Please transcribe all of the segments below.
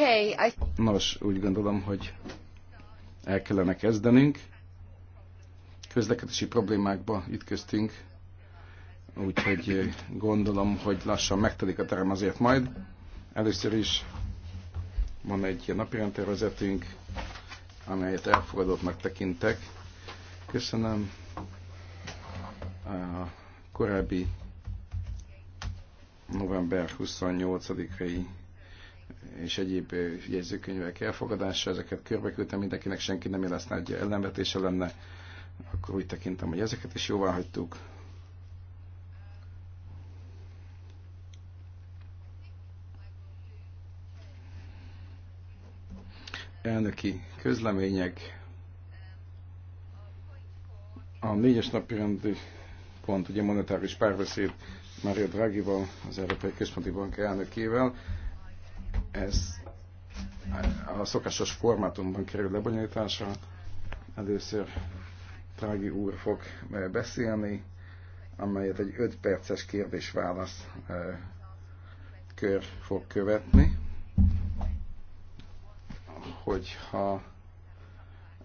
Okay, I... Nos, úgy gondolom, hogy el kellene kezdenünk. Közlekedési problémákba ütköztünk, úgyhogy gondolom, hogy lassan megtelik a terem azért majd. Először is van egy napirendtervezetünk, amelyet elfogadottnak tekintek. Köszönöm a korábbi november 28-ai és egyéb jegyzőkönyvek elfogadása, ezeket körbeküldtem mindenkinek, senki nem jelezte, hogy ellenvetése lenne, akkor úgy tekintem, hogy ezeket is jóvá hagytuk. Elnöki közlemények. A négyes napi rendi pont, ugye monetáris párbeszéd Mária Dragival, az Európai Központi Bank elnökével. Ez a szokásos formátumban kerül lebonyolításra. Először Trági úr fog eh, beszélni, amelyet egy 5 perces kérdés-válasz eh, kör fog követni. Hogyha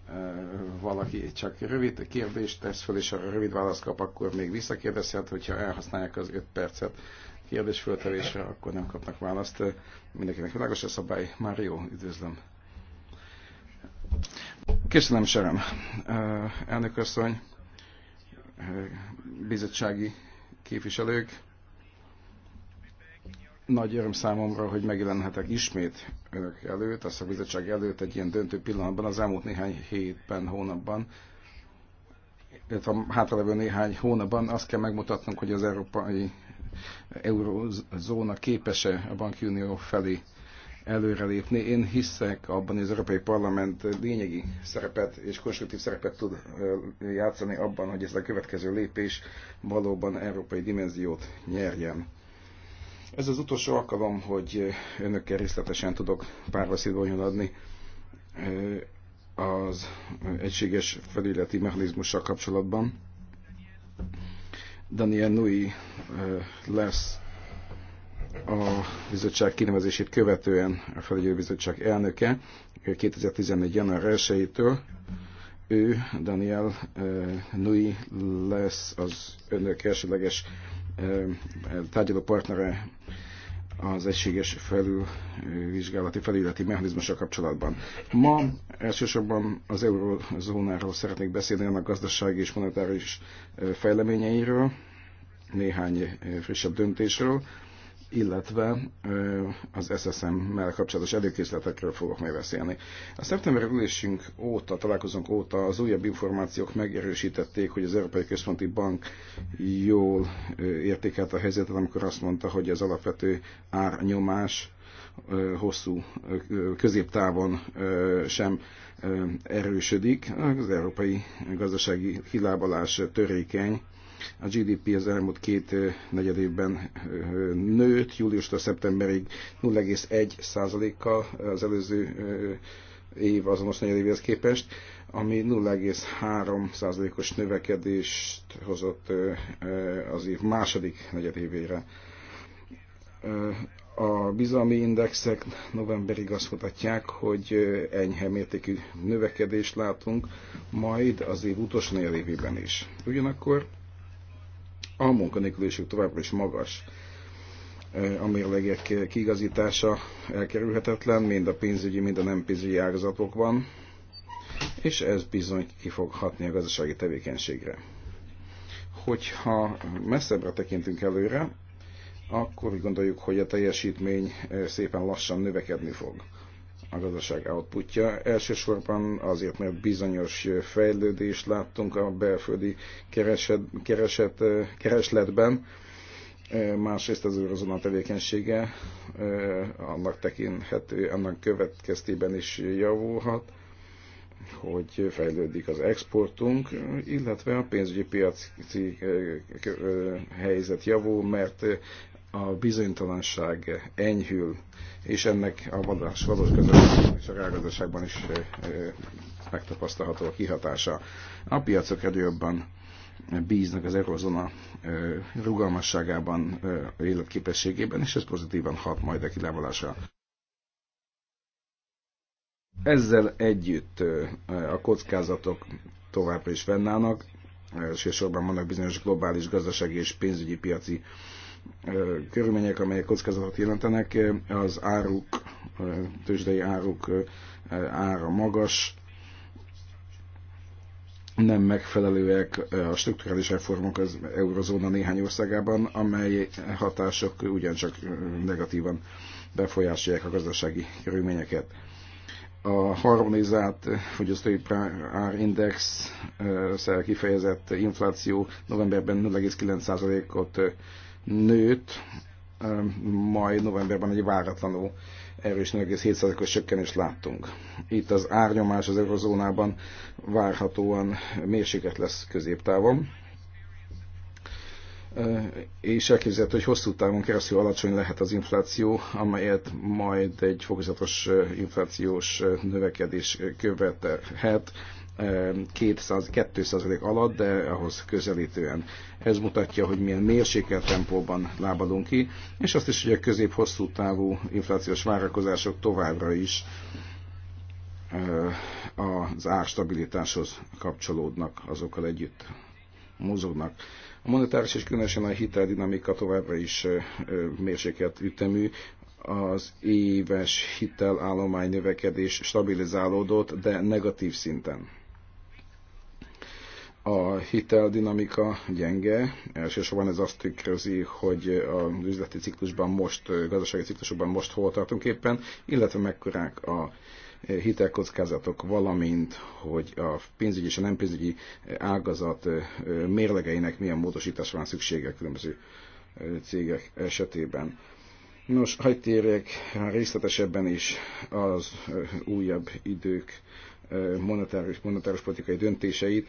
eh, valaki csak rövid kérdést tesz föl, és a rövid választ kap, akkor még visszakérdezhet, hogyha elhasználják az 5 percet kérdés föltevésre, akkor nem kapnak választ. Mindenkinek világos a szabály. Mário, üdvözlöm. Köszönöm, Serem. Elnök asszony, bizottsági képviselők, nagy öröm számomra, hogy megjelenhetek ismét önök előtt, a bizottság előtt egy ilyen döntő pillanatban, az elmúlt néhány hétben, hónapban, illetve a hátralevő néhány hónapban azt kell megmutatnunk, hogy az európai eurozóna képes-e a bankunió felé előrelépni. Én hiszek abban, hogy az Európai Parlament lényegi szerepet és konstruktív szerepet tud játszani abban, hogy ez a következő lépés valóban európai dimenziót nyerjen. Ez az utolsó alkalom, hogy önökkel részletesen tudok párbeszédbonyon adni az egységes felületi mechanizmussal kapcsolatban. Daniel Nui lesz a bizottság kinevezését követően a bizottság elnöke 2014. január 1-től. Ő, Daniel Nui lesz az önök elsőleges tárgyaló partnere az egységes felülvizsgálati felületi mechanizmusa kapcsolatban. Ma elsősorban az eurozónáról szeretnék beszélni, annak gazdasági és monetáris fejleményeiről, néhány frissebb döntésről, illetve az SSM-mel kapcsolatos előkészletekről fogok majd beszélni. A szeptember ülésünk óta, találkozunk óta az újabb információk megerősítették, hogy az Európai Központi Bank jól értékelt a helyzetet, amikor azt mondta, hogy az alapvető árnyomás hosszú középtávon sem erősödik. Az európai gazdasági hilábalás törékeny, a GDP az elmúlt két negyed évben nőtt, júliustól szeptemberig 0,1 kal az előző év azonos évhez képest, ami 0,3 os növekedést hozott az év második negyedévére. A bizalmi indexek novemberig azt mutatják, hogy enyhe mértékű növekedést látunk, majd az év utolsó negyedévében is. Ugyanakkor a munkanélküliség továbbra is magas a mérlegek kiigazítása elkerülhetetlen, mind a pénzügyi, mind a nem pénzügyi ágazatokban, és ez bizony ki fog hatni a gazdasági tevékenységre. Hogyha messzebbre tekintünk előre, akkor úgy gondoljuk, hogy a teljesítmény szépen lassan növekedni fog a gazdaság outputja. Elsősorban azért, mert bizonyos fejlődést láttunk a belföldi kereset, kereset, keresletben, másrészt az eurozóna tevékenysége eh, annak tekinthető, annak következtében is javulhat, hogy fejlődik az exportunk, illetve a pénzügyi piaci eh, eh, helyzet javul, mert a bizonytalanság enyhül és ennek a valós, valós gazdaságban és a rágazdaságban is megtapasztalható a kihatása. A piacok egyre jobban bíznak az eurozona rugalmasságában, életképességében, és ez pozitívan hat majd a kilávalásra. Ezzel együtt a kockázatok továbbra is fennállnak, elsősorban vannak bizonyos globális gazdasági és pénzügyi piaci körülmények, amelyek kockázatot jelentenek, az áruk, tőzsdei áruk ára magas, nem megfelelőek a strukturális reformok az eurozóna néhány országában, amely hatások ugyancsak negatívan befolyásolják a gazdasági körülményeket. A harmonizált fogyasztói árindex kifejezett infláció novemberben 0,9%-ot nőtt, majd novemberben egy váratlanul erős 0,7%-os csökkenést láttunk. Itt az árnyomás az eurozónában várhatóan mérséket lesz középtávon, és elképzelhető, hogy hosszú távon keresztül alacsony lehet az infláció, amelyet majd egy fokozatos inflációs növekedés követhet, 200-2% alatt, de ahhoz közelítően. Ez mutatja, hogy milyen mérsékelt tempóban lábadunk ki, és azt is, hogy a közép-hosszú távú inflációs várakozások továbbra is az árstabilitáshoz kapcsolódnak azokkal együtt mozognak. A monetáris és különösen a hitel dinamika továbbra is mérsékelt ütemű, az éves hitelállomány növekedés stabilizálódott, de negatív szinten a hitel dinamika gyenge, elsősorban ez azt tükrözi, hogy a üzleti ciklusban most, gazdasági ciklusokban most hol tartunk éppen, illetve mekkorák a hitelkockázatok, valamint, hogy a pénzügyi és a nem pénzügyi ágazat mérlegeinek milyen módosításra van szüksége különböző cégek esetében. Nos, hagyj térjek részletesebben is az újabb idők monetáris, monetáris politikai döntéseit,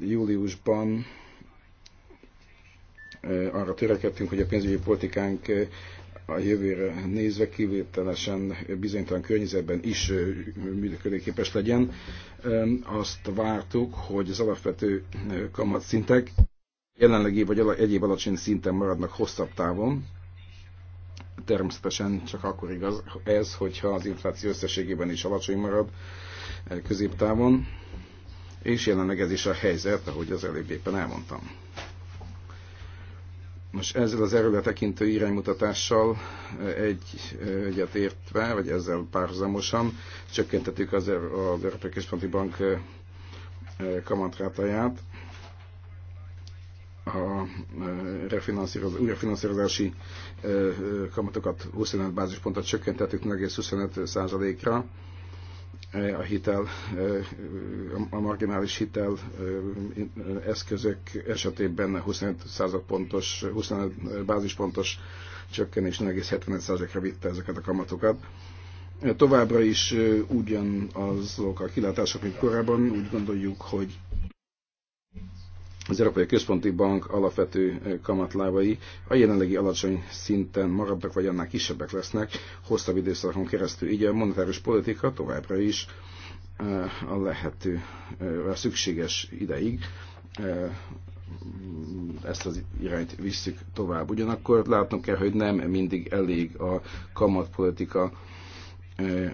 júliusban arra törekedtünk, hogy a pénzügyi politikánk a jövőre nézve kivételesen bizonytalan környezetben is működőképes legyen. Azt vártuk, hogy az alapvető kamatszintek jelenlegi vagy egyéb alacsony szinten maradnak hosszabb távon. Természetesen csak akkor igaz ez, hogyha az infláció összességében is alacsony marad középtávon és jelenleg ez is a helyzet, ahogy az előbb éppen elmondtam. Most ezzel az erőre tekintő iránymutatással eh, egy, eh, egyet értve, vagy ezzel párhuzamosan csökkentettük az, er-, az Európai Központi Bank eh, kamatrátaját a újrafinanszírozási kamatokat 25 bázispontot csökkentettük 0,25 százalékra, a hitel, a marginális hitel eszközök esetében 25 pontos, 25 bázispontos csökkenés 0,75%-ra vitte ezeket a kamatokat. Továbbra is ugyanazok a kilátások, mint korábban, úgy gondoljuk, hogy az Európai Központi Bank alapvető kamatlábai a jelenlegi alacsony szinten maradnak, vagy annál kisebbek lesznek hosszabb időszakon keresztül. Így a monetáris politika továbbra is a lehető, a szükséges ideig ezt az irányt visszük tovább. Ugyanakkor látnunk kell, hogy nem mindig elég a kamatpolitika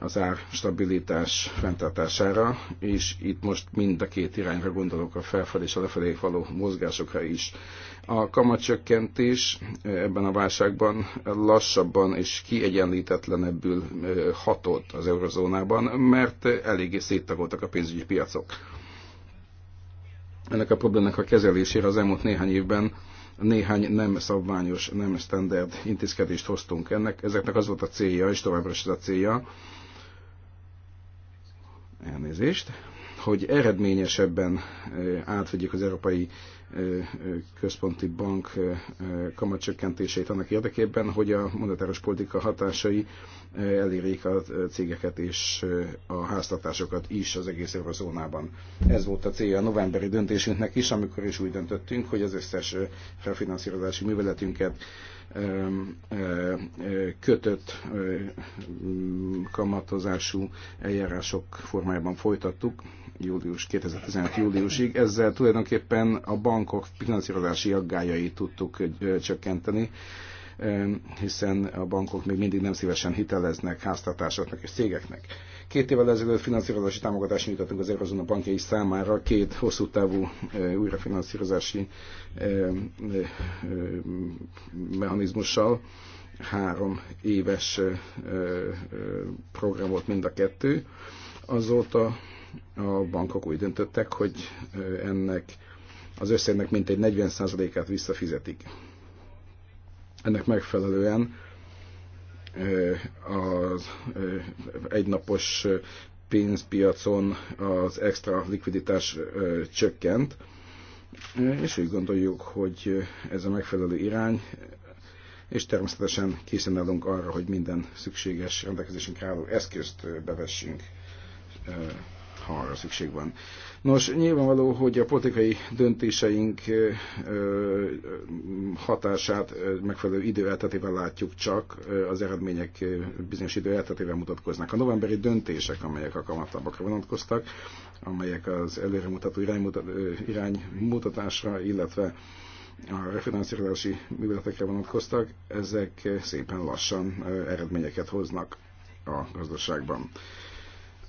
az árstabilitás fenntartására, és itt most mind a két irányra gondolok a felfelé és a lefelé való mozgásokra is. A kamatcsökkentés ebben a válságban lassabban és kiegyenlítetlenebbül hatott az eurozónában, mert eléggé széttagoltak a pénzügyi piacok. Ennek a problémának a kezelésére az elmúlt néhány évben néhány nem szabványos, nem standard intézkedést hoztunk ennek. Ezeknek az volt a célja, és továbbra is ez a célja, elnézést, hogy eredményesebben eh, átvegyük az európai központi bank kamatcsökkentését annak érdekében, hogy a monetáros politika hatásai elérjék a cégeket és a háztartásokat is az egész eurozónában. Ez volt a célja a novemberi döntésünknek is, amikor is úgy döntöttünk, hogy az összes felfinanszírozási műveletünket kötött kamatozású eljárások formájában folytattuk július 2015 júliusig. Ezzel tulajdonképpen a bankok finanszírozási aggájait tudtuk csökkenteni hiszen a bankok még mindig nem szívesen hiteleznek háztartásoknak és cégeknek Két évvel ezelőtt finanszírozási támogatást nyújtottunk az Eurozóna bankjai számára két hosszú távú újrafinanszírozási mechanizmussal, három éves program volt mind a kettő. Azóta a bankok úgy döntöttek, hogy ennek az összegnek mintegy 40%-át visszafizetik. Ennek megfelelően az egynapos pénzpiacon az extra likviditás csökkent, és úgy gondoljuk, hogy ez a megfelelő irány, és természetesen készen állunk arra, hogy minden szükséges rendelkezésünkre álló eszközt bevessünk, ha arra szükség van. Nos, nyilvánvaló, hogy a politikai döntéseink hatását megfelelő időeltetével látjuk csak, az eredmények bizonyos időeltetével mutatkoznak. A novemberi döntések, amelyek a kamatlábakra vonatkoztak, amelyek az előremutató iránymutatásra, illetve a refinanszírozási műveletekre vonatkoztak, ezek szépen lassan eredményeket hoznak a gazdaságban.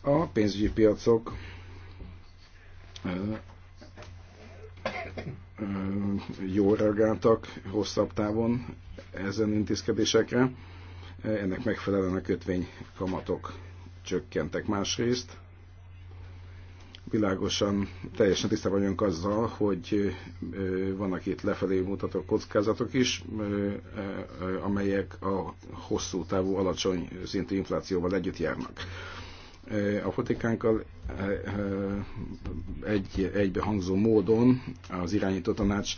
A pénzügyi piacok jól reagáltak hosszabb távon ezen intézkedésekre. Ennek megfelelően a kötvény kamatok csökkentek másrészt. Világosan teljesen tisztában vagyunk azzal, hogy vannak itt lefelé mutató kockázatok is, amelyek a hosszú távú alacsony szintű inflációval együtt járnak Eh, a fotikánkkal eh, eh, egy, egybehangzó módon az irányító tanács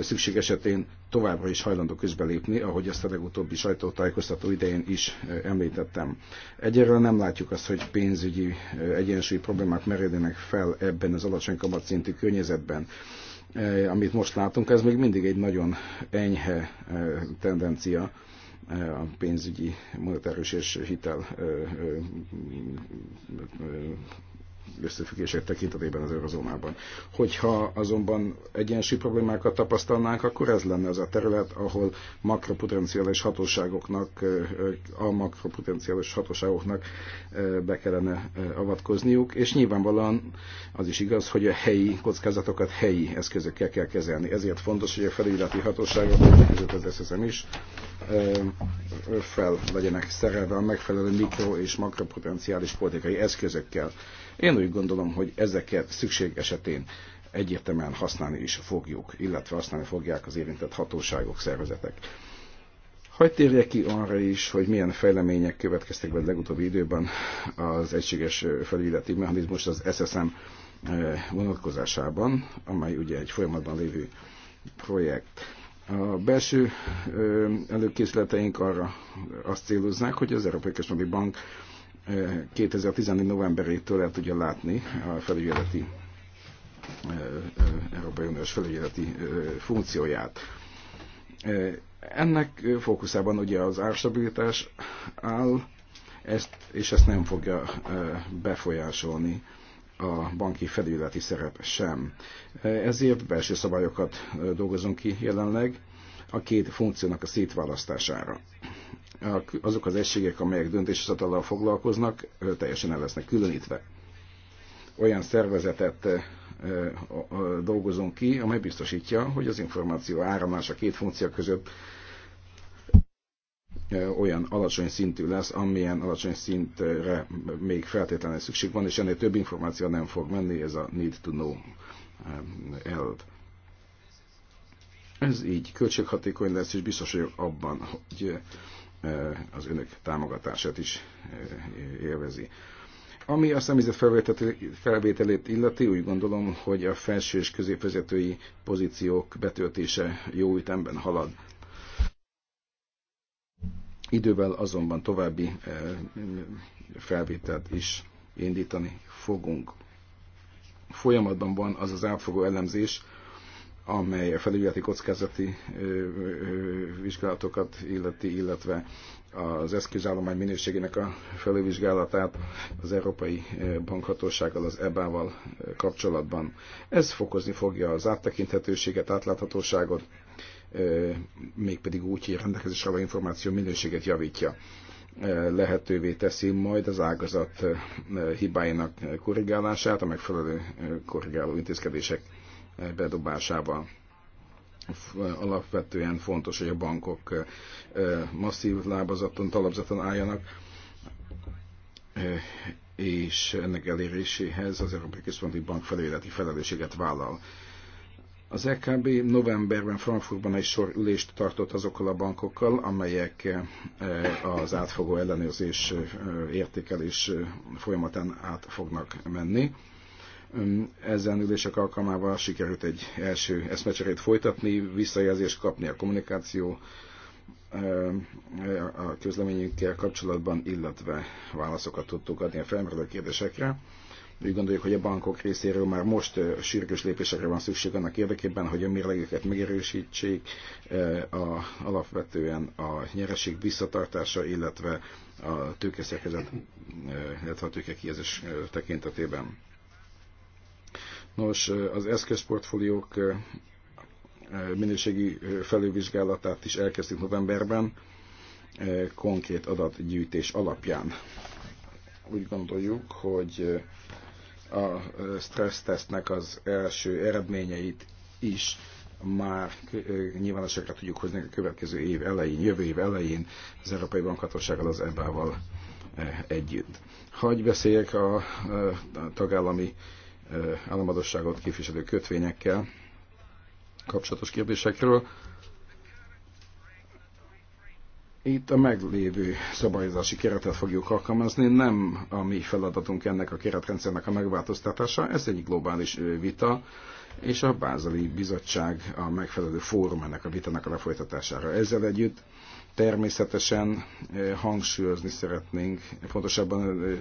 szükség esetén továbbra is hajlandó közbelépni, ahogy ezt a legutóbbi sajtótájékoztató idején is említettem. Egyelőre nem látjuk azt, hogy pénzügyi egyensúly problémák merülnének fel ebben az alacsony kamatszintű környezetben. Amit most látunk, ez még mindig egy nagyon enyhe tendencia a pénzügyi, monetáros és hitel összefüggések tekintetében az eurozónában. Hogyha azonban egyensúly problémákat tapasztalnánk, akkor ez lenne az a terület, ahol makropotenciális hatóságoknak, a makropotenciális hatóságoknak be kellene avatkozniuk, és nyilvánvalóan az is igaz, hogy a helyi kockázatokat helyi eszközökkel kell kezelni. Ezért fontos, hogy a felügyeleti hatóságok, között az SSM is, fel legyenek szerelve a megfelelő mikro- és makropotenciális politikai eszközökkel én úgy gondolom, hogy ezeket szükség esetén egyértelműen használni is fogjuk, illetve használni fogják az érintett hatóságok, szervezetek. Hagy térjek ki arra is, hogy milyen fejlemények következtek be a legutóbbi időben az egységes felügyeleti mechanizmus az SSM eh, vonatkozásában, amely ugye egy folyamatban lévő projekt. A belső eh, előkészleteink arra azt célozzák, hogy az Európai Központi Bank 2014. novemberétől el tudja látni a felügyeleti Európai Uniós felügyeleti funkcióját. Ennek fókuszában ugye az árstabilitás áll, ezt, és ezt nem fogja befolyásolni a banki felügyeleti szerep sem. Ezért belső szabályokat dolgozunk ki jelenleg a két funkciónak a szétválasztására azok az egységek, amelyek döntéshozatallal foglalkoznak, teljesen el lesznek különítve. Olyan szervezetet dolgozunk ki, amely biztosítja, hogy az információ áramlása két funkció között olyan alacsony szintű lesz, amilyen alacsony szintre még feltétlenül szükség van, és ennél több információ nem fog menni, ez a need to know elv. Ez így költséghatékony lesz, és biztos vagyok abban, hogy Eh, az önök támogatását is eh, élvezi. Ami a személyzet felvételét illeti, úgy gondolom, hogy a felső és középvezetői pozíciók betöltése jó ütemben halad. Idővel azonban további eh, felvételt is indítani fogunk. Folyamatban van az az átfogó elemzés, amely a felügyeleti kockázati vizsgálatokat illeti, illetve az eszközállomány minőségének a felülvizsgálatát az Európai Bankhatósággal, az EBA-val kapcsolatban. Ez fokozni fogja az áttekinthetőséget, átláthatóságot, mégpedig úgy, hogy a rendelkezésre álló információ minőséget javítja lehetővé teszi majd az ágazat hibáinak korrigálását, a megfelelő korrigáló intézkedések bedobásával. Alapvetően fontos, hogy a bankok masszív lábazaton, talapzaton álljanak, és ennek eléréséhez az Európai Központi Bank felületi felelősséget vállal. Az EKB novemberben Frankfurtban egy sor ülést tartott azokkal a bankokkal, amelyek az átfogó ellenőrzés értékelés folyamatán át fognak menni. Ezen ülések alkalmával sikerült egy első eszmecserét folytatni, visszajelzést kapni a kommunikáció a közleményünkkel kapcsolatban, illetve válaszokat tudtuk adni a felmerülő kérdésekre. Úgy gondoljuk, hogy a bankok részéről már most sürgős lépésekre van szükség annak érdekében, hogy a mérlegeket megerősítsék, a, alapvetően a nyereség visszatartása, illetve a tőkeszerkezet, illetve a tőkekijelzés tekintetében. Nos, az eszközportfóliók minőségi felülvizsgálatát is elkezdtük novemberben konkrét adatgyűjtés alapján. Úgy gondoljuk, hogy a stressztesztnek az első eredményeit is már nyilvánosságra tudjuk hozni a következő év elején, jövő év elején az Európai Bankhatósággal, az EBA-val együtt. Hagy beszéljek a tagállami államadosságot képviselő kötvényekkel kapcsolatos kérdésekről. Itt a meglévő szabályozási keretet fogjuk alkalmazni, nem a mi feladatunk ennek a keretrendszernek a megváltoztatása, ez egy globális vita, és a Bázali Bizottság a megfelelő fórum ennek a vitának a lefolytatására. Ezzel együtt Természetesen eh, hangsúlyozni szeretnénk, pontosabban eh, eh,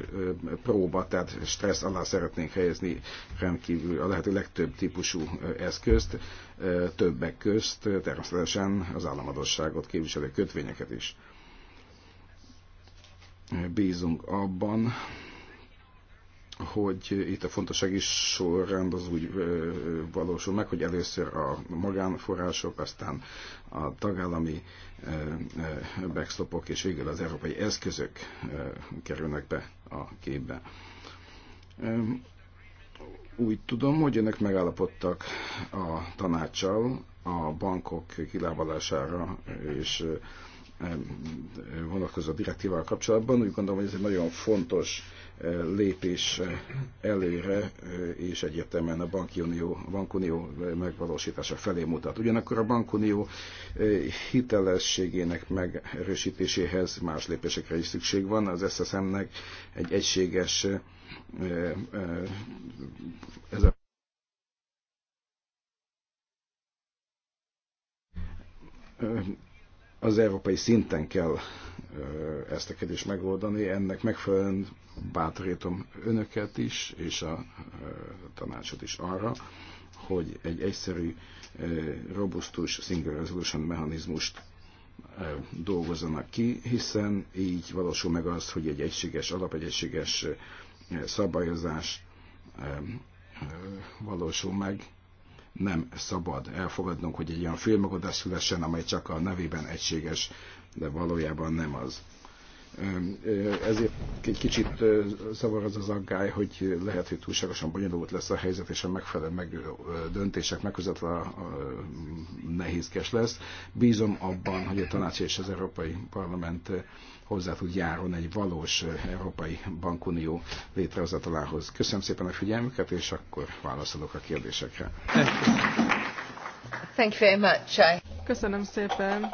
próba, tehát stressz alá szeretnénk helyezni rendkívül a lehető legtöbb típusú eszközt, többek közt természetesen az államadosságot képviselő kötvényeket is. Bízunk abban, hogy itt a fontossági sorrend az úgy valósul meg, hogy először a magánforrások, aztán a tagállami backstopok és végül az európai eszközök kerülnek be a képbe. Úgy tudom, hogy önök megállapodtak a tanácssal a bankok kilábalására és vonatkozó direktívával kapcsolatban. Úgy gondolom, hogy ez egy nagyon fontos lépés előre, és egyértelműen a bankunió, bankunió megvalósítása felé mutat. Ugyanakkor a bankunió hitelességének megerősítéséhez más lépésekre is szükség van. Az SSM-nek egy egységes ez a az európai szinten kell ezt a kérdést megoldani. Ennek megfelelően bátorítom önöket is, és a tanácsot is arra, hogy egy egyszerű, robusztus single resolution mechanizmust dolgozzanak ki, hiszen így valósul meg az, hogy egy egységes alap, egy egységes szabályozás valósul meg, nem szabad elfogadnunk, hogy egy olyan félmegoldás szülessen, amely csak a nevében egységes, de valójában nem az. Ezért egy kicsit zavar az az aggály, hogy lehet, hogy túlságosan bonyolult lesz a helyzet, és a megfelelő meg, döntések meghozatal nehézkes lesz. Bízom abban, hogy a tanács és az Európai Parlament hozzá tud járulni egy valós Európai Bankunió létrehozatalához. Köszönöm szépen a figyelmüket, és akkor válaszolok a kérdésekre. Thank you very much. Köszönöm szépen.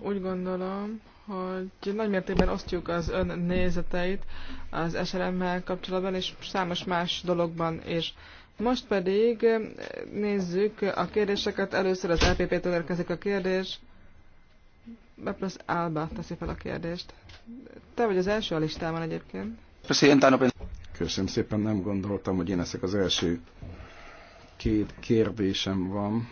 Úgy gondolom, hogy nagymértékben osztjuk az ön nézeteit az SLM-mel kapcsolatban, és számos más dologban és Most pedig nézzük a kérdéseket. Először az LPP-től érkezik a kérdés. Beplusz Álba teszi fel a kérdést. Te vagy az első a listában egyébként. Köszönöm szépen, nem gondoltam, hogy én ezek az első. Két kérdésem van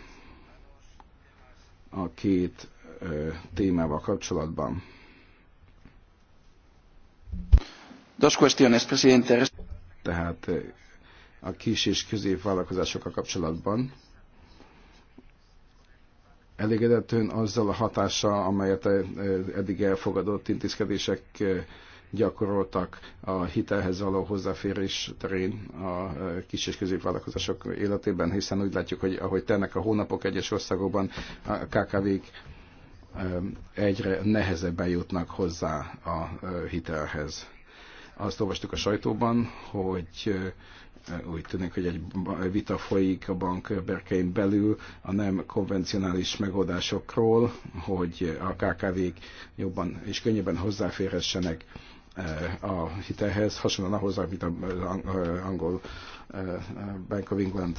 a két ö, témával kapcsolatban. Dos cuestiones, presidente. Tehát a kis és középvállalkozásokkal kapcsolatban elégedett ön azzal a hatással, amelyet eh, eddig elfogadott intézkedések eh, gyakoroltak a hitelhez való hozzáférés terén a eh, kis és középvállalkozások életében, hiszen úgy látjuk, hogy ahogy tennek a hónapok egyes országokban, a KKV-k egyre nehezebben jutnak hozzá a hitelhez. Azt olvastuk a sajtóban, hogy Hát, úgy tűnik, hogy egy vita folyik a bank berkein belül a nem konvencionális megoldásokról, hogy a KKV-k jobban és könnyebben hozzáférhessenek eh, a hitelhez, hasonlóan ahhoz, amit az eh, angol eh, Bank of England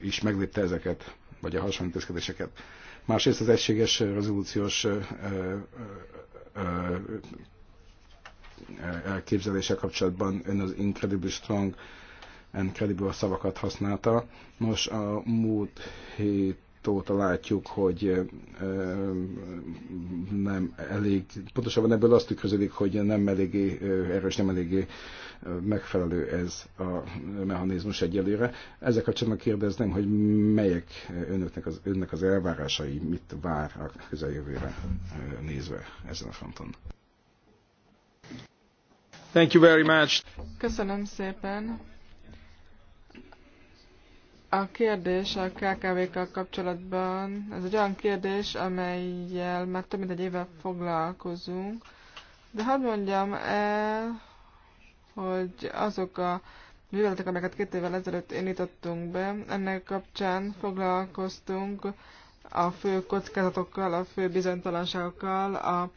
is meglépte ezeket, vagy a hasonló intézkedéseket. Másrészt az egységes rezolúciós elképzelése kapcsolatban ön az Incredibly Strong and credible szavakat használta. Nos, a múlt hét óta látjuk, hogy nem elég, pontosabban ebből azt tükröződik, hogy nem eléggé erős, nem eléggé megfelelő ez a mechanizmus egyelőre. Ezek a kapcsolatban kérdezném, hogy melyek önöknek az, önnek az elvárásai, mit vár a közeljövőre nézve ezen a fronton? Thank you very much. Köszönöm szépen. A kérdés a KKV-kkal kapcsolatban, ez egy olyan kérdés, amelyel már több mint egy éve foglalkozunk, de hadd mondjam el, hogy azok a műveletek, amelyeket két évvel ezelőtt indítottunk be, ennek kapcsán foglalkoztunk a fő kockázatokkal, a fő bizonytalanságokkal a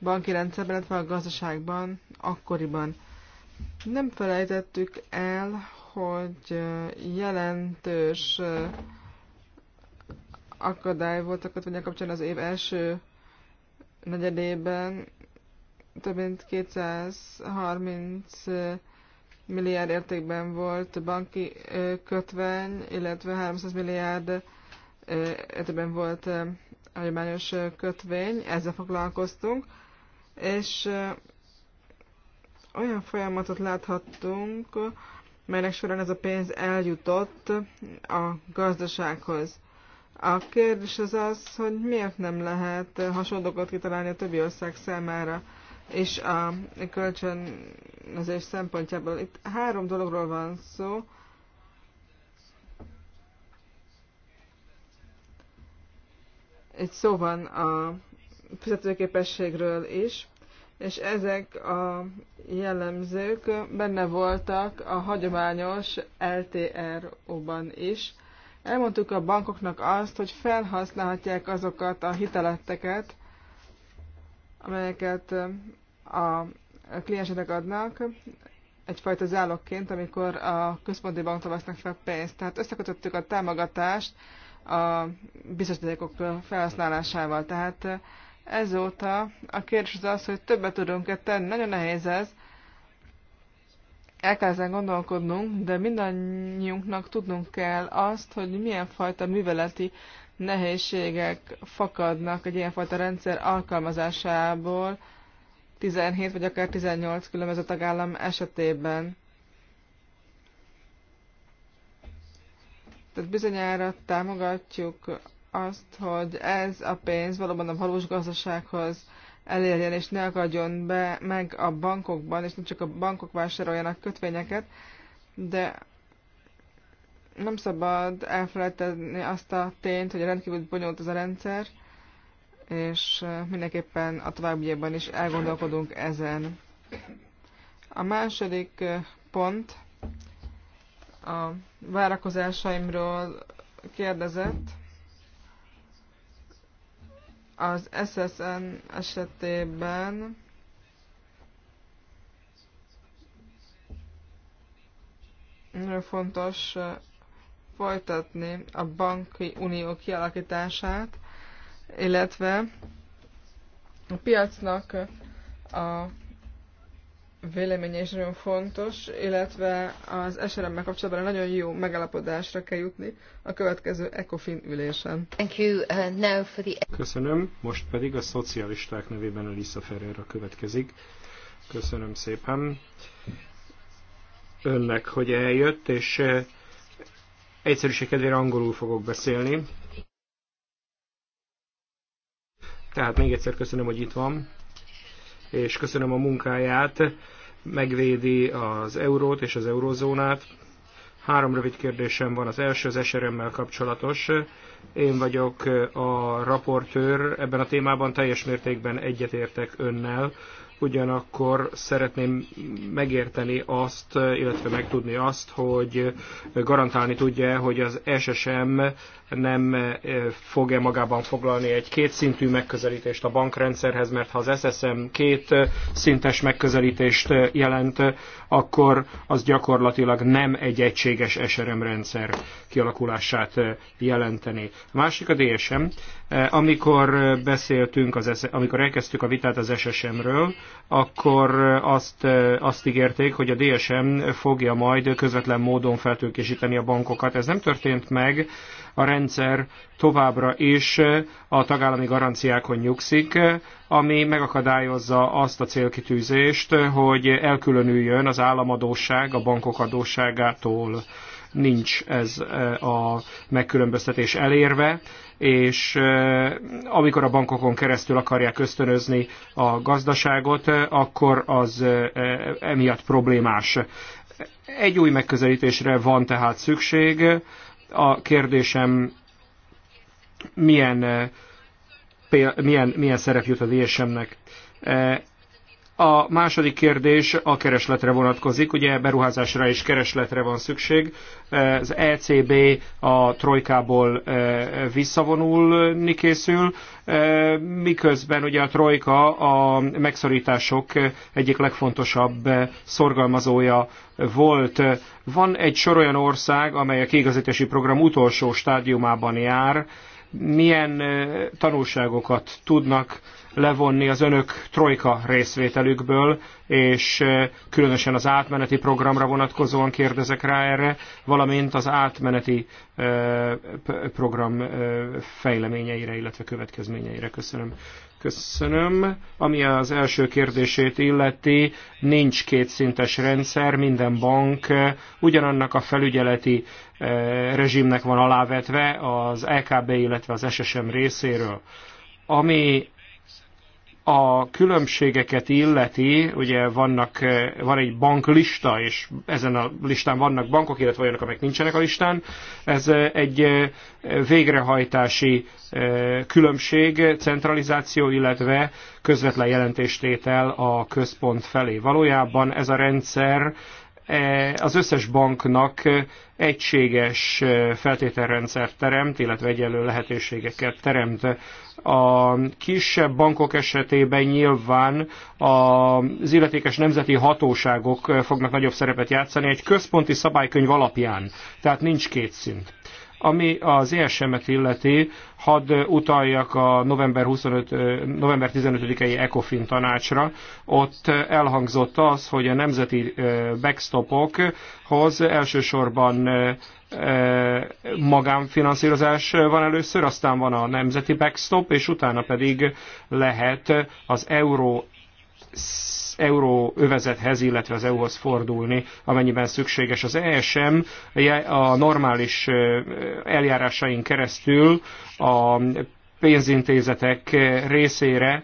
banki rendszerben, illetve a gazdaságban akkoriban. Nem felejtettük el, hogy jelentős akadály volt a kötvények kapcsán az év első negyedében. Több mint 230 milliárd értékben volt banki kötvény, illetve 300 milliárd értékben volt hagyományos kötvény, ezzel foglalkoztunk, és olyan folyamatot láthattunk, melynek során ez a pénz eljutott a gazdasághoz. A kérdés az az, hogy miért nem lehet hasonlókat kitalálni a többi ország számára, és a kölcsönözés szempontjából. Itt három dologról van szó. Itt szó van a fizetőképességről is, és ezek a jellemzők benne voltak a hagyományos LTRO-ban is. Elmondtuk a bankoknak azt, hogy felhasználhatják azokat a hiteleteket, amelyeket a klienseknek adnak, egyfajta zálogként, amikor a központi banktól vesznek fel pénzt. Tehát összekötöttük a támogatást a biztosítékok felhasználásával. Tehát Ezóta a kérdés az az, hogy többet tudunk-e tenni. Nagyon nehéz ez. El kell ezen gondolkodnunk, de mindannyiunknak tudnunk kell azt, hogy milyen fajta műveleti nehézségek fakadnak egy ilyenfajta rendszer alkalmazásából 17 vagy akár 18 különböző tagállam esetében. Tehát bizonyára támogatjuk azt, hogy ez a pénz valóban a valós gazdasághoz elérjen, és ne akadjon be meg a bankokban, és nem csak a bankok vásároljanak kötvényeket, de nem szabad elfelejteni azt a tényt, hogy rendkívül bonyolult ez a rendszer, és mindenképpen a továbbiakban is elgondolkodunk ezen. A második pont a várakozásaimról kérdezett. Az SSN esetében nagyon fontos folytatni a banki unió kialakítását, illetve a piacnak a véleménye is nagyon fontos, illetve az srm kapcsolatban nagyon jó megalapodásra kell jutni a következő ECOFIN ülésen. Thank you, uh, now for the... Köszönöm, most pedig a szocialisták nevében Elisa Ferreira következik. Köszönöm szépen önnek, hogy eljött, és eh, egyszerűség kedvére angolul fogok beszélni. Tehát még egyszer köszönöm, hogy itt van és köszönöm a munkáját, megvédi az eurót és az eurozónát. Három rövid kérdésem van. Az első az SRM-mel kapcsolatos. Én vagyok a raportőr, ebben a témában teljes mértékben egyetértek önnel ugyanakkor szeretném megérteni azt, illetve megtudni azt, hogy garantálni tudja, hogy az SSM nem eh, fog-e magában foglalni egy kétszintű megközelítést a bankrendszerhez, mert ha az SSM két szintes megközelítést jelent, akkor az gyakorlatilag nem egy egységes SRM rendszer kialakulását eh, jelenteni. A másik a DSM. Eh, amikor eh, beszéltünk, az, amikor elkezdtük a vitát az SSM-ről, akkor azt, azt ígérték, hogy a DSM fogja majd közvetlen módon feltőkésíteni a bankokat. Ez nem történt meg, a rendszer továbbra is a tagállami garanciákon nyugszik, ami megakadályozza azt a célkitűzést, hogy elkülönüljön az államadóság a bankok adósságától. Nincs ez eh, a megkülönböztetés elérve és eh, amikor a bankokon keresztül akarják ösztönözni a gazdaságot, akkor az eh, emiatt problémás. Egy új megközelítésre van tehát szükség, a kérdésem, milyen, eh, milyen, milyen szerep jut az ISM-nek? A második kérdés a keresletre vonatkozik, ugye beruházásra és keresletre van szükség. Az ECB a trojkából e, visszavonulni készül, e, miközben ugye a trojka a megszorítások egyik legfontosabb szorgalmazója volt. Van egy sor olyan ország, amely a kiigazítási program utolsó stádiumában jár, milyen e, tanulságokat tudnak levonni az önök trojka részvételükből, és eh, különösen az átmeneti programra vonatkozóan kérdezek rá erre, valamint az átmeneti eh, program eh, fejleményeire, illetve következményeire. Köszönöm. Köszönöm. Ami az első kérdését illeti, nincs kétszintes rendszer, minden bank ugyanannak a felügyeleti rezsimnek van alávetve az EKB, illetve az SSM részéről. Ami a különbségeket illeti, ugye vannak, eh, van egy banklista, és ezen a listán vannak bankok, illetve olyanok, amelyek nincsenek a listán. Ez eh, egy eh, végrehajtási különbség, centralizáció, illetve közvetlen jelentéstétel a központ felé. Valójában ez a rendszer Eh, az összes banknak eh, egységes eh, feltételrendszert teremt, illetve egyenlő lehetőségeket teremt. A kisebb bankok esetében nyilván az illetékes nemzeti hatóságok fognak nagyobb szerepet játszani egy központi szabálykönyv alapján, tehát nincs két szint. Ami az ESM-et illeti, hadd utaljak a november, 25, november 15-i ECOFIN tanácsra. Ott elhangzott az, hogy a nemzeti backstopokhoz elsősorban magánfinanszírozás van először, aztán van a nemzeti backstop, és utána pedig lehet az euró euróövezethez, illetve az EU-hoz fordulni, amennyiben szükséges. Az ESM a normális eljárásain keresztül a pénzintézetek részére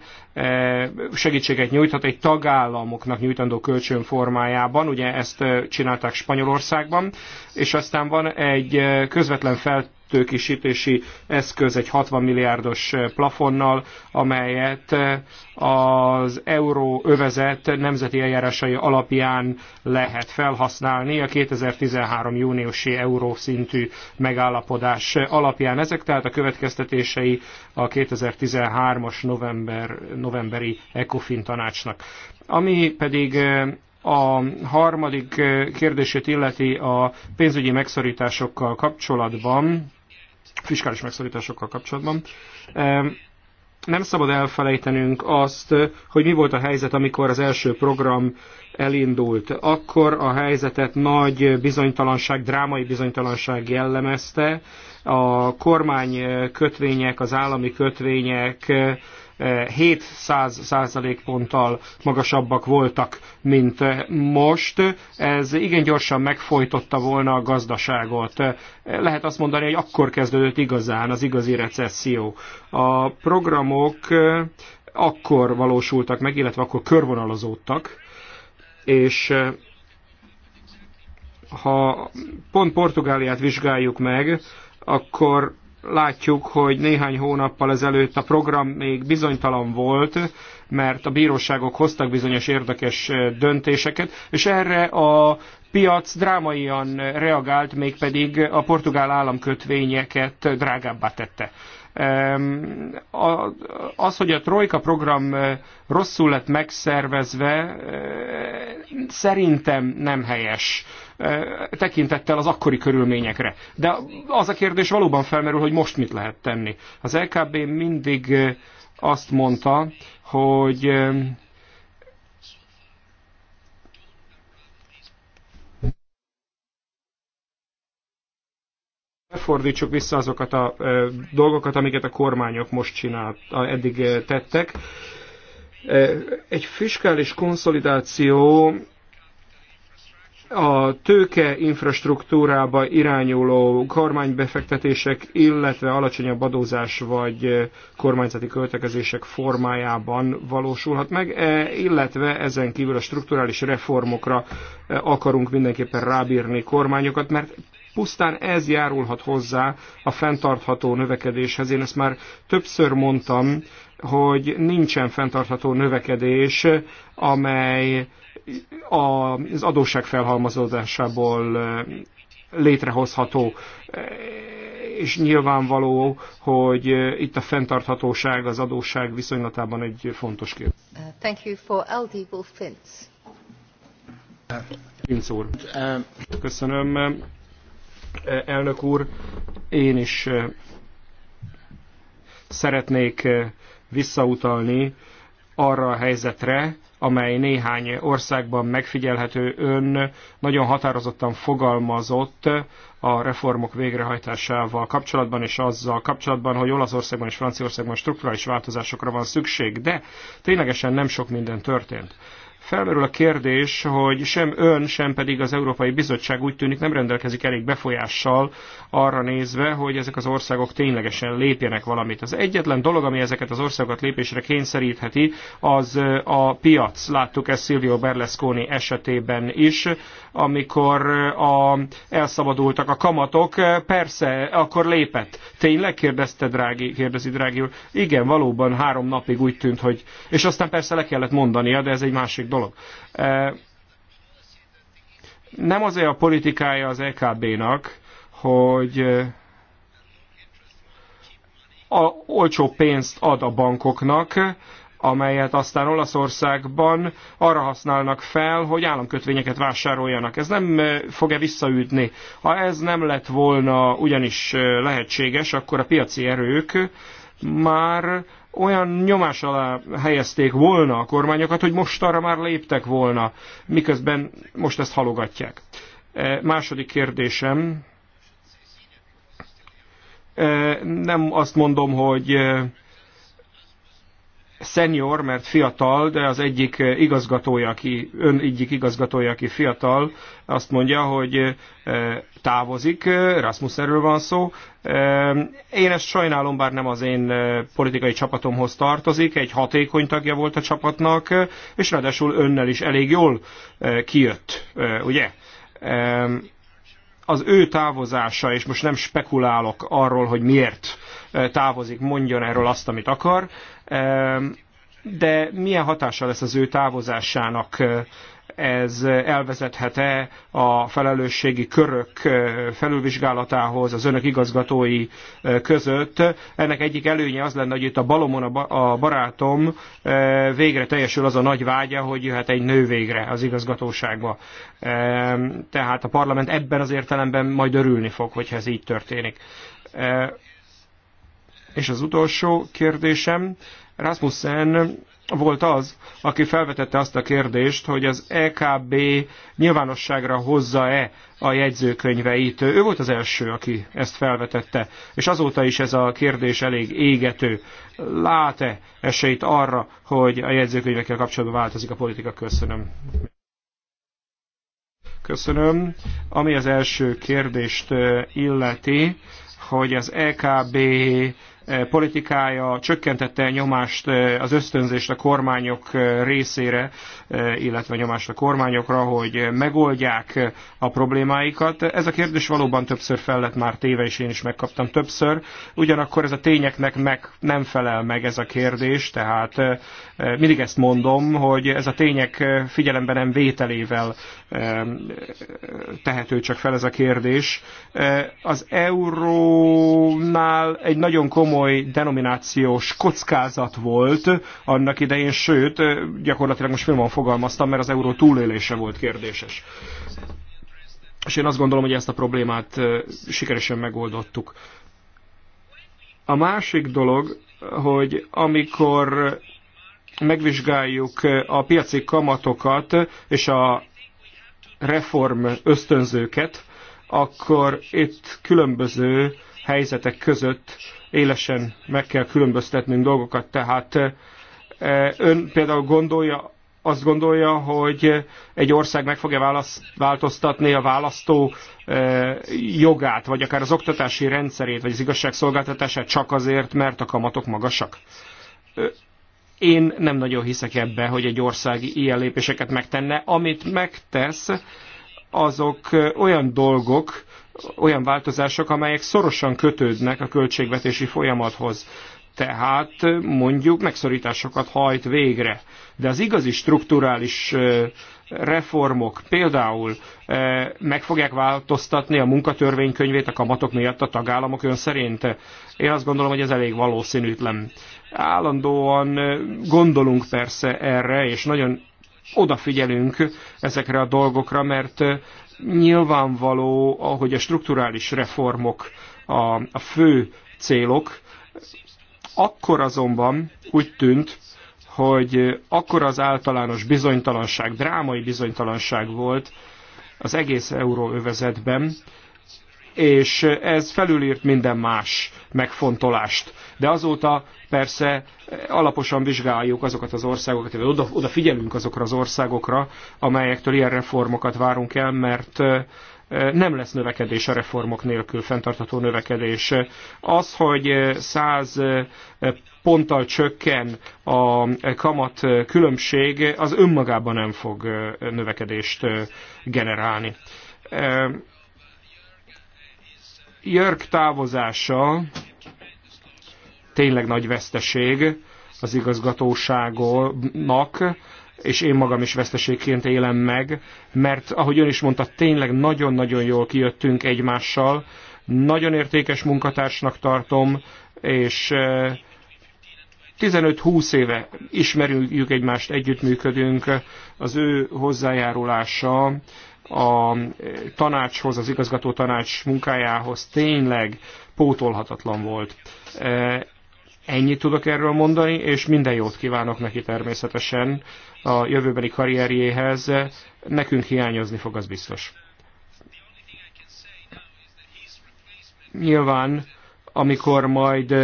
segítséget nyújthat egy tagállamoknak nyújtandó kölcsön formájában, ugye ezt csinálták Spanyolországban, és aztán van egy közvetlen felt tőkisítési eszköz egy 60 milliárdos eh, plafonnal, amelyet eh, az euróövezet nemzeti eljárásai alapján lehet felhasználni a 2013 júniusi szintű megállapodás alapján. Ezek tehát a következtetései a 2013-as november, novemberi ECOFIN tanácsnak. Ami pedig eh, a harmadik kérdését illeti a pénzügyi megszorításokkal kapcsolatban, fiskális megszorításokkal kapcsolatban. Nem szabad elfelejtenünk azt, hogy mi volt a helyzet, amikor az első program elindult. Akkor a helyzetet nagy bizonytalanság, drámai bizonytalanság jellemezte. A kormány kötvények, az állami kötvények 700 százalékponttal magasabbak voltak, mint most. Ez igen gyorsan megfojtotta volna a gazdaságot. Lehet azt mondani, hogy akkor kezdődött igazán az igazi recesszió. A programok akkor valósultak meg, illetve akkor körvonalazódtak, és ha pont Portugáliát vizsgáljuk meg, akkor látjuk, hogy néhány hónappal ezelőtt a program még bizonytalan volt, mert a bíróságok hoztak bizonyos érdekes döntéseket, és erre a piac drámaian reagált, mégpedig a portugál államkötvényeket drágábbá tette. Az, hogy a Trojka program rosszul lett megszervezve, szerintem nem helyes E, tekintettel az akkori körülményekre. De az a kérdés valóban felmerül, hogy most mit lehet tenni. Az LKB mindig e, azt mondta, hogy e, fordítsuk vissza azokat a e, dolgokat, amiket a kormányok most csinált, eddig tettek. Egy fiskális konszolidáció a tőke infrastruktúrába irányuló kormánybefektetések, illetve alacsonyabb adózás vagy kormányzati költekezések formájában valósulhat meg, e, illetve ezen kívül a strukturális reformokra e, akarunk mindenképpen rábírni kormányokat, mert pusztán ez járulhat hozzá a fenntartható növekedéshez. Én ezt már többször mondtam, hogy nincsen fenntartható növekedés, amely az adósság felhalmozódásából eh, létrehozható. Eh, és nyilvánvaló, hogy eh, itt a fenntarthatóság az adósság viszonylatában egy fontos kérdés. Uh, thank you for Aldi Wolfins. úr. Köszönöm, elnök úr. Én is szeretnék visszautalni arra a helyzetre, amely néhány országban megfigyelhető, ön nagyon határozottan fogalmazott a reformok végrehajtásával kapcsolatban, és azzal kapcsolatban, hogy Olaszországban és Franciaországban strukturális változásokra van szükség, de ténylegesen nem sok minden történt. Felmerül a kérdés, hogy sem ön, sem pedig az Európai Bizottság úgy tűnik nem rendelkezik elég befolyással arra nézve, hogy ezek az országok ténylegesen lépjenek valamit. Az egyetlen dolog, ami ezeket az országokat lépésre kényszerítheti, az eh, a piac. Láttuk ezt Silvio Berlusconi esetében is, amikor eh, a, elszabadultak a kamatok, eh, persze, akkor lépett. Tényleg kérdezte, drági, kérdezi drági úr? Igen, valóban három napig úgy tűnt, hogy... És aztán persze le kellett mondania, de ez egy másik dolog dolog. E, nem azért a politikája az EKB-nak, hogy e, a olcsó pénzt ad a bankoknak, amelyet aztán Olaszországban arra használnak fel, hogy államkötvényeket vásároljanak. Ez nem e, fog-e visszaütni? Ha ez nem lett volna ugyanis lehetséges, akkor a piaci erők már olyan nyomás alá helyezték volna a kormányokat, hogy most arra már léptek volna, miközben most ezt halogatják. E, második kérdésem. E, nem azt mondom, hogy e, senior, mert fiatal, de az egyik igazgatója, aki, ön egyik igazgatója, aki fiatal, azt mondja, hogy távozik, Rasmussenről van szó. Én ezt sajnálom, bár nem az én politikai csapatomhoz tartozik, egy hatékony tagja volt a csapatnak, és ráadásul önnel is elég jól kijött, ugye? Az ő távozása, és most nem spekulálok arról, hogy miért távozik, mondjon erről azt, amit akar, de milyen hatása lesz az ő távozásának ez elvezethet-e a felelősségi körök felülvizsgálatához az önök igazgatói között. Ennek egyik előnye az lenne, hogy itt a Balomon a barátom végre teljesül az a nagy vágya, hogy jöhet egy nő végre az igazgatóságba. Tehát a parlament ebben az értelemben majd örülni fog, hogyha ez így történik. És az utolsó kérdésem, Rasmussen volt az, aki felvetette azt a kérdést, hogy az EKB nyilvánosságra hozza-e a jegyzőkönyveit. Ő volt az első, aki ezt felvetette, és azóta is ez a kérdés elég égető. Lát-e esélyt arra, hogy a jegyzőkönyvekkel kapcsolatban változik a politika? Köszönöm. Köszönöm. Ami az első kérdést illeti, hogy az EKB politikája csökkentette nyomást eh, az ösztönzést a kormányok eh, részére, eh, illetve nyomást a kormányokra, hogy megoldják a problémáikat. Ez a kérdés valóban többször fel lett már téve, és én is megkaptam többször. Ugyanakkor ez a tényeknek meg nem felel meg ez a kérdés, tehát mindig ezt mondom, hogy ez a tények figyelembe nem vételével tehető csak fel ez a kérdés. Az eurónál egy nagyon komoly komoly denominációs kockázat volt annak idején, sőt, gyakorlatilag most finoman fogalmaztam, mert az euró túlélése volt kérdéses. És én azt gondolom, hogy ezt a problémát sikeresen megoldottuk. A másik dolog, hogy amikor megvizsgáljuk a piaci kamatokat és a reform ösztönzőket, akkor itt különböző helyzetek között élesen meg kell különböztetnünk dolgokat. Tehát eh, ön például gondolja, azt gondolja, hogy egy ország meg fogja változtatni a választó eh, jogát, vagy akár az oktatási rendszerét, vagy az igazságszolgáltatását csak azért, mert a kamatok magasak. Eh, én nem nagyon hiszek ebbe, hogy egy ország ilyen lépéseket megtenne. Amit megtesz, azok olyan dolgok, olyan változások, amelyek szorosan kötődnek a költségvetési folyamathoz. Tehát mondjuk megszorításokat hajt végre. De az igazi strukturális reformok például meg fogják változtatni a munkatörvénykönyvét a kamatok miatt a tagállamok ön szerint? Én azt gondolom, hogy ez elég valószínűtlen. Állandóan gondolunk persze erre, és nagyon odafigyelünk ezekre a dolgokra, mert Nyilvánvaló, ahogy a strukturális reformok a, a fő célok, akkor azonban úgy tűnt, hogy akkor az általános bizonytalanság, drámai bizonytalanság volt az egész euróövezetben, és ez felülírt minden más megfontolást. De azóta persze alaposan vizsgáljuk azokat az országokat, vagy oda, figyelünk azokra az országokra, amelyektől ilyen reformokat várunk el, mert nem lesz növekedés a reformok nélkül, fenntartható növekedés. Az, hogy száz ponttal csökken a kamat különbség, az önmagában nem fog növekedést generálni Jörg távozása tényleg nagy veszteség az igazgatóságonak, és én magam is veszteségként élem meg, mert ahogy ön is mondta, tényleg nagyon-nagyon jól kijöttünk egymással, nagyon értékes munkatársnak tartom, és 15-20 eh, éve ismerjük egymást, együttműködünk, az ő hozzájárulása a tanácshoz, az igazgató tanács munkájához tényleg pótolhatatlan volt. E, ennyit tudok erről mondani, és minden jót kívánok neki természetesen a jövőbeni karrierjéhez. Nekünk hiányozni fog, az biztos. Nyilván amikor majd,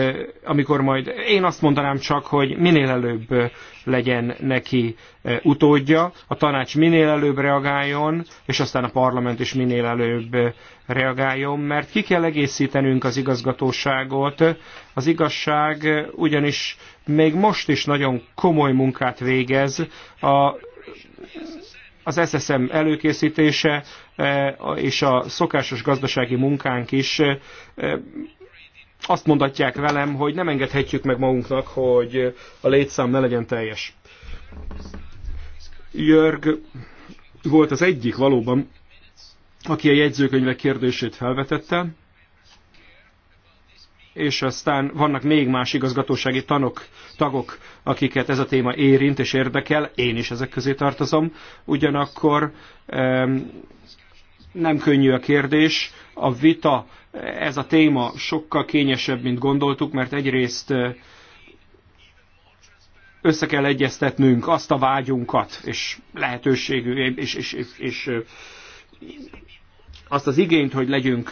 amikor majd én azt mondanám csak, hogy minél előbb legyen neki utódja, a tanács minél előbb reagáljon, és aztán a parlament is minél előbb reagáljon, mert ki kell egészítenünk az igazgatóságot. Az igazság ugyanis még most is nagyon komoly munkát végez. A az SSM előkészítése és a szokásos gazdasági munkánk is azt mondatják velem, hogy nem engedhetjük meg magunknak, hogy a létszám ne legyen teljes. Jörg volt az egyik valóban, aki a jegyzőkönyve kérdését felvetette, és aztán vannak még más igazgatósági tanok, tagok, akiket ez a téma érint és érdekel, én is ezek közé tartozom, ugyanakkor nem könnyű a kérdés, a vita ez a téma sokkal kényesebb, mint gondoltuk, mert egyrészt össze kell egyeztetnünk azt a vágyunkat, és lehetőségű, és, és, és, és azt az igényt, hogy legyünk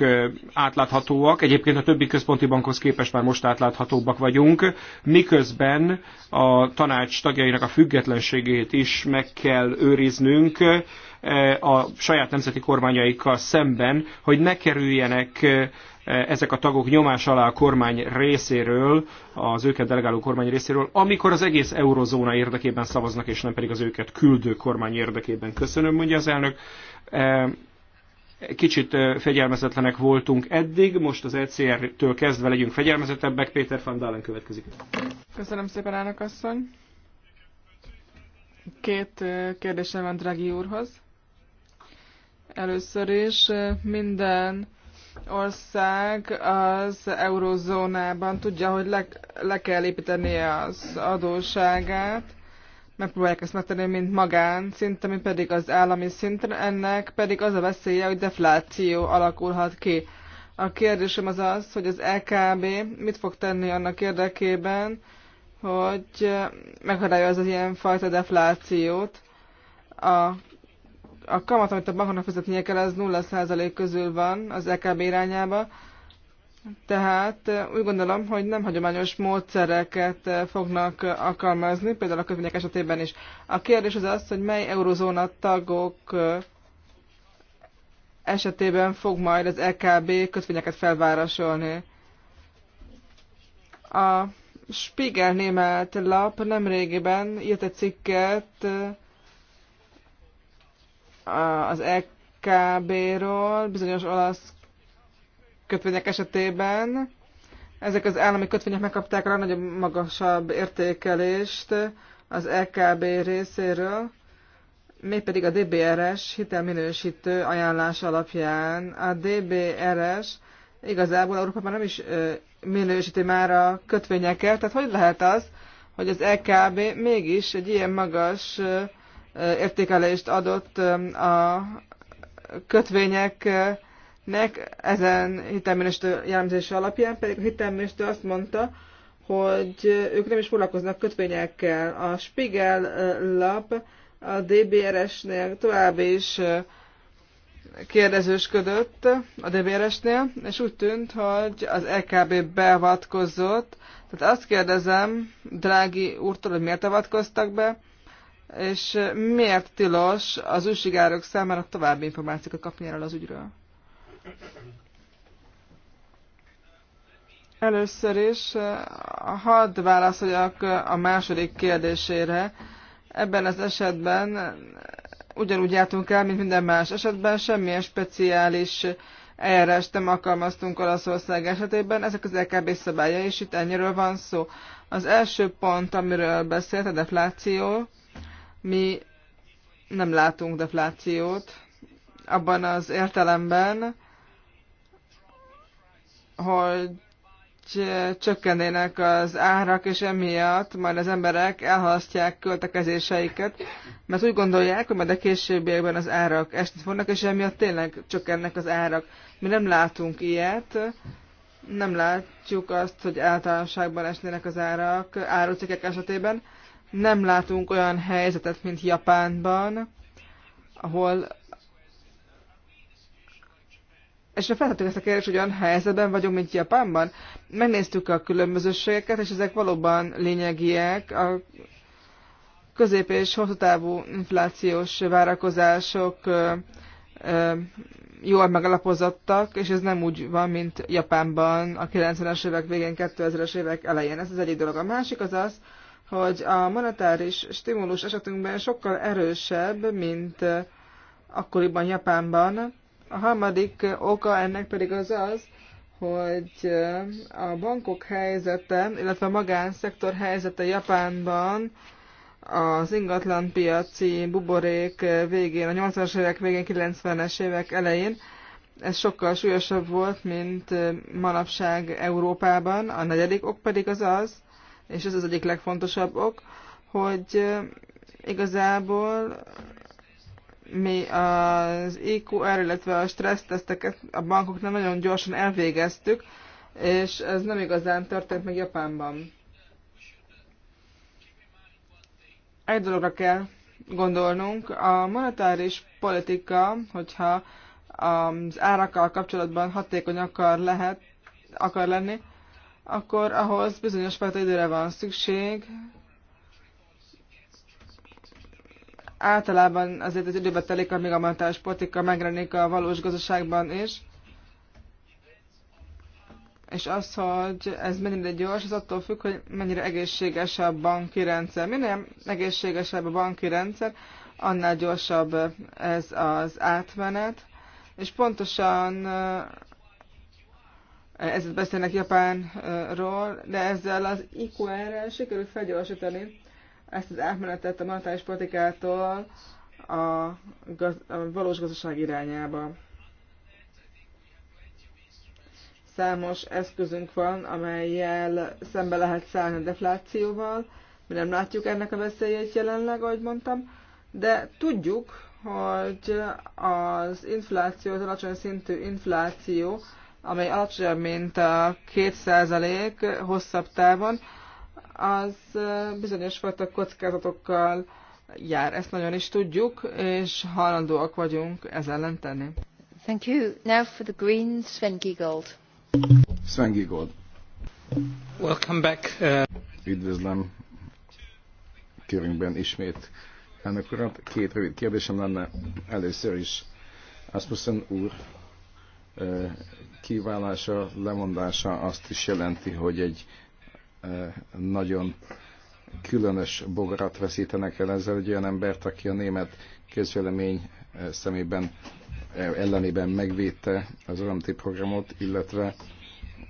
átláthatóak, egyébként a többi központi bankhoz képest már most átláthatóbbak vagyunk, miközben a tanács tagjainak a függetlenségét is meg kell őriznünk a saját nemzeti kormányaikkal szemben, hogy ne kerüljenek ezek a tagok nyomás alá a kormány részéről, az őket delegáló kormány részéről, amikor az egész eurozóna érdekében szavaznak, és nem pedig az őket küldő kormány érdekében. Köszönöm, mondja az elnök. Kicsit fegyelmezetlenek voltunk eddig, most az ECR-től kezdve legyünk fegyelmezetebbek. Péter van Dalen következik. Köszönöm szépen, elnök asszony. Két kérdésem van Draghi úrhoz. Először is minden ország az eurozónában tudja, hogy le, le kell építenie az adóságát, megpróbálják ezt megtenni, mint magán szinten, mint pedig az állami szinten, ennek pedig az a veszélye, hogy defláció alakulhat ki. A kérdésem az az, hogy az LKB mit fog tenni annak érdekében, hogy megakadályozza az ilyen fajta deflációt. A, a kamat, amit a banknak fizetnie kell, az 0% közül van az LKB irányába, tehát úgy gondolom, hogy nem hagyományos módszereket fognak alkalmazni, például a kötvények esetében is. A kérdés az az, hogy mely eurozóna tagok esetében fog majd az LKB kötvényeket felvárasolni. A Spiegel német lap nemrégiben írt egy cikket az LKB-ról, bizonyos olasz kötvények esetében ezek az állami kötvények megkapták a nagyobb magasabb értékelést az LKB részéről, mégpedig a DBRS hitelminősítő ajánlás alapján. A DBRS igazából Európában nem is minősíti már a kötvényeket, tehát hogy lehet az, hogy az LKB mégis egy ilyen magas értékelést adott a kötvények nek ezen hitelminősítő jellemzése alapján, pedig a hitelminősítő azt mondta, hogy ők nem is foglalkoznak kötvényekkel. A Spiegel lap a DBRS-nél tovább is kérdezősködött a DBRS-nél, és úgy tűnt, hogy az LKB e beavatkozott. Tehát azt kérdezem Drági úrtól, hogy miért avatkoztak be, és miért tilos az újságárok számára további információkat kapni erről az ügyről. Először is eh, hadd válaszoljak a második kérdésére. Ebben az esetben ugyanúgy jártunk el, mint minden más esetben, semmilyen speciális eljárást nem alkalmaztunk Olaszország esetében, ezek az LKB szabálya, is, itt ennyiről van szó. Az első pont, amiről beszélt, a defláció. Mi nem látunk deflációt abban az értelemben, hogy csökkennének az árak, és emiatt majd az emberek elhasztják költekezéseiket, mert úgy gondolják, hogy majd a későbbiekben az árak esni fognak, és emiatt tényleg csökkennek az árak. Mi nem látunk ilyet, nem látjuk azt, hogy általánosságban esnének az árak árucikek esetében. Nem látunk olyan helyzetet, mint Japánban, ahol és feltettük ezt a kérdést, hogy olyan helyzetben vagyunk, mint Japánban. Megnéztük a különbözőségeket, és ezek valóban lényegiek. A közép- és hosszú távú inflációs várakozások jól megalapozottak, és ez nem úgy van, mint Japánban a 90-es évek végén, 2000-es évek elején. Ez az egyik dolog. A másik az az, hogy a monetáris stimulus esetünkben sokkal erősebb, mint akkoriban Japánban, a harmadik oka ennek pedig az az, hogy eh, a bankok helyzete, illetve a magánszektor helyzete Japánban az ingatlanpiaci buborék végén, a 80-as évek végén, 90-es évek elején, ez sokkal súlyosabb volt, mint eh, manapság Európában. A negyedik ok pedig az az, és ez az egyik legfontosabb ok, hogy eh, igazából mi az IQR, illetve a stresszteszteket a bankoknál nagyon gyorsan elvégeztük, és ez nem igazán történt meg Japánban. Egy dologra kell gondolnunk, a monetáris politika, hogyha az árakkal kapcsolatban hatékony akar, lehet, akar lenni, akkor ahhoz bizonyos fajta időre van szükség, általában azért az időbe telik, amíg a mentális politika megrenik a valós gazdaságban is. És az, hogy ez mennyire gyors, az attól függ, hogy mennyire egészséges a banki rendszer. Minél egészségesebb a banki rendszer, annál gyorsabb ez az átmenet. És pontosan ezért beszélnek Japánról, de ezzel az IQR-rel sikerült felgyorsítani ezt az átmenetet a monetáris politikától a, gaz, a valós gazdaság irányába. Számos eszközünk van, amelyel szembe lehet szállni a deflációval. Mi nem látjuk ennek a veszélyét jelenleg, ahogy mondtam, de tudjuk, hogy az infláció, az alacsony szintű infláció, amely alacsonyabb, mint a 2% hosszabb távon, az bizonyos fajta kockázatokkal jár. Ezt nagyon is tudjuk, és hajlandóak vagyunk ez ellen tenni. Thank you. Now for the Green, Sven Giegold. Sven Giegold. Welcome back. Uh... Üdvözlöm Kérünkben ismét. Ennek urat, két rövid kérdésem lenne. Először is Asmussen úr kiválása, lemondása azt is jelenti, hogy egy nagyon különös bogarat veszítenek el ezzel egy olyan embert, aki a német közvélemény eh, szemében eh, ellenében megvédte az OMT programot, illetve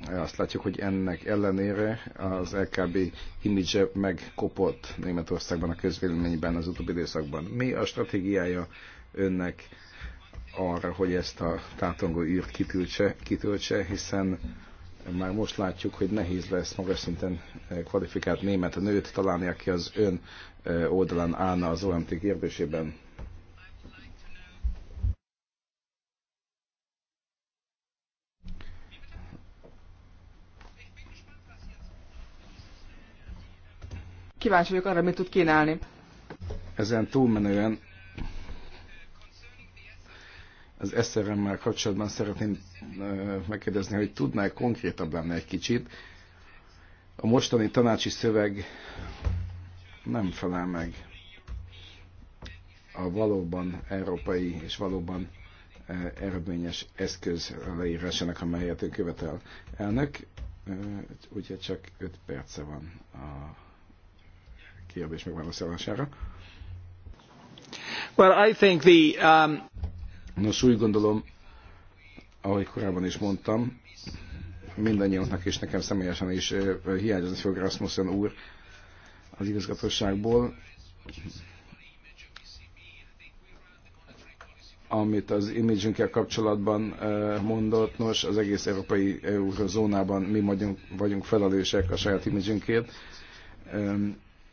eh, azt látjuk, hogy ennek ellenére az LKB image megkopott Németországban a közvéleményben az utóbbi időszakban. Mi a stratégiája önnek arra, hogy ezt a tátongó űrt kitöltse, kitöltse hiszen már most látjuk, hogy nehéz lesz magas szinten eh, kvalifikált német a nőt találni, aki az ön eh, oldalán állna az OMT kérdésében. Kíváncsi vagyok arra, mit tud kínálni. Ezen túlmenően az SRM-mel kapcsolatban szeretném megkérdezni, hogy tudnál konkrétabb lenni egy kicsit. A mostani tanácsi szöveg nem felel meg a valóban európai és valóban eredményes eszköz leírásának, amelyet ő követel. Elnök, ugye csak 5 perce van a kérdés megválaszolására. Well, I think the, um... Nos, úgy gondolom, ahogy korábban is mondtam, mindannyiunknak és nekem személyesen is hiányozni fog Rasmussen úr az igazgatosságból, amit az imidzsünkkel kapcsolatban mondott, nos, az egész európai eurozónában mi vagyunk, vagyunk felelősek a saját imidzsünkért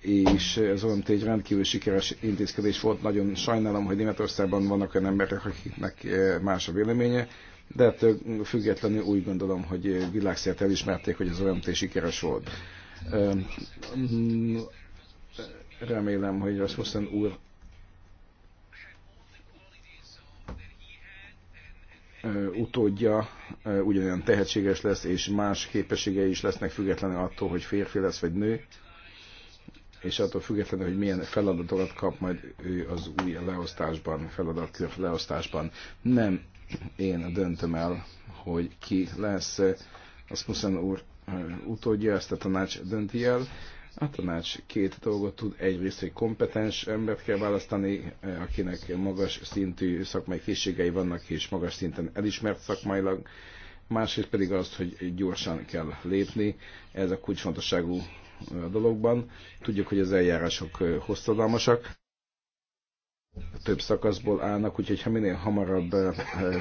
és az OMT egy rendkívül sikeres intézkedés volt. Nagyon sajnálom, hogy Németországban vannak olyan emberek, akiknek eh, más a véleménye, de hát, eh, függetlenül úgy gondolom, hogy eh, világszerte elismerték, hogy az OMT sikeres volt. Mm, remélem, hogy Rasmussen úr utódja ugyanolyan tehetséges lesz, és más képességei is lesznek függetlenül attól, hogy férfi lesz vagy nő és attól függetlenül, hogy milyen feladatokat kap majd ő az új leosztásban, feladatkör leosztásban. Nem én döntöm el, hogy ki lesz a Smussen úr utódja, ezt a tanács dönti el. A tanács két dolgot tud, egyrészt, hogy kompetens embert kell választani, akinek magas szintű szakmai készségei vannak, és magas szinten elismert szakmailag, másrészt pedig azt, hogy gyorsan kell lépni. Ez a kulcsfontosságú a dologban. Tudjuk, hogy az eljárások hosszadalmasak, több szakaszból állnak, úgyhogy ha minél hamarabb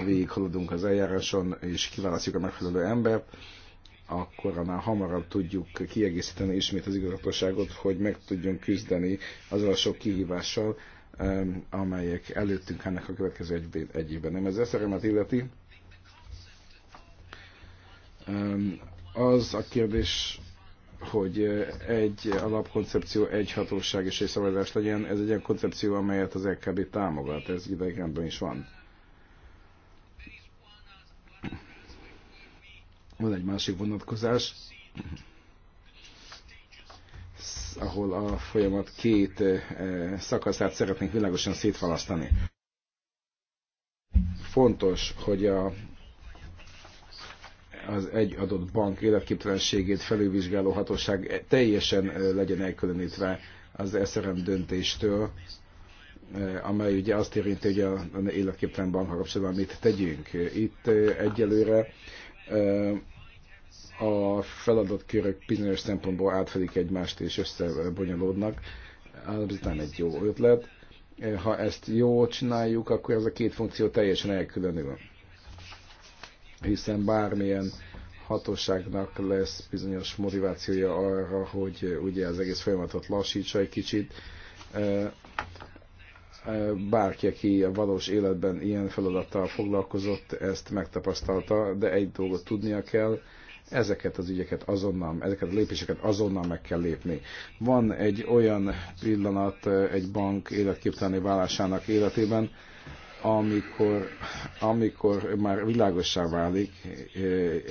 végighaladunk az eljáráson, és kiválasztjuk a megfelelő embert, akkor annál hamarabb tudjuk kiegészíteni ismét az igazgatóságot, hogy meg tudjunk küzdeni azzal a sok kihívással, amelyek előttünk ennek a következő egy évben. Nem ez eszeremet illeti. Az a kérdés hogy eh, egy alapkoncepció, egy hatóság és egy szabadás legyen. Ez egy olyan koncepció, amelyet az LKB támogat, ez idegenben is van. Van egy másik vonatkozás, ahol a folyamat két eh, szakaszát szeretnénk világosan szétválasztani. Fontos, hogy a az egy adott bank életképtelenségét felülvizsgáló hatóság teljesen legyen elkülönítve az SRM döntéstől, amely ugye azt érinti, hogy a életképtelen bank kapcsolatban mit tegyünk. Itt egyelőre a feladatkörök bizonyos szempontból átfedik egymást és összebonyolódnak. Ez nem egy jó ötlet. Ha ezt jól csináljuk, akkor ez a két funkció teljesen elkülönül hiszen bármilyen hatóságnak lesz bizonyos motivációja arra, hogy eh, ugye az egész folyamatot lassítsa egy kicsit. Eh, eh, bárki, aki a valós életben ilyen feladattal foglalkozott, ezt megtapasztalta, de egy dolgot tudnia kell, ezeket az ügyeket azonnal, ezeket a lépéseket azonnal meg kell lépni. Van egy olyan pillanat egy bank életképtelni vállásának életében, amikor, amikor már világosá válik, e,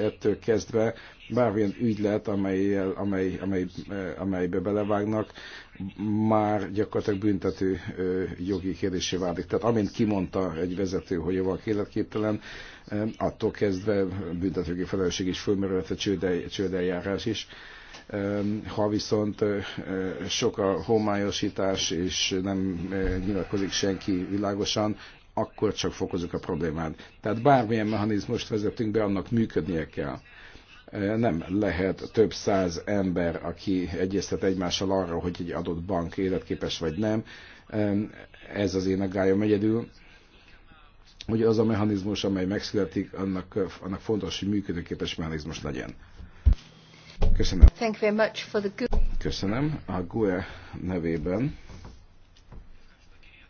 ettől kezdve bármilyen ügylet, amely amely, amely, amelybe belevágnak, már gyakorlatilag büntető e, jogi kérdésé válik. Tehát amint kimondta egy vezető, hogy jóval életképtelen, e, attól kezdve büntetőjogi felelősség is fölmerülhet, a csődeljárás is ha viszont sok a homályosítás, és nem nyilatkozik senki világosan, akkor csak fokozunk a problémát. Tehát bármilyen mechanizmust vezetünk be, annak működnie kell. Nem lehet több száz ember, aki egyeztet egymással arra, hogy egy adott bank életképes vagy nem. Ez az én aggályom egyedül, hogy az a mechanizmus, amely megszületik, annak, annak fontos, hogy működőképes mechanizmus legyen. Köszönöm. Thank you very much for the Köszönöm a GUE nevében.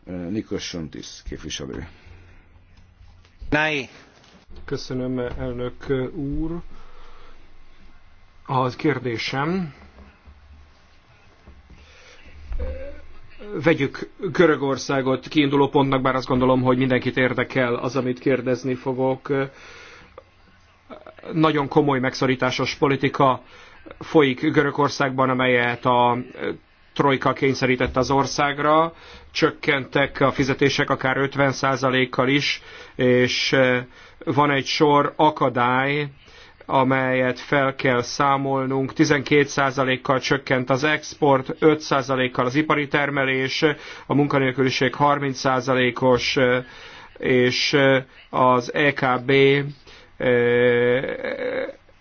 Nikos Sontis képviselő. Nai. Köszönöm, elnök úr. Az kérdésem, vegyük Görögországot kiinduló pontnak, bár azt gondolom, hogy mindenkit érdekel az, amit kérdezni fogok. Nagyon komoly megszorításos politika folyik Görögországban, amelyet a trojka kényszerített az országra, csökkentek a fizetések akár 50%-kal is, és eh, van egy sor akadály, amelyet fel kell számolnunk. 12%-kal csökkent az export, 5%-kal az ipari termelés, a munkanélküliség 30%-os, eh, és eh, az EKB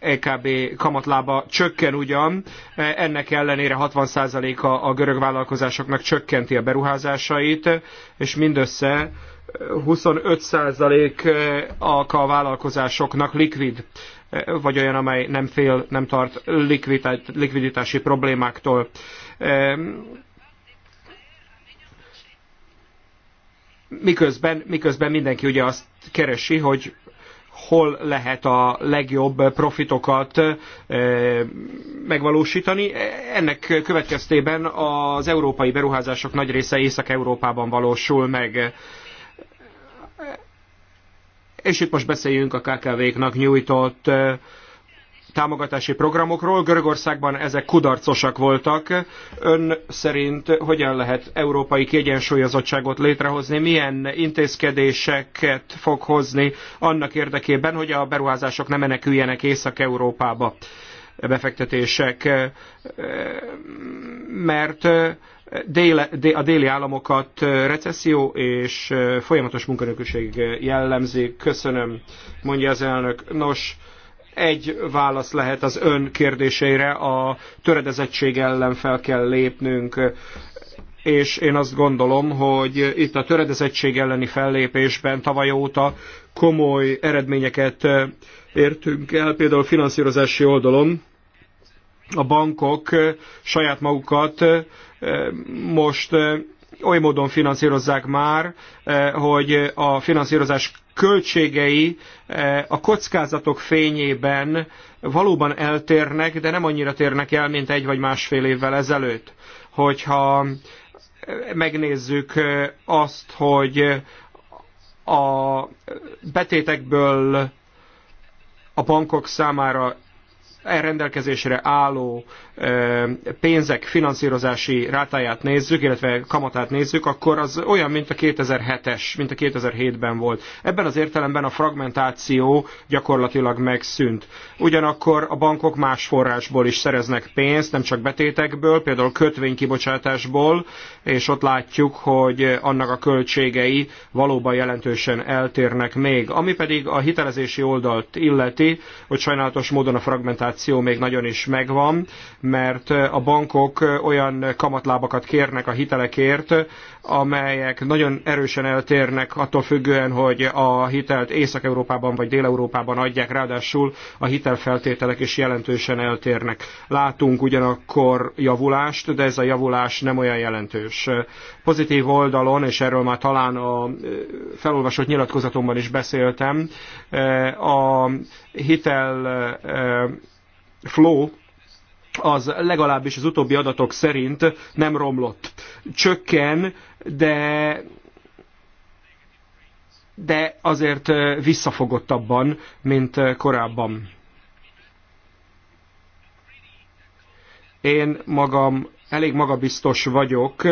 EKB kamatlába csökken ugyan, e, ennek ellenére 60%-a a görög vállalkozásoknak csökkenti a beruházásait, és mindössze 25%-a e, e, a vállalkozásoknak likvid, vagy olyan, amely nem fél, nem tart likviditási problémáktól. Miközben, miközben mindenki ugye azt keresi, hogy hol lehet a legjobb profitokat eh, megvalósítani. Ennek következtében az európai beruházások nagy része Észak-Európában valósul meg. És itt most beszéljünk a KKV-knak nyújtott eh, támogatási programokról. Görögországban ezek kudarcosak voltak. Ön szerint hogyan lehet európai kiegyensúlyozottságot létrehozni? Milyen intézkedéseket fog hozni annak érdekében, hogy a beruházások ne meneküljenek Észak-Európába? befektetések, eh, mert eh, a déli államokat eh, recesszió és folyamatos munkanélküliség jellemzi. Köszönöm, mondja az elnök. Nos, egy válasz lehet az ön kérdéseire, a töredezettség ellen fel kell lépnünk, és én azt gondolom, hogy itt a töredezettség elleni fellépésben tavaly óta komoly eredményeket értünk el, például finanszírozási oldalon, a bankok saját magukat most oly módon finanszírozzák már, hogy a finanszírozás költségei eh, a kockázatok fényében valóban eltérnek, de nem annyira térnek el, mint egy vagy másfél évvel ezelőtt. Hogyha eh, megnézzük eh, azt, hogy a betétekből a bankok számára elrendelkezésre álló pénzek finanszírozási rátáját nézzük, illetve kamatát nézzük, akkor az olyan, mint a 2007-es, mint a 2007-ben volt. Ebben az értelemben a fragmentáció gyakorlatilag megszűnt. Ugyanakkor a bankok más forrásból is szereznek pénzt, nem csak betétekből, például kötvénykibocsátásból, és ott látjuk, hogy annak a költségei valóban jelentősen eltérnek még. Ami pedig a hitelezési oldalt illeti, hogy sajnálatos módon a fragmentáció még nagyon is megvan, mert a bankok olyan kamatlábakat kérnek a hitelekért, amelyek nagyon erősen eltérnek attól függően, hogy a hitelt Észak-Európában vagy Dél-Európában adják, ráadásul a hitelfeltételek is jelentősen eltérnek. Látunk ugyanakkor javulást, de ez a javulás nem olyan jelentős. Pozitív oldalon, és erről már talán a felolvasott nyilatkozatomban is beszéltem, a hitel flow az legalábbis az utóbbi adatok szerint nem romlott. Csökken, de de azért visszafogottabban, mint korábban. Én magam elég magabiztos vagyok,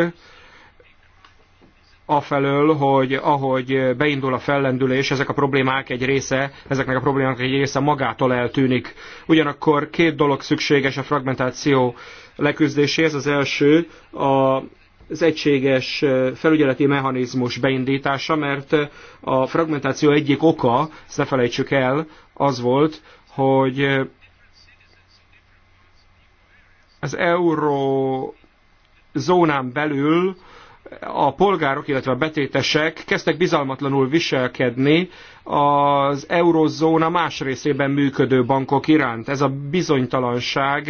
afelől, hogy ahogy beindul a fellendülés, ezek a problémák egy része, ezeknek a problémák egy része magától eltűnik. Ugyanakkor két dolog szükséges a fragmentáció leküzdéséhez. Az első a az egységes felügyeleti mechanizmus beindítása, mert a fragmentáció egyik oka, ezt ne felejtsük el, az volt, hogy az euró zónán belül a polgárok, illetve a betétesek kezdtek bizalmatlanul viselkedni az eurozóna más részében működő bankok iránt. Ez a bizonytalanság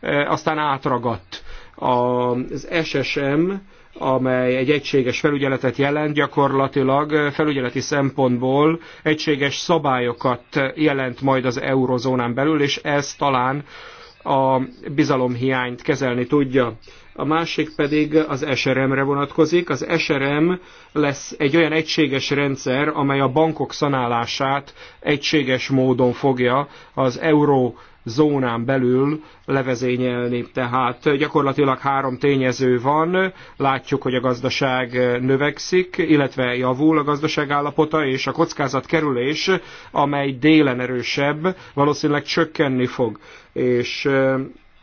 eh, aztán átragadt. Az SSM, amely egy egységes felügyeletet jelent, gyakorlatilag felügyeleti szempontból egységes szabályokat jelent majd az eurozónán belül, és ez talán a bizalomhiányt kezelni tudja a másik pedig az SRM-re vonatkozik. Az SRM lesz egy olyan egységes rendszer, amely a bankok szanálását egységes módon fogja az euró zónán belül levezényelni. Tehát gyakorlatilag három tényező van, látjuk, hogy a gazdaság növekszik, illetve javul a gazdaság állapota, és a kockázat kerülés, amely délen erősebb, valószínűleg csökkenni fog. És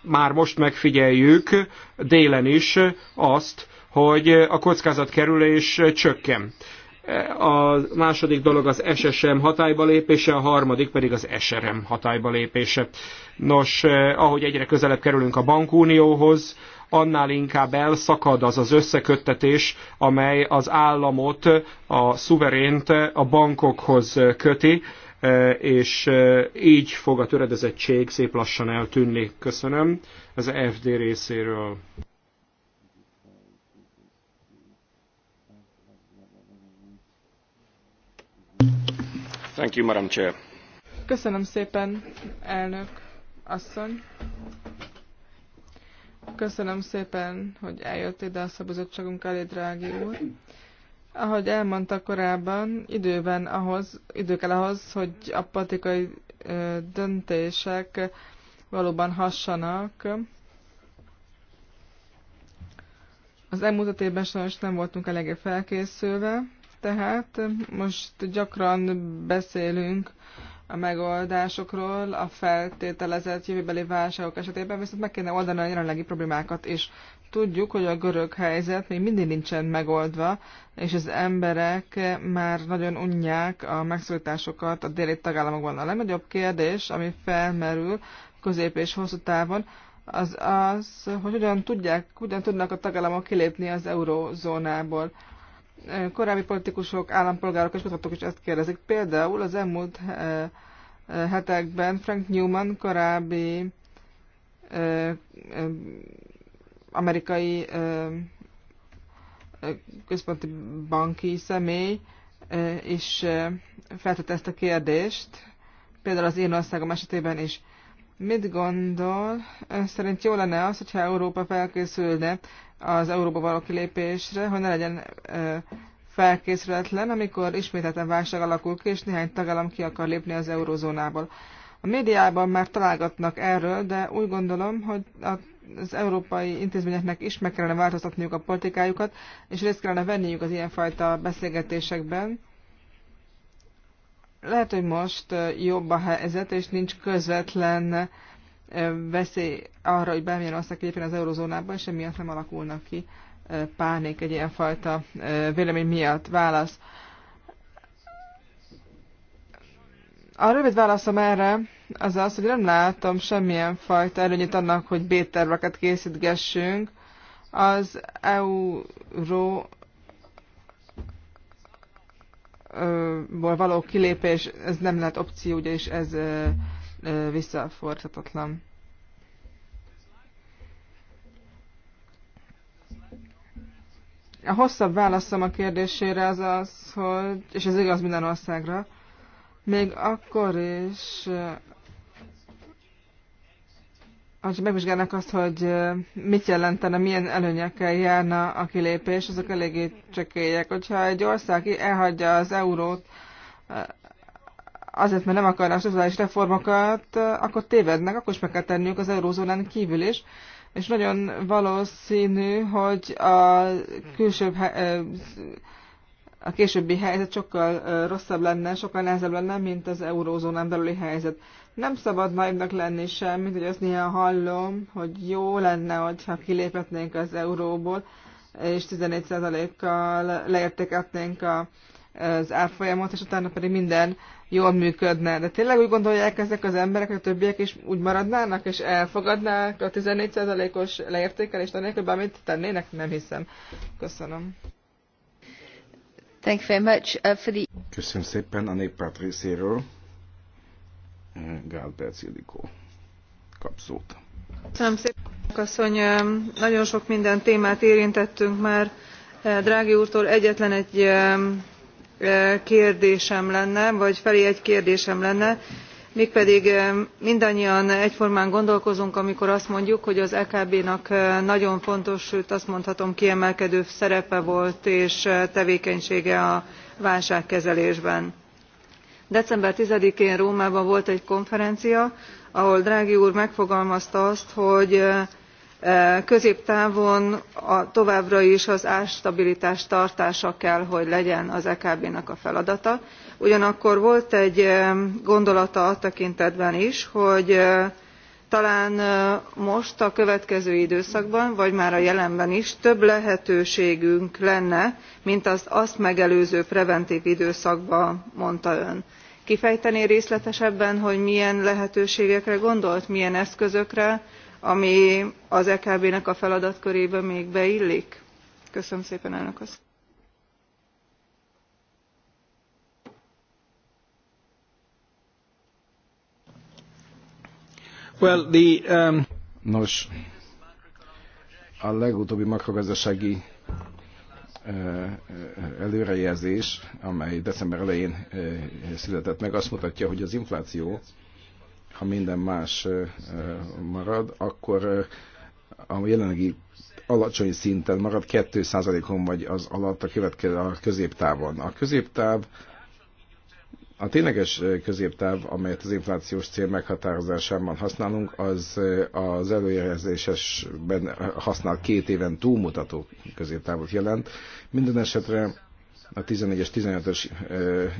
már most megfigyeljük délen is azt, hogy a kockázatkerülés csökken. A második dolog az SSM hatályba lépése, a harmadik pedig az SRM hatályba lépése. Nos, ahogy egyre közelebb kerülünk a bankunióhoz, annál inkább elszakad az az összeköttetés, amely az államot, a szuverént a bankokhoz köti és így fog a töredezettség szép lassan eltűnni. Köszönöm a FD részéről. Thank you, Madam Chair. Köszönöm szépen, elnök asszony. Köszönöm szépen, hogy eljött ide a szabadságunk elé, drági úr. Ahogy elmondta korábban, időben ahhoz, idő kell ahhoz, hogy a politikai döntések valóban hassanak. Az elmúlt évben sajnos nem voltunk eléggé felkészülve, tehát most gyakran beszélünk a megoldásokról a feltételezett jövőbeli válságok esetében, viszont meg kéne oldani a jelenlegi problémákat is. Tudjuk, hogy a görög helyzet még mindig nincsen megoldva, és az emberek már nagyon unják a megszólításokat a déli tagállamokban. A legnagyobb kérdés, ami felmerül közép és hosszú távon, az az, hogy hogyan tudják, hogyan tudnak a tagállamok kilépni az eurózónából korábbi politikusok, állampolgárok és kutatók is ezt kérdezik. Például az elmúlt eh, eh, hetekben Frank Newman korábbi eh, amerikai központi banki személy is feltette ezt a kérdést, például az én országom esetében is. Mit gondol? Ön szerint jó lenne az, hogyha Európa felkészülne az Európa való kilépésre, hogy ne legyen ö, felkészületlen, amikor ismételten válság alakul ki, és néhány tagállam ki akar lépni az eurozónából. A médiában már találgatnak erről, de úgy gondolom, hogy az európai intézményeknek is meg kellene változtatniuk a politikájukat, és részt kellene venniük az ilyenfajta beszélgetésekben, lehet, hogy most jobb a helyzet, és nincs közvetlen veszély arra, hogy bármilyen ország éppen az eurozónába, és emiatt nem alakulnak ki pánik egy ilyenfajta vélemény miatt. Válasz. A rövid válaszom erre az az, hogy nem látom semmilyen fajta előnyét annak, hogy B-terveket készítgessünk. Az euró ból való kilépés, ez nem lehet opció, ugyanis ez visszafordhatatlan. A hosszabb válaszom a kérdésére az az, hogy, és ez igaz minden országra, még akkor is, hogyha megvizsgálnak azt, hogy mit jelentene, milyen előnyekkel járna a kilépés, azok eléggé csekélyek. Hogyha egy ország elhagyja az eurót, azért, mert nem akarnak szociális reformokat, akkor tévednek, akkor is meg kell tenniük az eurózónán kívül is. És nagyon valószínű, hogy a, külső a későbbi helyzet sokkal rosszabb lenne, sokkal nehezebb lenne, mint az eurózónán belüli helyzet. Nem szabad naivnak lenni sem, mint hogy azt néha hallom, hogy jó lenne, hogyha kiléphetnénk az euróból, és 14%-kal leértékeltnénk a, az árfolyamot, és utána pedig minden jól működne. De tényleg úgy gondolják ezek az emberek, hogy a többiek is úgy maradnának, és elfogadnák a 14%-os leértékelést, anélkül bármit tennének? Nem hiszem. Köszönöm. Thank you very much uh, for the... Köszönöm szépen a néppárt részéről. Gál Percilikó kap szót. Köszönöm szépen, asszony. Nagyon sok minden témát érintettünk már. Drági úrtól egyetlen egy kérdésem lenne, vagy felé egy kérdésem lenne, mégpedig mindannyian egyformán gondolkozunk, amikor azt mondjuk, hogy az EKB nak nagyon fontos, sőt azt mondhatom kiemelkedő szerepe volt és tevékenysége a válságkezelésben december ten én rómában volt egy konferencia ahol draghi úr megfogalmazta azt hogy középtávon továbbra is az árstabilitás tartása kell hogy legyen az ekb nak a feladata ugyanakkor volt egy gondolata a tekintetben is hogy talán most a következő időszakban vagy már a jelenben is több lehetőségünk lenne mint az azt megelőző preventv időszakban mondta ön. Kifejteni részletesebben hogy milyen lehetőségekre gondolt milyen eszközökre ami az ekb nek a feladatkörébe még beillik? köszönöm szépen elnök asszony! Um, Nos, a legutóbbi makrogazdasági előrejelzés, amely december elején született meg, azt mutatja, hogy az infláció, ha minden más marad, akkor a jelenlegi alacsony szinten marad 2%-on vagy az alatt a, következő, a középtávon. A középtáv a tényleges középtáv, amelyet az inflációs cél meghatározásában használunk, az az előjelzésesben használ két éven túlmutató középtávot jelent. Minden esetre a 14-es, 15-ös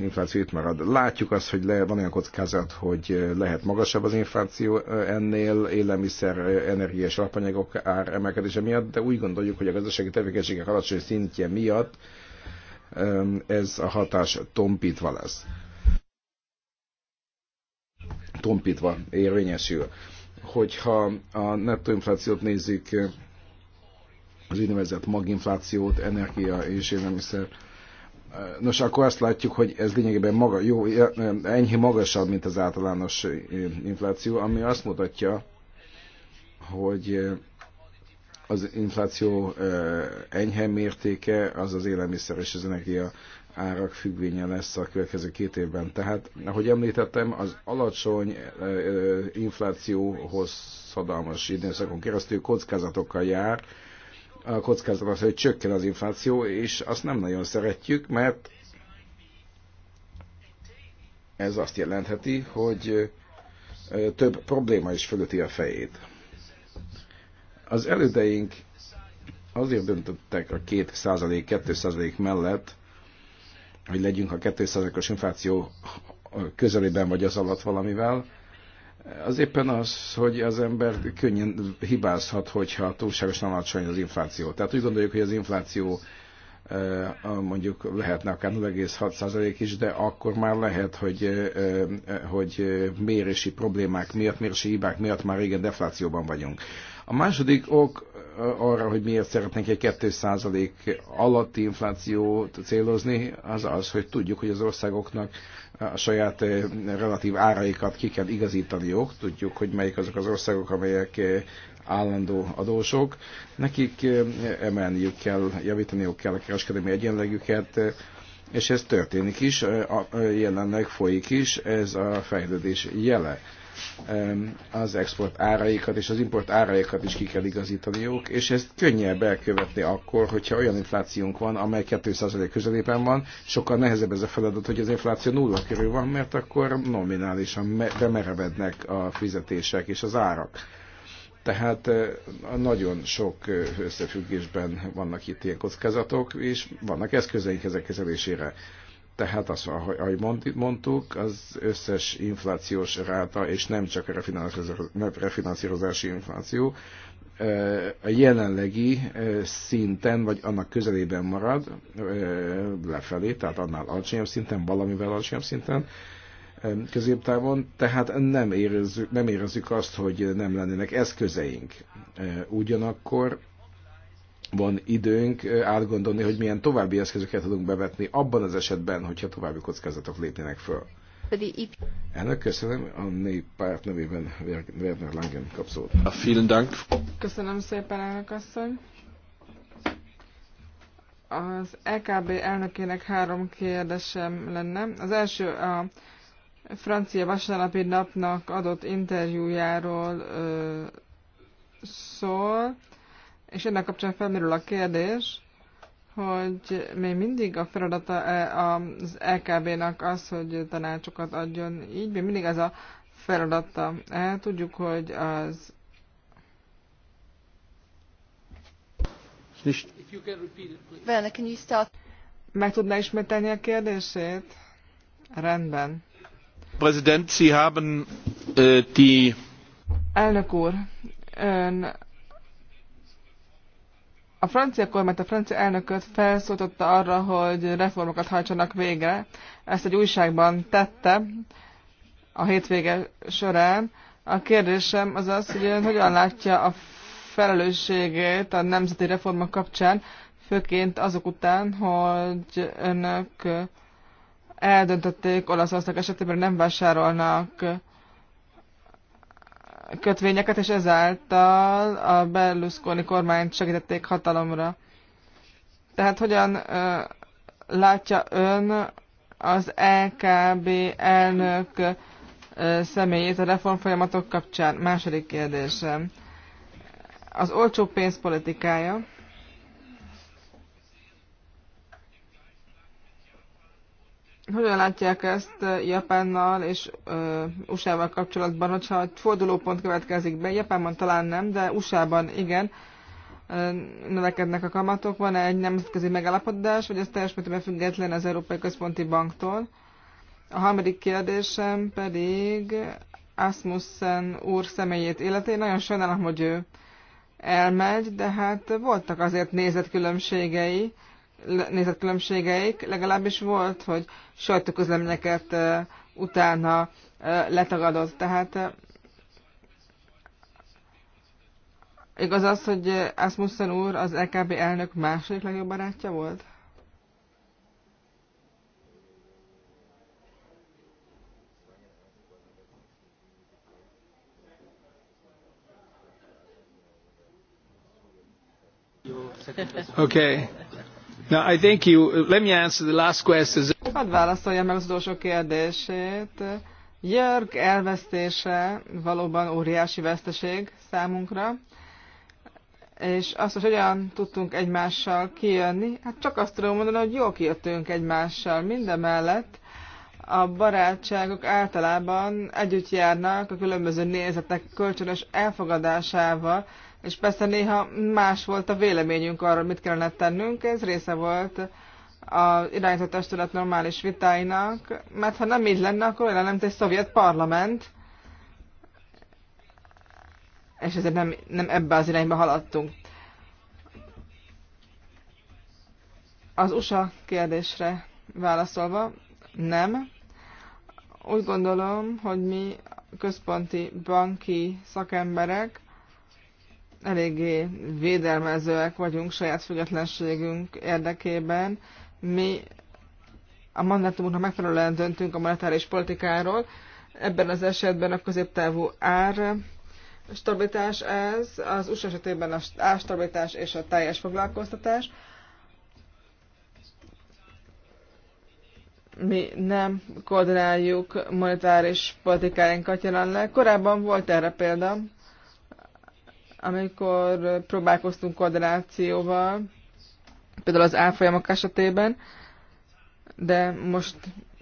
infláció itt marad. Látjuk azt, hogy le, van olyan kockázat, hogy lehet magasabb az infláció ennél, élelmiszer, energia és alapanyagok ár emelkedése miatt, de úgy gondoljuk, hogy a gazdasági tevékenységek alacsony szintje miatt ez a hatás tompítva lesz tompítva érvényesül. Hogyha a inflációt nézzük, az úgynevezett maginflációt, energia és élelmiszer. Nos, akkor azt látjuk, hogy ez lényegében maga, jó, enyhé magasabb, mint az általános infláció, ami azt mutatja, hogy az infláció eh, enyhe mértéke az az élelmiszer és az energia árak függvénye lesz a következő két évben. Tehát, ahogy említettem, az alacsony inflációhoz szadalmas időszakon keresztül kockázatokkal jár. A kockázat az, hogy csökken az infláció, és azt nem nagyon szeretjük, mert ez azt jelentheti, hogy több probléma is fölöti a fejét. Az elődeink azért döntöttek a 2%, 2% mellett, hogy legyünk a 2%-os infláció közelében vagy az alatt valamivel, az éppen az, hogy az ember könnyen hibázhat, hogyha túlságosan alacsony az infláció. Tehát úgy gondoljuk, hogy az infláció eh, mondjuk lehetne akár 0,6% is, de akkor már lehet, hogy, eh, eh, hogy mérési problémák miatt, mérési hibák miatt már igen deflációban vagyunk. A második ok arra, hogy miért szeretnénk egy 2% alatti inflációt célozni, az az, hogy tudjuk, hogy az országoknak a saját eh, relatív áraikat ki kell igazítaniuk, tudjuk, hogy melyik azok az országok, amelyek eh, állandó adósok. Nekik eh, emelniük kell, javítaniuk kell a kereskedelmi egyenlegüket, és ez történik is, jelenleg folyik is, ez a fejlődés jele az export áraikat és az import áraikat is ki kell igazítaniuk, és ezt könnyebb elkövetni akkor, hogyha olyan inflációnk van, amely 2% közelében van, sokkal nehezebb ez a feladat, hogy az infláció nulla körül van, mert akkor nominálisan bemerevednek a fizetések és az árak. Tehát nagyon sok összefüggésben vannak itt ilyen kockázatok, és vannak eszközeink ezek kezelésére. Tehát az, ahogy mondtuk, az összes inflációs ráta, és nem csak a refinanszírozási infláció, a jelenlegi szinten, vagy annak közelében marad lefelé, tehát annál alacsonyabb szinten, valamivel alacsonyabb szinten, középtávon, tehát nem érezzük, nem érezzük azt, hogy nem lennének eszközeink. Ugyanakkor van időnk átgondolni, hogy milyen további eszközöket tudunk bevetni abban az esetben, hogyha további kockázatok lépnének föl. Pedig itt... Ennek köszönöm a néppárt nevében Werner Langen kap szót. Vielen Dank. Köszönöm szépen, elnök asszony. Az EKB elnökének három kérdésem lenne. Az első a francia vasárnapi napnak adott interjújáról ö, szól és ennek kapcsán felmerül a kérdés, hogy még mindig a feladata e, az LKB-nak az, hogy tanácsokat adjon, így még mindig ez a feladata. E, tudjuk, hogy az Meg tudná ismételni a kérdését? Rendben. Präsident, Sie haben äh, die... Elnök úr, ön a francia kormányt, a francia elnököt felszólította arra, hogy reformokat hajtsanak végre. Ezt egy újságban tette a hétvége során. A kérdésem az az, hogy ön hogyan látja a felelősségét a nemzeti reformok kapcsán, főként azok után, hogy önök eldöntötték Olaszország esetében nem vásárolnak kötvényeket, és ezáltal a Berlusconi kormányt segítették hatalomra. Tehát hogyan ö, látja ön az LKB elnök ö, személyét a reformfolyamatok kapcsán? Második kérdésem. Az olcsó pénzpolitikája? politikája hogyan látják ezt Japánnal és USA-val kapcsolatban, hogyha egy fordulópont következik be? Japánban talán nem, de USA-ban igen növekednek a kamatok. Van-e egy nemzetközi megállapodás, vagy ez teljes mértékben független az Európai Központi Banktól? A harmadik kérdésem pedig Asmussen úr személyét illeti. nagyon sajnálom, hogy ő elmegy, de hát voltak azért nézetkülönbségei, nézetkülönbségeik, legalábbis volt, hogy sajtóközleményeket utána letagadott. Tehát igaz az, hogy Asmussen úr az LKB e elnök második legjobb barátja volt? Okay. Now, I think you, let me answer the last question. Hadd válaszolja meg az utolsó kérdését. Jörg elvesztése valóban óriási veszteség számunkra, és azt, hogy hogyan tudtunk egymással kijönni, hát csak azt tudom mondani, hogy jól kijöttünk egymással Mindemellett A barátságok általában együtt járnak a különböző nézetek kölcsönös elfogadásával, és persze néha más volt a véleményünk arról, mit kellene tennünk, ez része volt a irányított testület normális vitáinak, mert ha nem így lenne, akkor olyan nem egy szovjet parlament, és ezért nem, nem ebbe az irányba haladtunk. Az USA kérdésre válaszolva, nem. Úgy gondolom, hogy mi központi banki szakemberek eléggé védelmezőek vagyunk saját függetlenségünk érdekében. Mi a mandátumunknak megfelelően döntünk a monetáris politikáról. Ebben az esetben a középtávú ár stabilitás ez, az USA esetében az árstabilitás és a teljes foglalkoztatás. Mi nem koordináljuk monetáris politikáinkat jelenleg. Korábban volt erre példa, amikor próbálkoztunk koordinációval, például az álfolyamok esetében, de most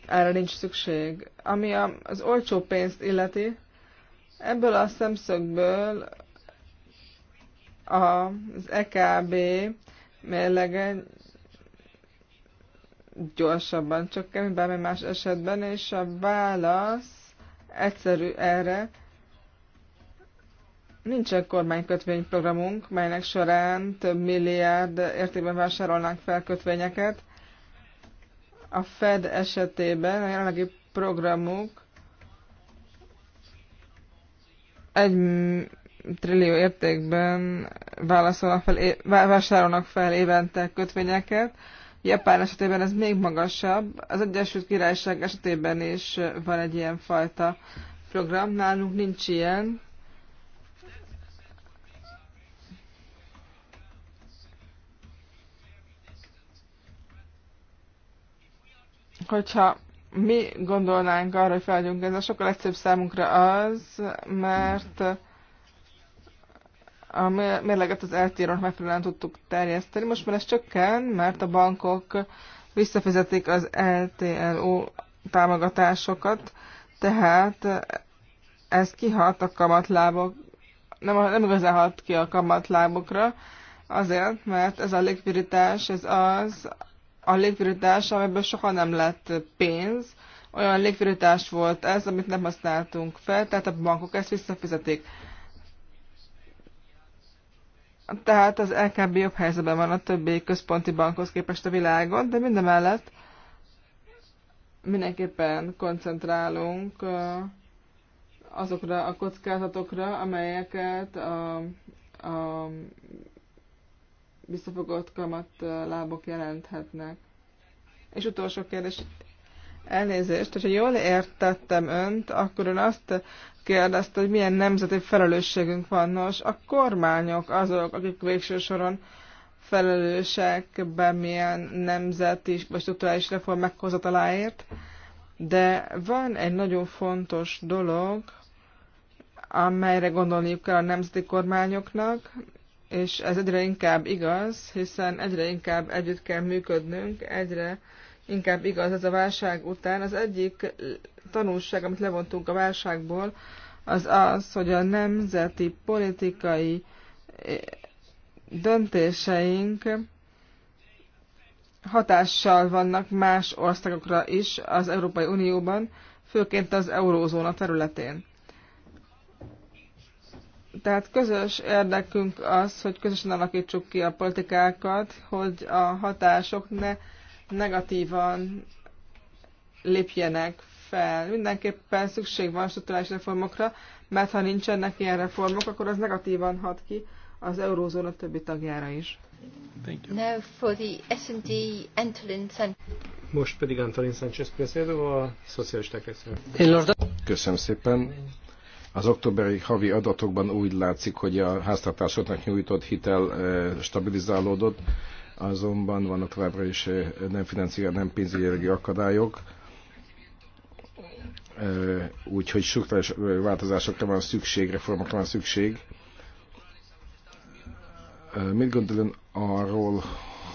erre nincs szükség. Ami az olcsó pénzt illeti, ebből a szemszögből az EKB mérlege gyorsabban csökken, bármely más esetben, és a válasz egyszerű erre, Nincsen kormánykötvényprogramunk, melynek során több milliárd értékben vásárolnánk fel kötvényeket. A Fed esetében a jelenlegi programuk egy trillió értékben válaszolnak fel, vásárolnak fel évente kötvényeket. Japán esetében ez még magasabb. Az Egyesült Királyság esetében is van egy ilyen fajta program. Nálunk nincs ilyen. hogyha mi gondolnánk arra, hogy feladjunk ezzel, sokkal egyszerűbb számunkra az, mert a mérleget az eltérőnk megfelelően tudtuk terjeszteni. Most már ez csökken, mert a bankok visszafizetik az LTLO támogatásokat, tehát ez kihat a kamatlábok, nem, nem igazán hat ki a kamatlábokra, azért, mert ez a likviditás, ez az, a légvirítás, amiből soha nem lett pénz. Olyan légvirítás volt ez, amit nem használtunk fel, tehát a bankok ezt visszafizetik. Tehát az LKB jobb helyzetben van a többi központi bankhoz képest a világon, de mindemellett mindenképpen koncentrálunk azokra a kockázatokra, amelyeket a, a visszafogott kamat lábok jelenthetnek. És utolsó kérdés, elnézést, hogyha jól értettem önt, akkor ön azt kérdezte, hogy milyen nemzeti felelősségünk van. Nos, a kormányok azok, akik végső soron felelősek bármilyen nemzeti vagy struktúrális reform meghozataláért, de van egy nagyon fontos dolog, amelyre gondolniuk kell a nemzeti kormányoknak, és ez egyre inkább igaz, hiszen egyre inkább együtt kell működnünk, egyre inkább igaz ez a válság után. Az egyik tanulság, amit levontunk a válságból, az az, hogy a nemzeti politikai eh, döntéseink hatással vannak más országokra is az Európai Unióban, főként az eurózóna területén. Tehát közös érdekünk az, hogy közösen alakítsuk ki a politikákat, hogy a hatások ne negatívan lépjenek fel. Mindenképpen szükség van struktúrális reformokra, mert ha nincsenek ilyen reformok, akkor az negatívan hat ki az eurózóna többi tagjára is. Thank you. Now for the S&D Antolin Most pedig Antolin Sanchez beszél, a szocialisták Köszönöm szépen. Az októberi havi adatokban úgy látszik, hogy a háztartásoknak nyújtott hitel stabilizálódott, azonban vannak továbbra is nem financiál, nem pénzügyi akadályok, úgyhogy struktúrális változásokra van szükség, reformokra van szükség. Mit gondolom arról,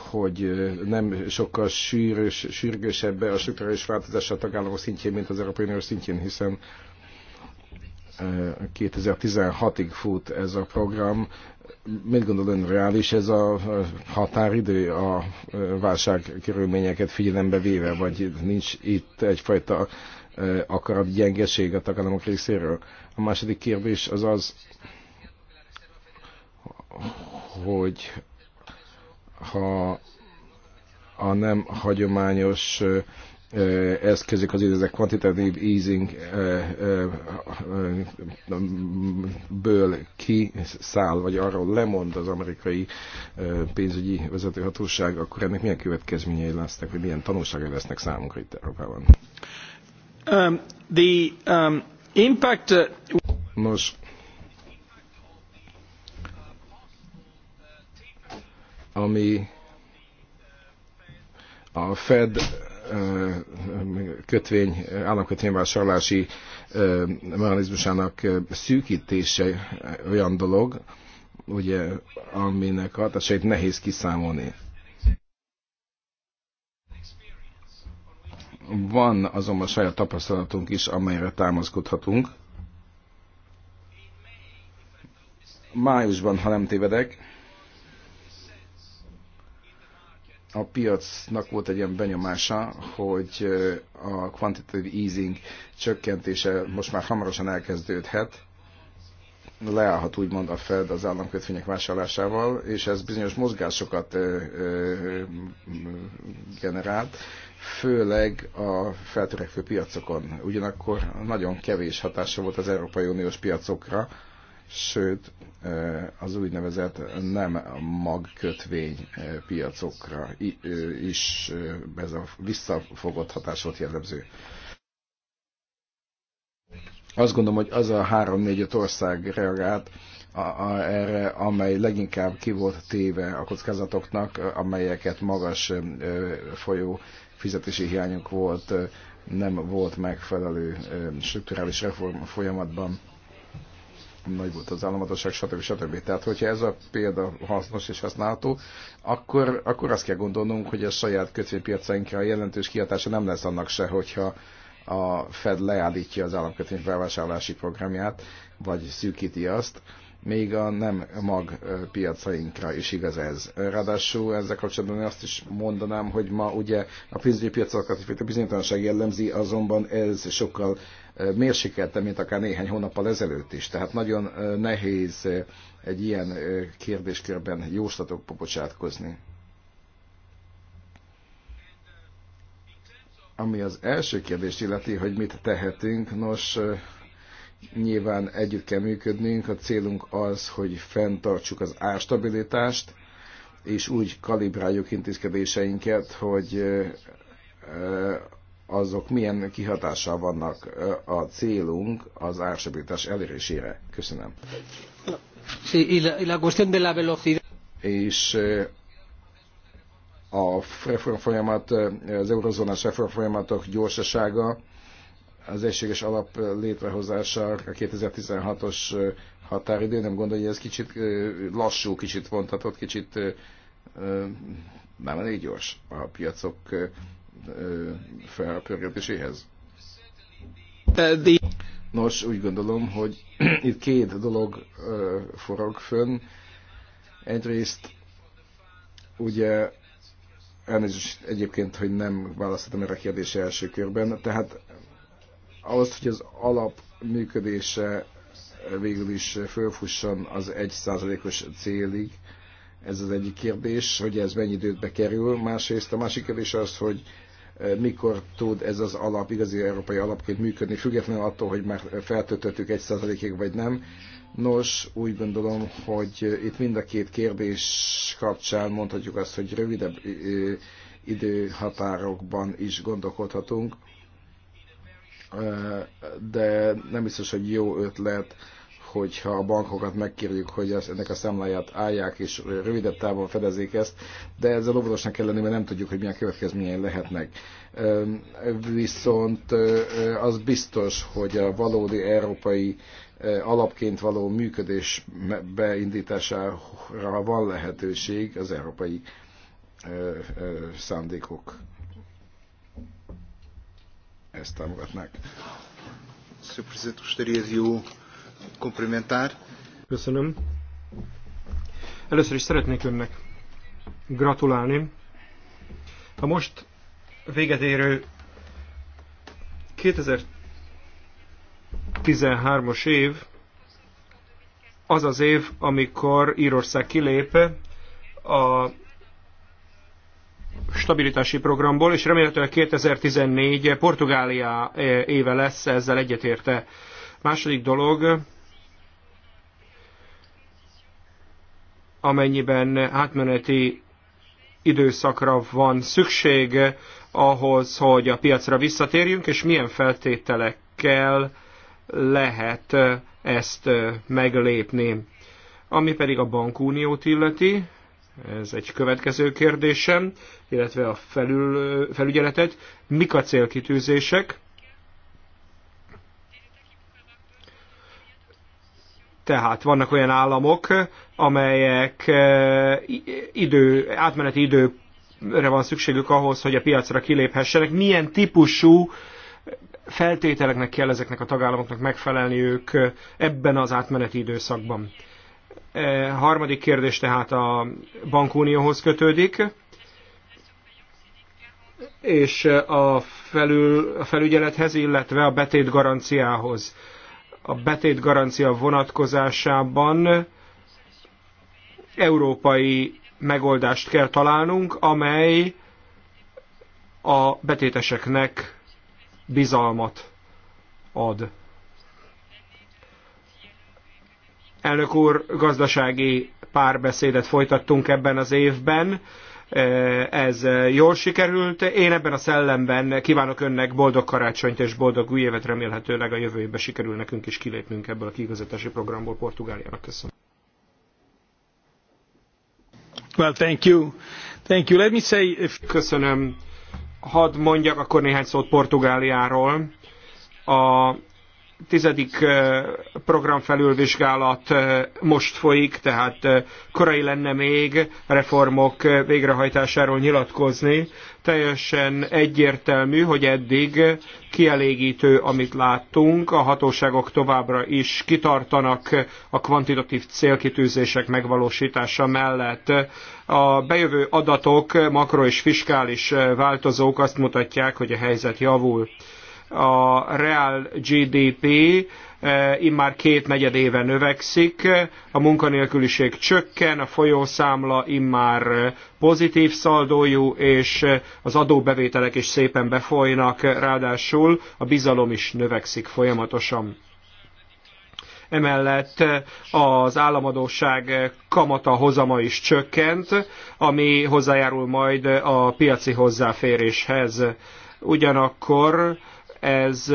hogy nem sokkal sűrös, sürgősebb a struktúrális változás a tagállamok szintjén, mint az Európai Unió szintjén, hiszen 2016-ig fut ez a program. Mit gondol ön reális ez a határidő a válság körülményeket figyelembe véve, vagy nincs itt egyfajta akarat gyengeség a tagállamok részéről? A második kérdés az az, hogy ha a nem hagyományos eszközök, az a quantitative easing ből száll vagy arról lemond az amerikai pénzügyi vezetőhatóság, akkor ennek milyen következményei lesznek, vagy milyen tanulságai lesznek számunkra itt Európában? Um, the um, impact... Uh, Nos, ami a Fed kötvény, államkötvényvásárlási mechanizmusának szűkítése olyan dolog, ugye, aminek hatásait nehéz kiszámolni. Van azonban saját tapasztalatunk is, amelyre támaszkodhatunk. Májusban, ha nem tévedek, a piacnak volt egy ilyen benyomása, hogy a quantitative easing csökkentése most már hamarosan elkezdődhet, leállhat úgymond a Fed az államkötvények vásárlásával, és ez bizonyos mozgásokat generált, főleg a feltörekvő piacokon. Ugyanakkor nagyon kevés hatása volt az Európai Uniós piacokra, sőt eh, az úgynevezett nem magkötvény eh, piacokra is eh, ez a visszafogott hatás volt jellemző. Azt gondolom, hogy az a három négy 5 ország reagált a, a, erre, amely leginkább ki volt téve a kockázatoknak, amelyeket magas ö, folyó fizetési hiányunk volt, ö, nem volt megfelelő ö, strukturális reform folyamatban nagy volt az államadóság, stb. stb. Tehát, hogyha ez a példa hasznos és használható, akkor, akkor azt kell gondolnunk, hogy a saját kötvénypiacainkra a jelentős kiadása nem lesz annak se, hogyha a Fed leállítja az államkötvény felvásárlási programját, vagy szűkíti azt, még a nem mag piacainkra is igaz ez. Ráadásul ezzel kapcsolatban azt is mondanám, hogy ma ugye a pénzügyi piacokat bizonytalanság jellemzi, azonban ez sokkal mérsékeltem, mint akár néhány hónappal ezelőtt is. Tehát nagyon nehéz egy ilyen kérdéskörben jóslatokba bocsátkozni. Ami az első kérdést illeti, hogy mit tehetünk, nos, nyilván együtt kell működnünk, a célunk az, hogy fenntartsuk az árstabilitást, és úgy kalibráljuk intézkedéseinket, hogy azok milyen kihatással vannak a célunk az árstabilitás elérésére. Köszönöm. Sí, y la, cuestión de la velocidad. És a reformfolyamat, az eurozónás reformfolyamatok gyorsasága, az egységes alap létrehozása a 2016-os határidő, nem gondolja, hogy ez kicsit lassú, kicsit vontatott, kicsit nem elég gyors a piacok felpörgetéséhez? Nos, úgy gondolom, hogy itt két dolog forog fönn. Egyrészt ugye elnézést egyébként, hogy nem választottam erre a kérdése első körben, tehát ahhoz, hogy az alap működése végül is fölfusson az egy százalékos célig, ez az egyik kérdés, hogy ez mennyi időt bekerül. Másrészt a másik kérdés az, hogy mikor tud ez az alap, igazi európai alapként működni, függetlenül attól, hogy már feltöltöttük egy százalékig vagy nem. Nos, úgy gondolom, hogy itt mind a két kérdés kapcsán mondhatjuk azt, hogy rövidebb időhatárokban is gondolkodhatunk, de nem biztos, hogy jó ötlet hogyha a bankokat megkérjük, hogy az, ennek a számláját állják, és rövidebb távon fedezik ezt, de ezzel óvatosnak kell lenni, mert nem tudjuk, hogy milyen következményei lehetnek. Viszont az biztos, hogy a valódi európai alapként való működés beindítására van lehetőség az európai szándékok ezt támogatnák. Sr. Presidente, gostaria de o komplimentár. Köszönöm. Először is szeretnék önnek gratulálni. A most véget érő 2013-as év az az év, amikor Írország kilép a stabilitási programból, és remélhetőleg 2014 Portugália eh, éve lesz, ezzel egyetérte Második dolog, amennyiben átmeneti időszakra van szükség ahhoz, hogy a piacra visszatérjünk, és milyen feltételekkel lehet ezt meglépni. Ami pedig a bankuniót illeti, ez egy következő kérdésem, illetve a felül, felügyeletet. Mik a célkitűzések? Tehát vannak olyan államok, amelyek e, idő, átmeneti időre van szükségük ahhoz, hogy a piacra kiléphessenek. Milyen típusú feltételeknek kell ezeknek a tagállamoknak megfelelniük e, ebben az átmeneti időszakban? E, harmadik kérdés tehát a bankunióhoz kötődik és a, felül, a felügyelethez, illetve a betét garanciához a betét garancia vonatkozásában európai megoldást kell találnunk, amely a betéteseknek bizalmat ad. Elnök úr, gazdasági párbeszédet folytattunk ebben az évben. Eh, ez eh, jól sikerült. Én ebben a szellemben kívánok önnek boldog karácsonyt és boldog új évet, remélhetőleg a jövő évben sikerül nekünk is kilépnünk ebből a kigazatási programból Portugáliának. Köszönöm. Well, thank you. Thank you. Let me say if... Köszönöm. Hadd mondjak akkor néhány szót Portugáliáról. A tizedik programfelülvizsgálat most folyik, tehát korai lenne még reformok végrehajtásáról nyilatkozni. Teljesen egyértelmű, hogy eddig kielégítő, amit láttunk. A hatóságok továbbra is kitartanak a kvantitatív célkitűzések megvalósítása mellett. A bejövő adatok, makro és fiskális változók azt mutatják, hogy a helyzet javul a real GDP eh, immár két negyed éve növekszik, a munkanélküliség csökken, a folyószámla immár pozitív szaldójú, és az adóbevételek is szépen befolynak, ráadásul a bizalom is növekszik folyamatosan emellett az államadóság kamata hozama is csökkent, ami hozzájárul majd a piaci hozzáféréshez. Ugyanakkor ez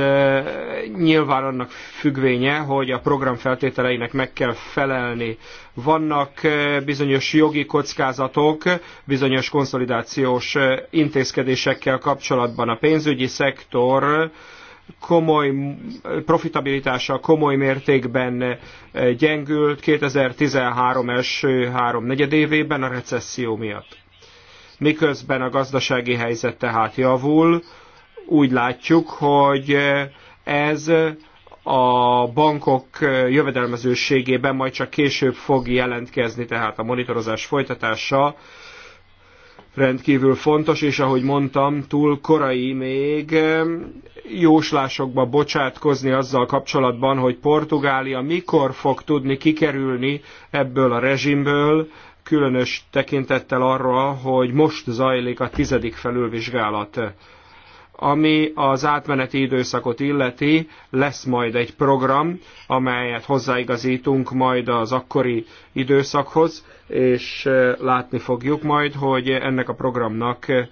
nyilván annak függvénye, hogy a program feltételeinek meg kell felelni. Vannak bizonyos jogi kockázatok, bizonyos konszolidációs intézkedésekkel kapcsolatban. A pénzügyi szektor komoly profitabilitása komoly mértékben gyengült 2013 első három évében a recesszió miatt. Miközben a gazdasági helyzet tehát javul, úgy látjuk, hogy ez a bankok jövedelmezőségében majd csak később fog jelentkezni, tehát a monitorozás folytatása rendkívül fontos, és ahogy mondtam, túl korai még jóslásokba bocsátkozni azzal kapcsolatban, hogy Portugália mikor fog tudni kikerülni ebből a rezsimből, különös tekintettel arra, hogy most zajlik a tizedik felülvizsgálat. Ami az átmeneti időszakot illeti, lesz majd egy program, amelyet hozzáigazítunk majd az akkori időszakhoz, és eh, látni fogjuk majd, hogy ennek a programnak eh,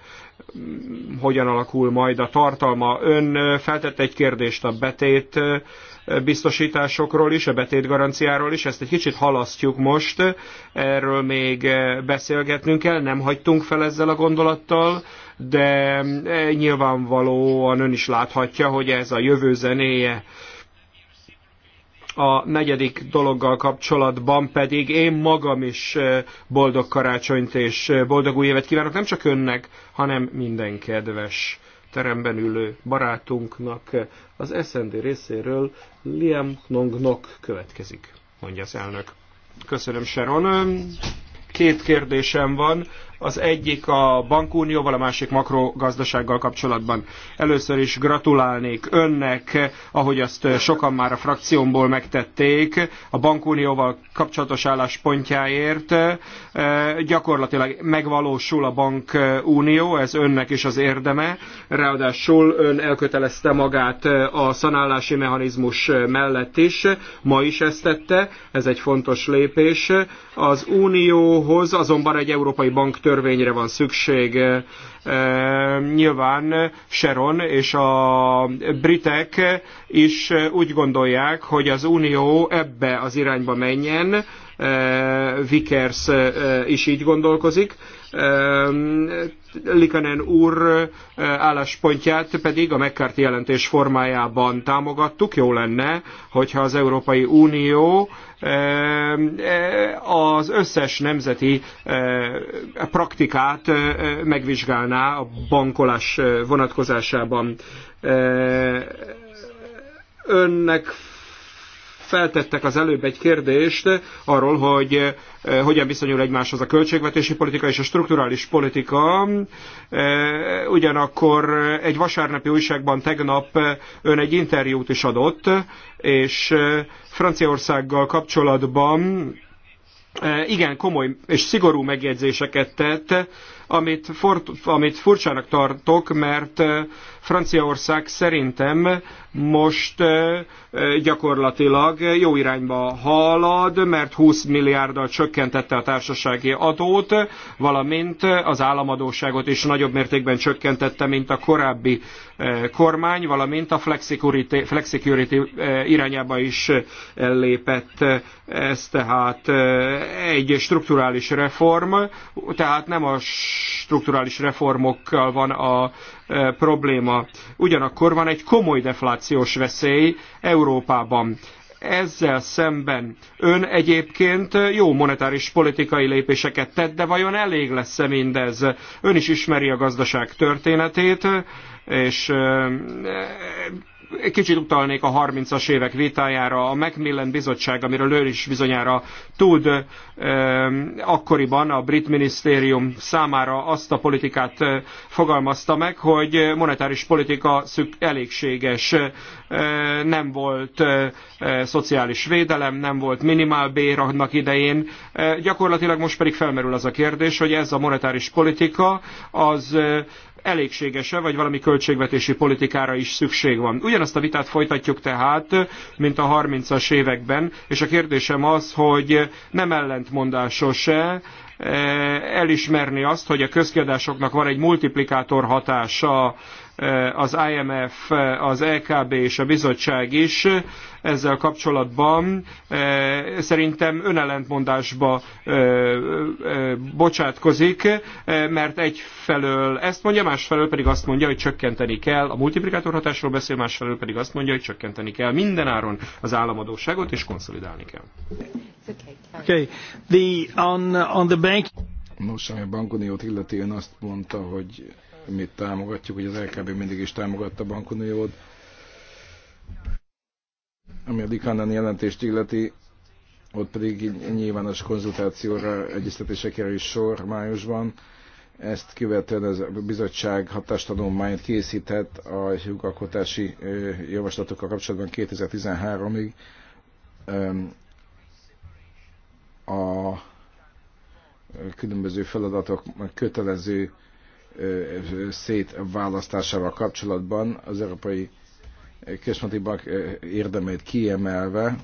hogyan alakul majd a tartalma. Ön eh, feltett egy kérdést a betét biztosításokról is, a betét garanciáról is, ezt egy kicsit halasztjuk most, erről még beszélgetnünk kell, nem hagytunk fel ezzel a gondolattal, de e, nyilvánvalóan ön is láthatja, hogy ez a jövő zenéje. A negyedik dologgal kapcsolatban pedig én magam is e, boldog karácsonyt és e, boldog új évet kívánok nem csak önnek, hanem minden kedves teremben ülő barátunknak. Az SND részéről Liam Nongnok következik, mondja az elnök. Köszönöm, Sharon. Két kérdésem van az egyik a bankunióval, a másik makrogazdasággal kapcsolatban. Először is gratulálnék önnek, ahogy azt sokan már a frakciómból megtették, a bankunióval kapcsolatos álláspontjáért. Gyakorlatilag megvalósul a bankunió, ez önnek is az érdeme. Ráadásul ön elkötelezte magát a szanálási mechanizmus mellett is, ma is ezt tette, ez egy fontos lépés. Az unióhoz azonban egy európai bank törvényre van szükség. E, e, nyilván Sharon és a britek is úgy gondolják, hogy az Unió ebbe az irányba menjen, e, Vickers is így gondolkozik, Ehm, Likanen úr eh, álláspontját pedig a McCarthy jelentés formájában támogattuk. Jó lenne, hogyha az Európai Unió ehm, eh, az összes nemzeti eh, praktikát megvizsgálná a bankolás vonatkozásában. Önnek feltettek az előbb egy kérdést arról, hogy eh, hogyan viszonyul egymáshoz a költségvetési politika és a strukturális politika. Eh, ugyanakkor egy vasárnapi újságban tegnap eh, ön egy interjút is adott, és Franciaországgal kapcsolatban igen komoly és szigorú megjegyzéseket tett, amit, fort, amit furcsának tartok, mert Franciaország szerintem most gyakorlatilag jó irányba halad, mert 20 milliárddal csökkentette a társasági adót, valamint az államadóságot is nagyobb mértékben csökkentette, mint a korábbi kormány, valamint a flexicurity, flexicurity irányába is lépett. Ez tehát egy strukturális reform, tehát nem a strukturális reformokkal van a probléma. Ugyanakkor van egy komoly deflációs veszély Európában ezzel szemben ön egyébként jó monetáris politikai lépéseket tett, de vajon elég lesz-e mindez? Ön is ismeri a gazdaság történetét, és Kicsit utalnék a 30-as évek vitájára. A Macmillan bizottság, amiről ő is bizonyára tud, akkoriban a brit minisztérium számára azt a politikát fogalmazta meg, hogy monetáris politika szük elégséges. Nem volt szociális védelem, nem volt bér annak idején. Gyakorlatilag most pedig felmerül az a kérdés, hogy ez a monetáris politika az elégséges-e, vagy valami költségvetési politikára is szükség van. Ugyanazt a vitát folytatjuk tehát, mint a 30-as években, és a kérdésem az, hogy nem ellentmondásos-e, eh, elismerni azt, hogy a közkiadásoknak van egy multiplikátor hatása az IMF, az LKB e és a bizottság is ezzel kapcsolatban e, szerintem önellentmondásba e, bocsátkozik, mert egyfelől ezt mondja, másfelől pedig azt mondja, hogy csökkenteni kell, a multiplikátor hatásról beszél, másfelől pedig azt mondja, hogy csökkenteni kell mindenáron az államadóságot és konszolidálni kell. Okay. The, on, on the bank... Nos, ami a bankuniót illeti, ön azt mondta, hogy mi támogatjuk, hogy az LKB mindig is támogatta a bankuniót. Ami a Likánen jelentést illeti, ott pedig nyilvános konzultációra, egyeztetésekre is sor májusban. Ezt követően ez a bizottság hatástanulmányt készített a jogalkotási javaslatokkal kapcsolatban 2013-ig. A különböző feladatok kötelező szétválasztásával kapcsolatban az Európai Központi Bank érdemét kiemelve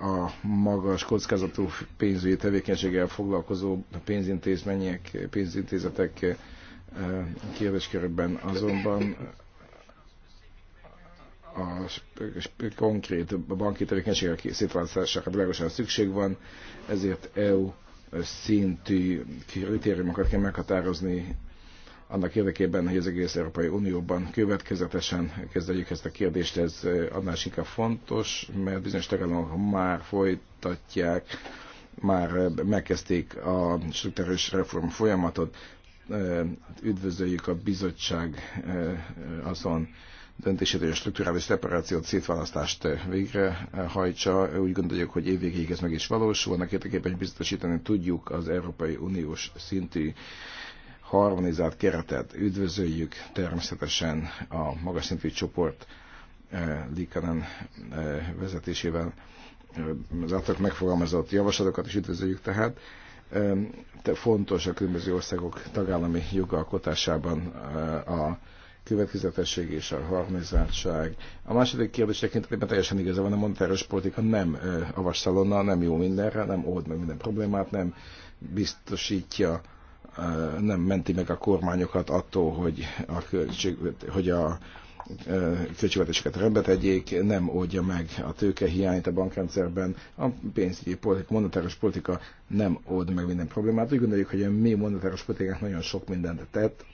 a magas kockázatú pénzügyi tevékenységgel foglalkozó pénzintézmények, pénzintézetek kérdéskörben azonban a konkrét banki tevékenységek szétválasztására világosan szükség van, ezért EU szintű kritériumokat kell meghatározni annak érdekében, hogy az egész Európai Unióban következetesen kezdjük ezt a kérdést, ez annál is inkább fontos, mert bizonyos tagállamok már folytatják, már megkezdték a struktúrális reform folyamatot, hát üdvözöljük a bizottság azon döntését, hogy a strukturális szeparációt, szétválasztást végrehajtsa. Úgy gondoljuk, hogy évvégéig ez meg is valósul. Annak érdekében biztosítani tudjuk az Európai Uniós szintű harmonizált keretet. Üdvözöljük természetesen a magas szintű csoport eh, Likanen eh, vezetésével eh, az általuk megfogalmazott javaslatokat is üdvözöljük tehát. Te fontos a különböző országok tagállami jogalkotásában a következetesség és a harmonizáltság. A második kérdés tekintetében teljesen igaza van, a monetáros politika nem a vasszalonna, nem jó mindenre, nem old meg minden problémát, nem biztosítja, nem menti meg a kormányokat attól, hogy a, költség, hogy a költségvetéseket rendbe tegyék, nem oldja meg a tőkehiányt a bankrendszerben, a pénzügyi politika, monetáros politika nem old meg minden problémát. Úgy gondoljuk, hogy a mi monetáros politikánk nagyon sok mindent tett,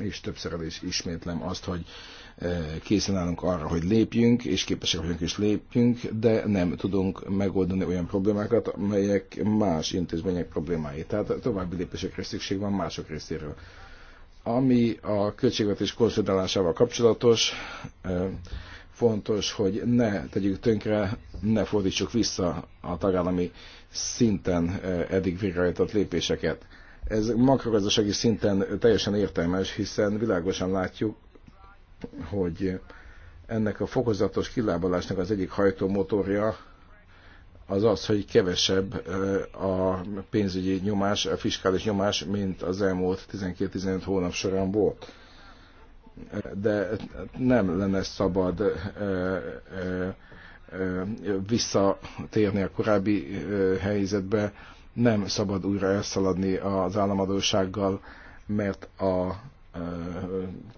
és többször is ismétlem azt, hogy eh, készen állunk arra, hogy lépjünk, és képesek vagyunk is lépjünk, de nem tudunk megoldani olyan problémákat, amelyek más intézmények problémái. Tehát további lépésekre szükség van mások részéről. Ami a költségvetés konszolidálásával kapcsolatos, eh, fontos, hogy ne tegyük tönkre, ne fordítsuk vissza a tagállami szinten eh, eddig végrehajtott lépéseket ez makrogazdasági szinten teljesen értelmes, hiszen világosan látjuk, hogy ennek a fokozatos kilábalásnak az egyik hajtómotorja az az, hogy kevesebb a pénzügyi nyomás, a fiskális nyomás, mint az elmúlt 12-15 hónap során volt. De nem lenne szabad visszatérni a korábbi helyzetbe, nem szabad újra elszaladni az államadósággal, mert a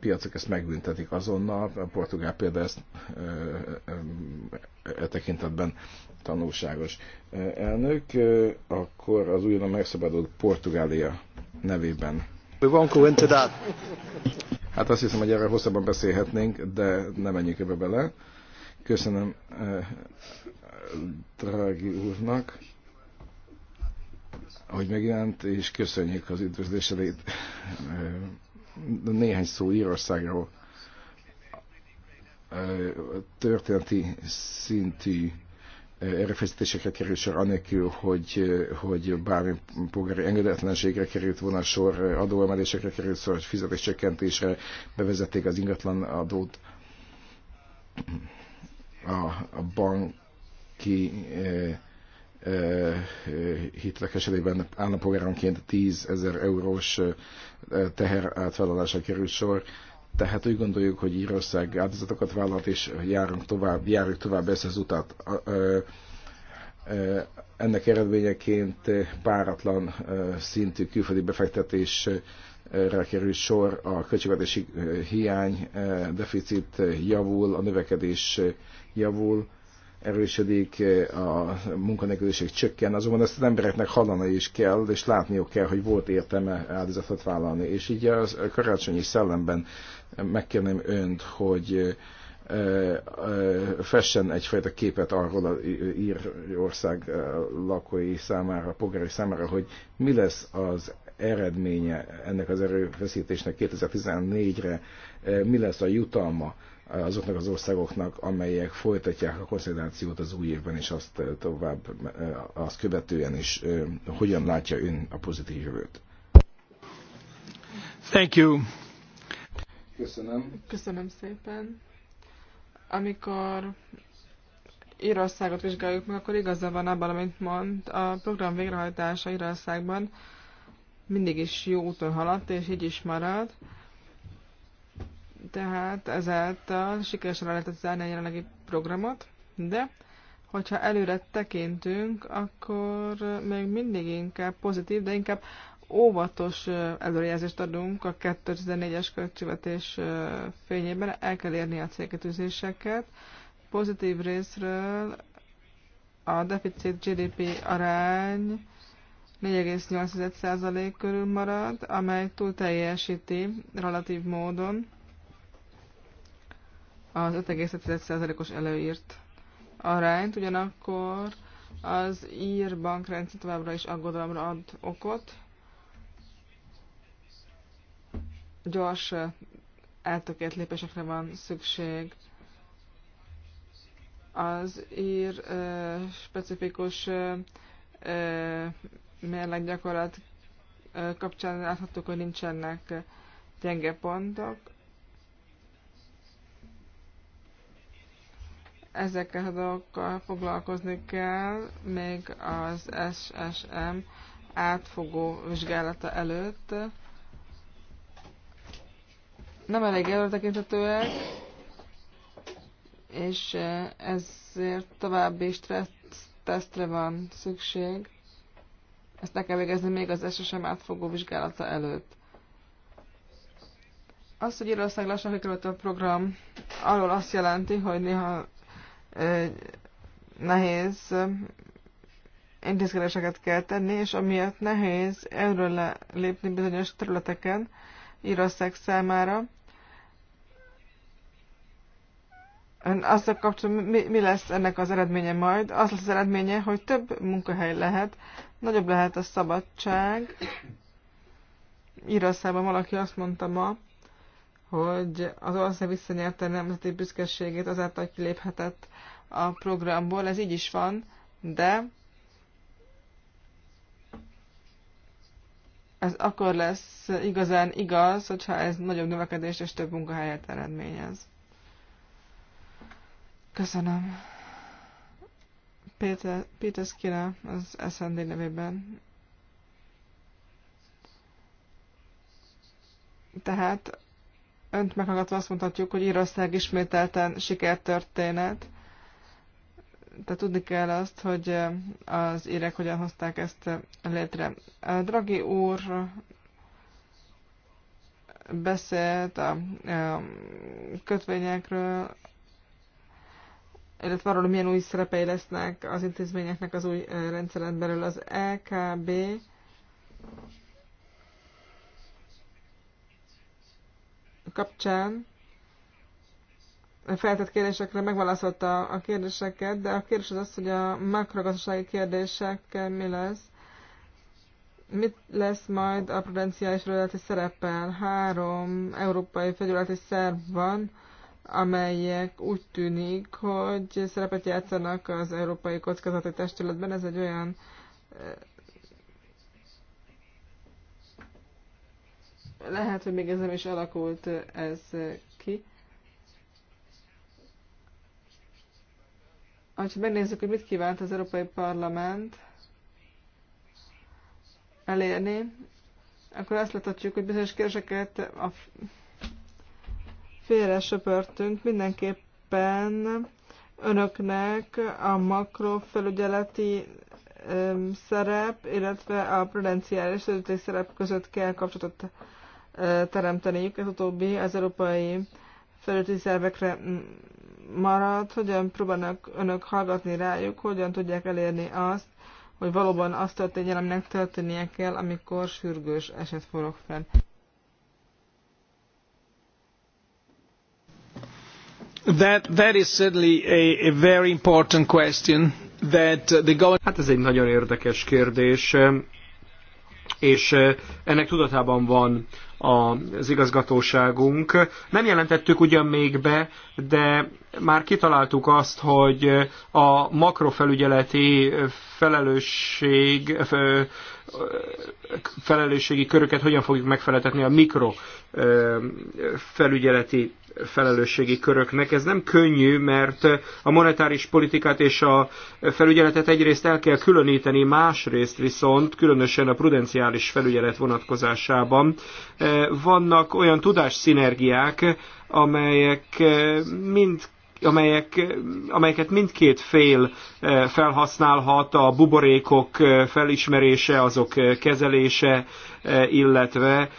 piacok ezt megbüntetik azonnal. A portugál példa ezt e tekintetben tanulságos elnök, akkor az újonnan megszabadult Portugália nevében. We won't go into that. Hát azt hiszem, hogy erre hosszabban beszélhetnénk, de nem menjünk ebbe bele. Köszönöm drági úrnak hogy megjelent, és köszönjük az üdvözlésedét. Néhány szó Írországról. Történeti szintű erőfeszítésekre került sor anélkül, hogy, hogy bármi polgári engedetlenségre került volna sor, adóemelésekre került sor, fizetéscsökkentésre bevezették az ingatlan adót. A, a banki eh, hitelek esetében állampolgáronként 10 ezer eurós teher átvállalása kerül sor. Tehát úgy gondoljuk, hogy Írország áldozatokat vállalt, és járunk tovább, járjuk tovább ezt az utat. Ennek eredményeként páratlan szintű külföldi befektetés kerül sor, a költségvetési hiány, deficit javul, a növekedés javul, erősödik, eh, a munkanélküliség csökken, azonban ezt az embereknek hallani is kell, és látniuk kell, hogy volt értelme áldozatot vállalni. És így a karácsonyi szellemben megkérném önt, hogy eh, eh, fessen egyfajta képet arról a ország lakói számára, polgári számára, hogy mi lesz az eredménye ennek az erőfeszítésnek 2014-re, mi lesz a jutalma azoknak az országoknak, amelyek folytatják a konszolidációt az új évben, és azt eh, tovább, eh, azt követően is, eh, hogyan látja ön a pozitív jövőt? Thank you. Köszönöm. Köszönöm szépen. Amikor Írországot vizsgáljuk meg, akkor igaza van abban, amit mond. A program végrehajtása Írországban mindig is jó úton haladt, és így is maradt. Tehát ezáltal sikeresen lehetett zárni a jelenlegi programot, de hogyha előre tekintünk, akkor még mindig inkább pozitív, de inkább óvatos előrejelzést adunk a 2014-es költségvetés fényében, el kell érni a célkötőzéseket. Pozitív részről a deficit GDP arány 4,8% körül marad, amely túl teljesíti relatív módon az 5,7%-os előírt arányt, ugyanakkor az ír bankrendszer továbbra is aggodalomra ad okot. Gyors eltökélt lépésekre van szükség. Az ír ö, specifikus ö, ö, mérleggyakorlat kapcsán láthattuk, hogy nincsenek gyenge pontok. Ezekkel a dolgokkal foglalkozni kell még az SSM átfogó vizsgálata előtt. Nem elég előtekintetőek, és eh, ezért további stressz tesztre van szükség. Ezt ne kell végezni még az SSM átfogó vizsgálata előtt. Az, hogy Írország lassan a program, arról azt jelenti, hogy néha nehéz intézkedéseket kell tenni, és amiatt nehéz erről lépni bizonyos területeken Írország számára. Ön azzal kapcsolatban mi, mi lesz ennek az eredménye majd? Az lesz az eredménye, hogy több munkahely lehet, nagyobb lehet a szabadság. Írországban valaki azt mondta ma, hogy az ország visszanyerte a nemzeti büszkeségét azáltal, hogy kiléphetett a programból. Ez így is van, de ez akkor lesz igazán igaz, hogyha ez nagyobb növekedés és több munkahelyet eredményez. Köszönöm. Péter, Péter Skina az SND nevében. Tehát önt meghallgatva azt mondhatjuk, hogy Írország ismételten sikertörténet. Tehát tudni kell azt, hogy az írek hogyan hozták ezt létre. A Dragi úr beszélt a kötvényekről, illetve arról, hogy milyen új szerepei lesznek az intézményeknek az új rendszeren belül. Az LKB e kapcsán feltett kérdésekre megválaszolta a kérdéseket, de a kérdés az az, hogy a makrogazdasági kérdésekkel mi lesz. Mit lesz majd a prudenciális felületi szerepel? Három európai felületi szerv van, amelyek úgy tűnik, hogy szerepet játszanak az európai kockázati testületben. Ez egy olyan Lehet, hogy még ez nem is alakult ez ki. Ha megnézzük, hogy mit kívánt az Európai Parlament elérni, akkor azt láthatjuk, hogy bizonyos kérdéseket a félre söpörtünk. Mindenképpen önöknek a makrofelügyeleti szerep, illetve a prudenciális szerep között kell kapcsolatot teremteniük. Ez utóbbi az európai felületi szervekre marad, hogyan próbálnak önök hallgatni rájuk, hogyan tudják elérni azt, hogy valóban azt történjen, aminek történnie kell, amikor sürgős eset forog fel. That, that is certainly a, a very important question that the government... Hát ez egy nagyon érdekes kérdés, és ennek tudatában van az igazgatóságunk. Nem jelentettük ugyan még be, de már kitaláltuk azt, hogy a makrofelügyeleti felelősség, felelősségi köröket hogyan fogjuk megfeleltetni a mikrofelügyeleti felelősségi köröknek. Ez nem könnyű, mert a monetáris politikát és a felügyeletet egyrészt el kell különíteni, másrészt viszont, különösen a prudenciális felügyelet vonatkozásában eh, vannak olyan tudásszinergiák, amelyek eh, mind amelyek, amelyeket mindkét fél eh, felhasználhat, a buborékok eh, felismerése, azok eh, kezelése, illetve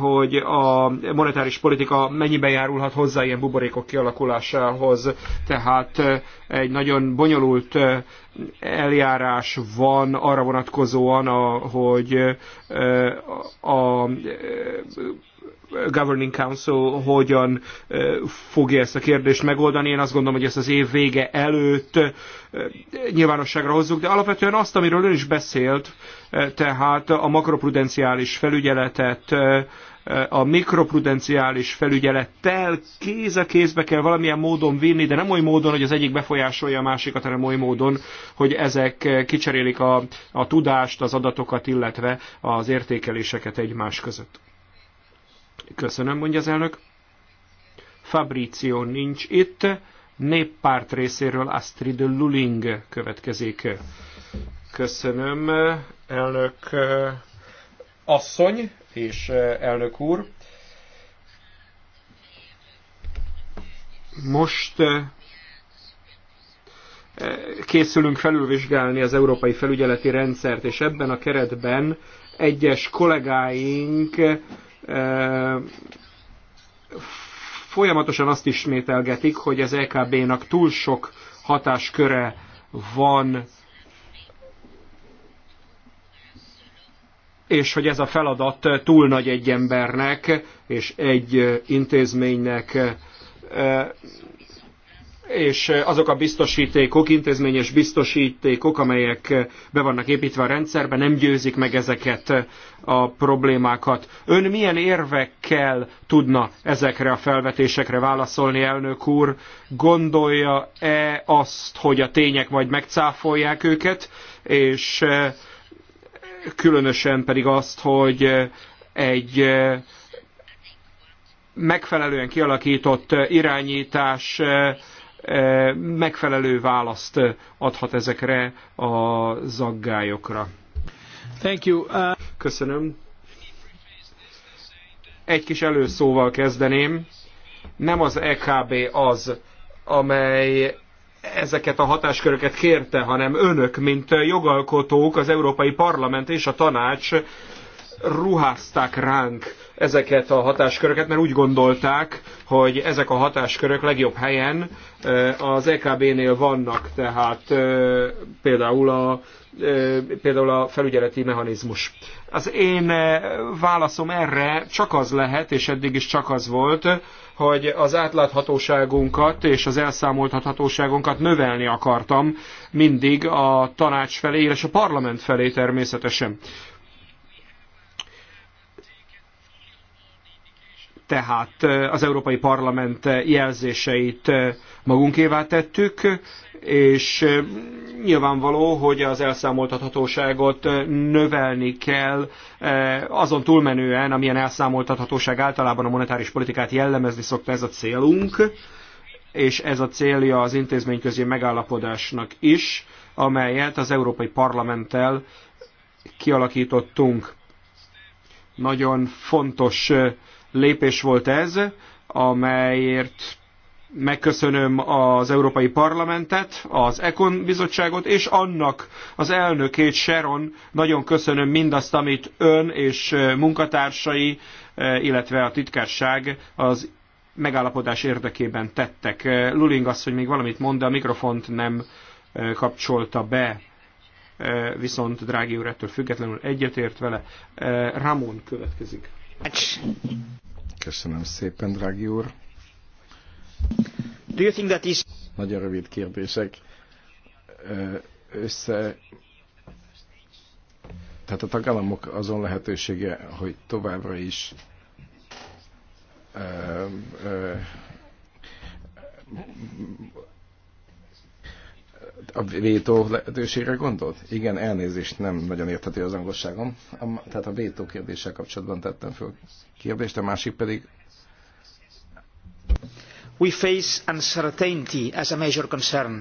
hogy a monetáris politika mennyiben járulhat hozzá ilyen buborékok kialakulásához. Tehát egy nagyon bonyolult eljárás van arra vonatkozóan, hogy a Governing Council hogyan eh, fogja ezt a kérdést megoldani. Én azt gondolom, hogy ezt az év vége előtt eh, nyilvánosságra hozzuk, de alapvetően azt, amiről ön is beszélt, eh, tehát a makroprudenciális felügyeletet, a mikroprudenciális felügyelettel kéz a kézbe kell valamilyen módon vinni, de nem oly módon, hogy az egyik befolyásolja a másikat, hanem oly módon, hogy ezek kicserélik a, a tudást, az adatokat, illetve az értékeléseket egymás között. Köszönöm, mondja az elnök. Fabrizio nincs itt. Néppárt részéről Astrid Luling következik. Köszönöm, elnök eh, asszony és eh, elnök úr. Most eh, készülünk felülvizsgálni az európai felügyeleti rendszert, és ebben a keretben egyes kollégáink Folyamatosan azt ismételgetik, hogy az LKB-nak e túl sok hatásköre van, és hogy ez a feladat túl nagy egy embernek és egy intézménynek és eh, azok a biztosítékok, intézményes biztosítékok, amelyek eh, be vannak építve a rendszerbe, nem győzik meg ezeket eh, a problémákat. Ön milyen érvekkel tudna ezekre a felvetésekre válaszolni, elnök úr? Gondolja-e azt, hogy a tények majd megcáfolják őket, és különösen pedig azt, hogy egy megfelelően kialakított irányítás megfelelő választ adhat ezekre a zaggályokra. Thank you. Uh... Köszönöm. Egy kis előszóval kezdeném. Nem az EKB az, amely ezeket a hatásköröket kérte, hanem önök, mint jogalkotók, az Európai Parlament és a Tanács ruházták ránk ezeket a hatásköröket, mert úgy gondolták, hogy ezek a hatáskörök legjobb helyen eh, az EKB-nél vannak, tehát eh, például a, eh, például a felügyeleti mechanizmus. Az én válaszom erre csak az lehet, és eddig is csak az volt, hogy az átláthatóságunkat és az elszámoltathatóságunkat növelni akartam mindig a tanács felé, és a parlament felé természetesen. tehát az Európai Parlament jelzéseit magunkévá tettük, és nyilvánvaló, hogy az elszámoltathatóságot növelni kell azon túlmenően, amilyen elszámoltathatóság általában a monetáris politikát jellemezni szokta ez a célunk, és ez a célja az intézményközi megállapodásnak is, amelyet az Európai Parlamenttel kialakítottunk. Nagyon fontos lépés volt ez, amelyért megköszönöm az Európai Parlamentet, az Econ bizottságot, és annak az elnökét, Sharon, nagyon köszönöm mindazt, amit ön és munkatársai, illetve a titkárság az megállapodás érdekében tettek. Luling azt, hogy még valamit mond, de a mikrofont nem kapcsolta be, viszont drági úr ettől függetlenül egyetért vele. Ramon következik. Köszönöm szépen, drági úr. Do you think that is... Nagyon rövid kérdések. Össze... Tehát a tagállamok azon lehetősége, hogy továbbra is ö, ö, a vétó lehetőségre gondolt? Igen, elnézést, nem nagyon érthető az angolságom. A, tehát a vétó kérdéssel kapcsolatban tettem föl kérdést, a másik pedig... We face uncertainty as a major concern.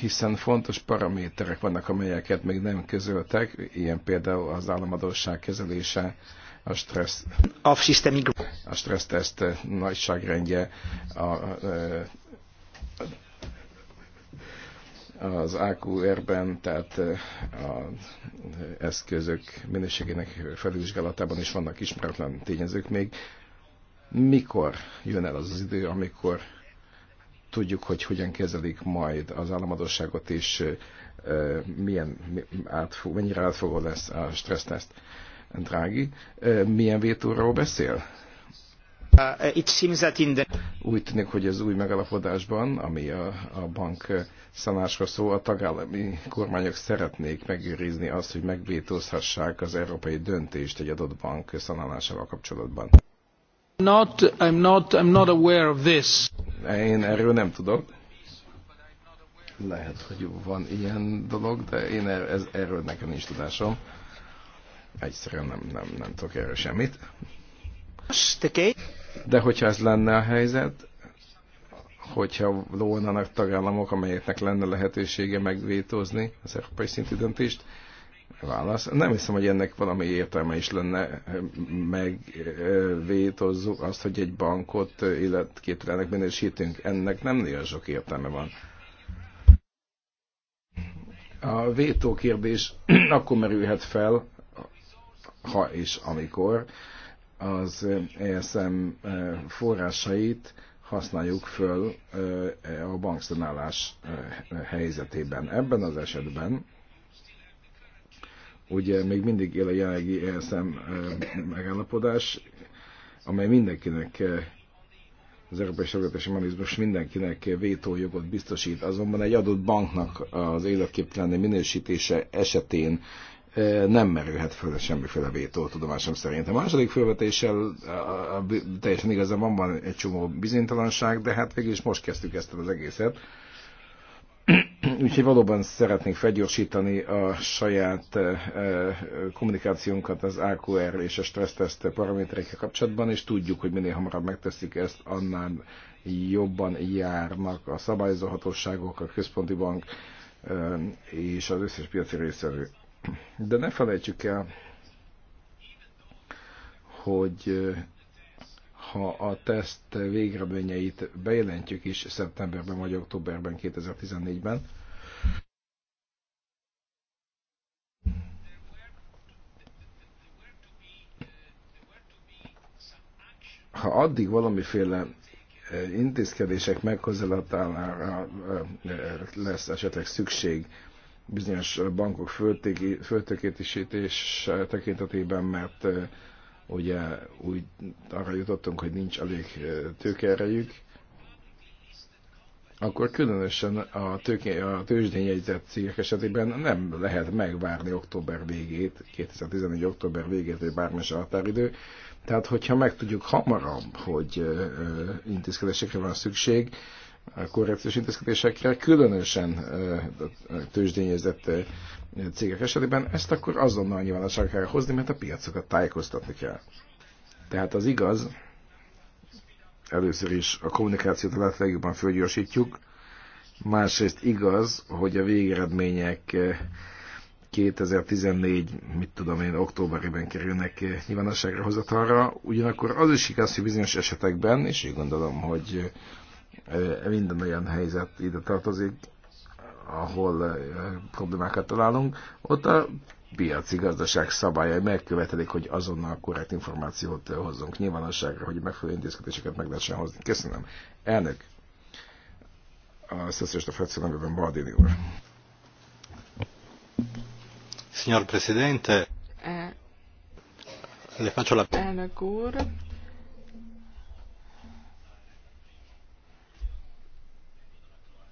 Hiszen fontos paraméterek vannak, amelyeket még nem közöltek, ilyen például az államadóság kezelése, a stressz, a stressz teszt nagyságrendje, a, a, a az AQR-ben, tehát az eszközök minőségének felvizsgálatában is vannak ismeretlen tényezők még. Mikor jön el az az idő, amikor tudjuk, hogy hogyan kezelik majd az államadóságot, és milyen átfog, mennyire átfogó lesz a stresszteszt, Drági. Milyen vétóról beszél? Uh, Úgy tűnik, hogy az új megalapodásban, ami a, a bank szanásra szó, a tagállami kormányok szeretnék megőrizni azt, hogy megvétózhassák az európai döntést egy adott bank szanálásával kapcsolatban. Not, I'm not, I'm not aware of this. Én erről nem tudok. Lehet, hogy van ilyen dolog, de én er, ez, erről nekem nincs tudásom. Egyszerűen nem, nem, nem tudok erről semmit. De hogyha ez lenne a helyzet, hogyha lónanak tagállamok, amelyeknek lenne lehetősége megvétózni az európai szintű döntést, válasz. Nem hiszem, hogy ennek valami értelme is lenne eh, megvétozzuk azt, hogy egy bankot eh, életképtelenek minősítünk. Ennek nem nagyon sok értelme van. A vétó kérdés akkor merülhet fel, ha és amikor az ESM eh, eh, forrásait használjuk föl eh, a bankszonálás helyzetében. Ebben az esetben ugye még mindig él a jelenlegi ESM megállapodás, amely mindenkinek az Európai Szolgáltatási Mechanizmus mindenkinek vétójogot biztosít, azonban egy adott banknak az életképtelenné minősítése esetén nem merülhet föl semmiféle vétó tudomásom szerint. A második felvetéssel teljesen igazán van, van egy csomó bizonytalanság, de hát végül is most kezdtük ezt az egészet. Úgyhogy valóban szeretnénk felgyorsítani a saját kommunikációnkat az AQR és a stressztest paraméterekkel kapcsolatban, és tudjuk, hogy minél hamarabb megteszik ezt, annál jobban járnak a szabályozóhatóságok, a központi bank és az összes piaci részvevő. De ne felejtsük el, hogy ha a teszt végeredményeit bejelentjük is szeptemberben vagy októberben 2014-ben, ha addig valamiféle intézkedések meghozzalatára lesz esetleg szükség bizonyos bankok föltökétisítés tekintetében, mert ugye úgy arra jutottunk, hogy nincs elég tőkerejük, akkor különösen a, tőké, a tőzsdényegyzett cégek esetében nem lehet megvárni október végét, 2014. október végét, vagy bármilyen határidő. Tehát, hogyha megtudjuk hamarabb, hogy intézkedésekre van szükség, korrekciós intézkedésekkel, különösen tőzsdényezett cégek esetében, ezt akkor azonnal nyilvánosságra kell hozni, mert a piacokat tájékoztatni kell. Tehát az igaz, először is a kommunikációt a legjobban fölgyorsítjuk, másrészt igaz, hogy a végeredmények 2014, mit tudom én, októberében kerülnek nyilvánosságra hozatalra, ugyanakkor az is igaz, hogy bizonyos esetekben, és így gondolom, hogy minden olyan helyzet ide tartozik, ahol problémákat találunk. Ott a piaci gazdaság szabályai megkövetelik, hogy azonnal korrekt információt hozzunk nyilvánosságra, hogy megfelelő intézkedéseket meg lehessen hozni. Köszönöm. Elnök, a szocialista a nevében Baldini úr. Signor Presidente, eh, le faccio la... Elnök úr,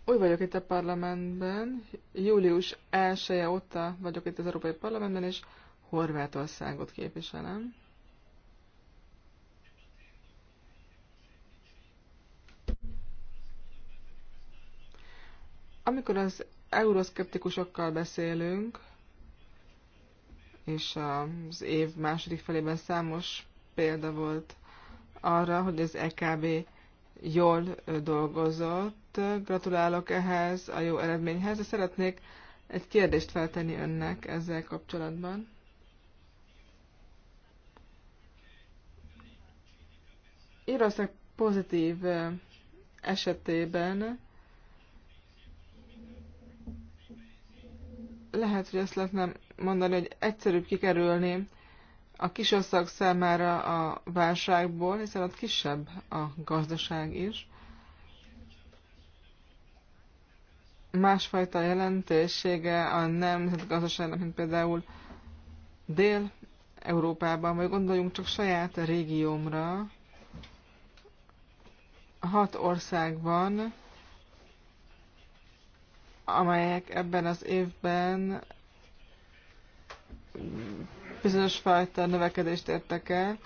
Új vagyok itt a parlamentben, július 1 -e óta vagyok itt az Európai Parlamentben, és Horvátországot képviselem. Amikor az euroszkeptikusokkal beszélünk, és az év második felében számos példa volt arra, hogy az EKB jól dolgozott, gratulálok ehhez a jó eredményhez, de szeretnék egy kérdést feltenni önnek ezzel kapcsolatban. Írország pozitív esetében lehet, hogy azt lehetne mondani, hogy egyszerűbb kikerülni a kisország számára a válságból, hiszen ott kisebb a gazdaság is. másfajta jelentősége a nemzetgazdaságnak, mint például Dél-Európában, vagy gondoljunk csak saját régiómra. Hat ország van, amelyek ebben az évben bizonyos fajta növekedést értek el,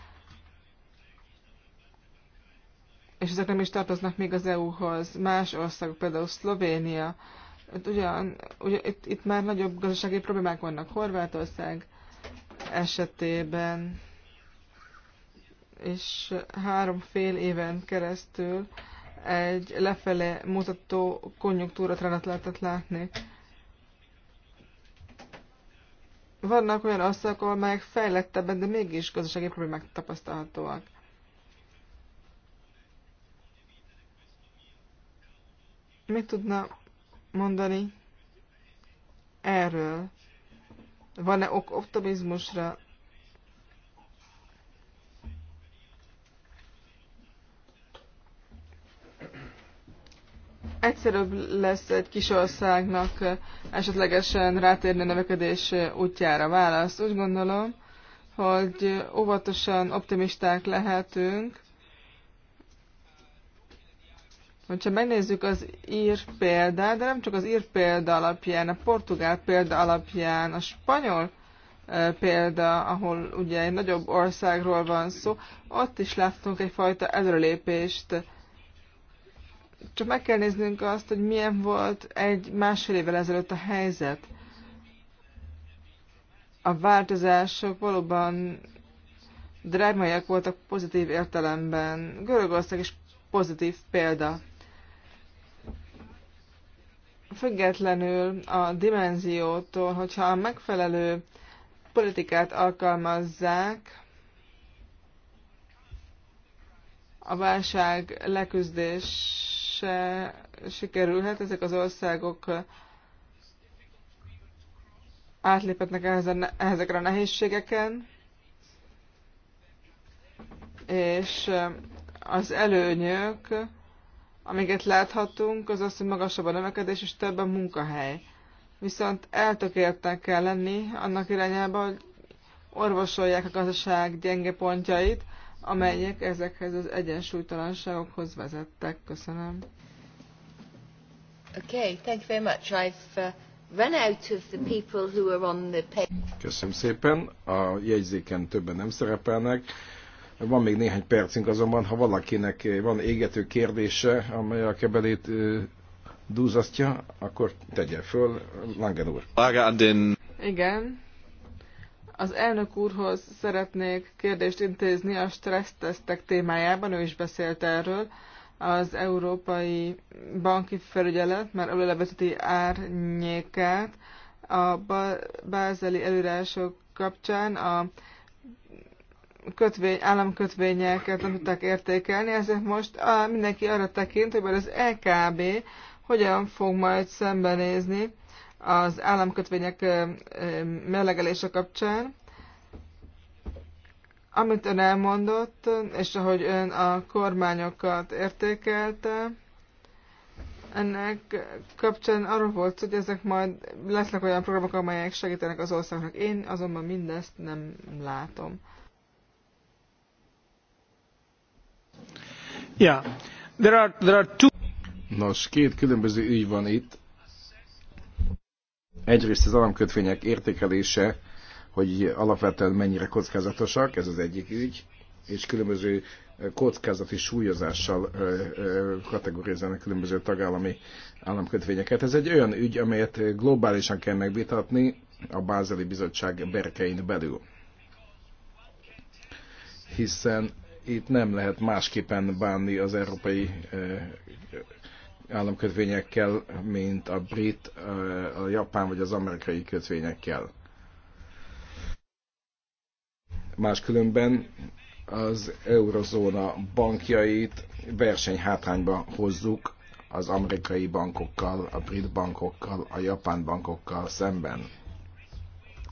és ezek nem is tartoznak még az EU-hoz. Más országok, például Szlovénia, itt, ugyan, ugyan, itt, itt már nagyobb gazdasági problémák vannak Horvátország esetében, és három fél éven keresztül egy lefele mutató konjunktúra trendet lehetett látni. Vannak olyan országok, amelyek fejlettebben, de mégis gazdasági problémák tapasztalhatóak. Mit tudna mondani erről? Van-e ok optimizmusra? Egyszerűbb lesz egy kis országnak esetlegesen rátérni a növekedés útjára. választ. Úgy gondolom, hogy óvatosan optimisták lehetünk, Hogyha megnézzük az ír példát, de nem csak az ír példa alapján, a portugál példa alapján, a spanyol e, példa, ahol ugye egy nagyobb országról van szó, ott is láttunk egyfajta előrelépést. Csak meg kell néznünk azt, hogy milyen volt egy másfél évvel ezelőtt a helyzet. A változások valóban drámaiak voltak pozitív értelemben. Görögország is pozitív példa függetlenül a dimenziótól, hogyha a megfelelő politikát alkalmazzák, a válság leküzdése sikerülhet, ezek az országok átléphetnek ezekre a nehézségeken, és az előnyök Amiket láthatunk, az az, hogy magasabb a növekedés és több a munkahely. Viszont eltökéltnek kell lenni annak irányába, hogy orvosolják a gazdaság gyenge pontjait, amelyek ezekhez az egyensúlytalanságokhoz vezettek. Köszönöm. Okay, thank you very much. I've uh, run out of the people who are on the page. Köszönöm szépen. A jegyzéken többen nem szerepelnek. Van még néhány percünk azonban, ha valakinek van égető kérdése, amely a kebelét dúzasztja, akkor tegye föl, Langen úr. Igen. Az elnök úrhoz szeretnék kérdést intézni a stressztesztek témájában, ő is beszélt erről. Az Európai Banki Felügyelet már előlevezeti árnyékát a bázeli előrások kapcsán a kötvény, államkötvényeket nem tudták értékelni, ezért most a, mindenki arra tekint, hogy az LKB e hogyan fog majd szembenézni az államkötvények melegelése kapcsán. Amit ön elmondott, és ahogy ön a kormányokat értékelte, ennek kapcsán arról volt, hogy ezek majd lesznek olyan programok, amelyek segítenek az országnak. Én azonban mindezt nem látom. Nos, két különböző ügy van itt. Egyrészt az államkötvények értékelése, hogy alapvetően mennyire kockázatosak, ez az egyik ügy, és különböző kockázati súlyozással kategorizálnak különböző tagállami államkötvényeket. Ez egy olyan ügy, amelyet globálisan kell megvitatni a Bázeli Bizottság berkein belül. Hiszen itt nem lehet másképpen bánni az európai eh, államkötvényekkel, mint a brit, eh, a japán vagy az amerikai kötvényekkel. Máskülönben az eurozóna bankjait versenyhátrányba hozzuk az amerikai bankokkal, a brit bankokkal, a japán bankokkal szemben.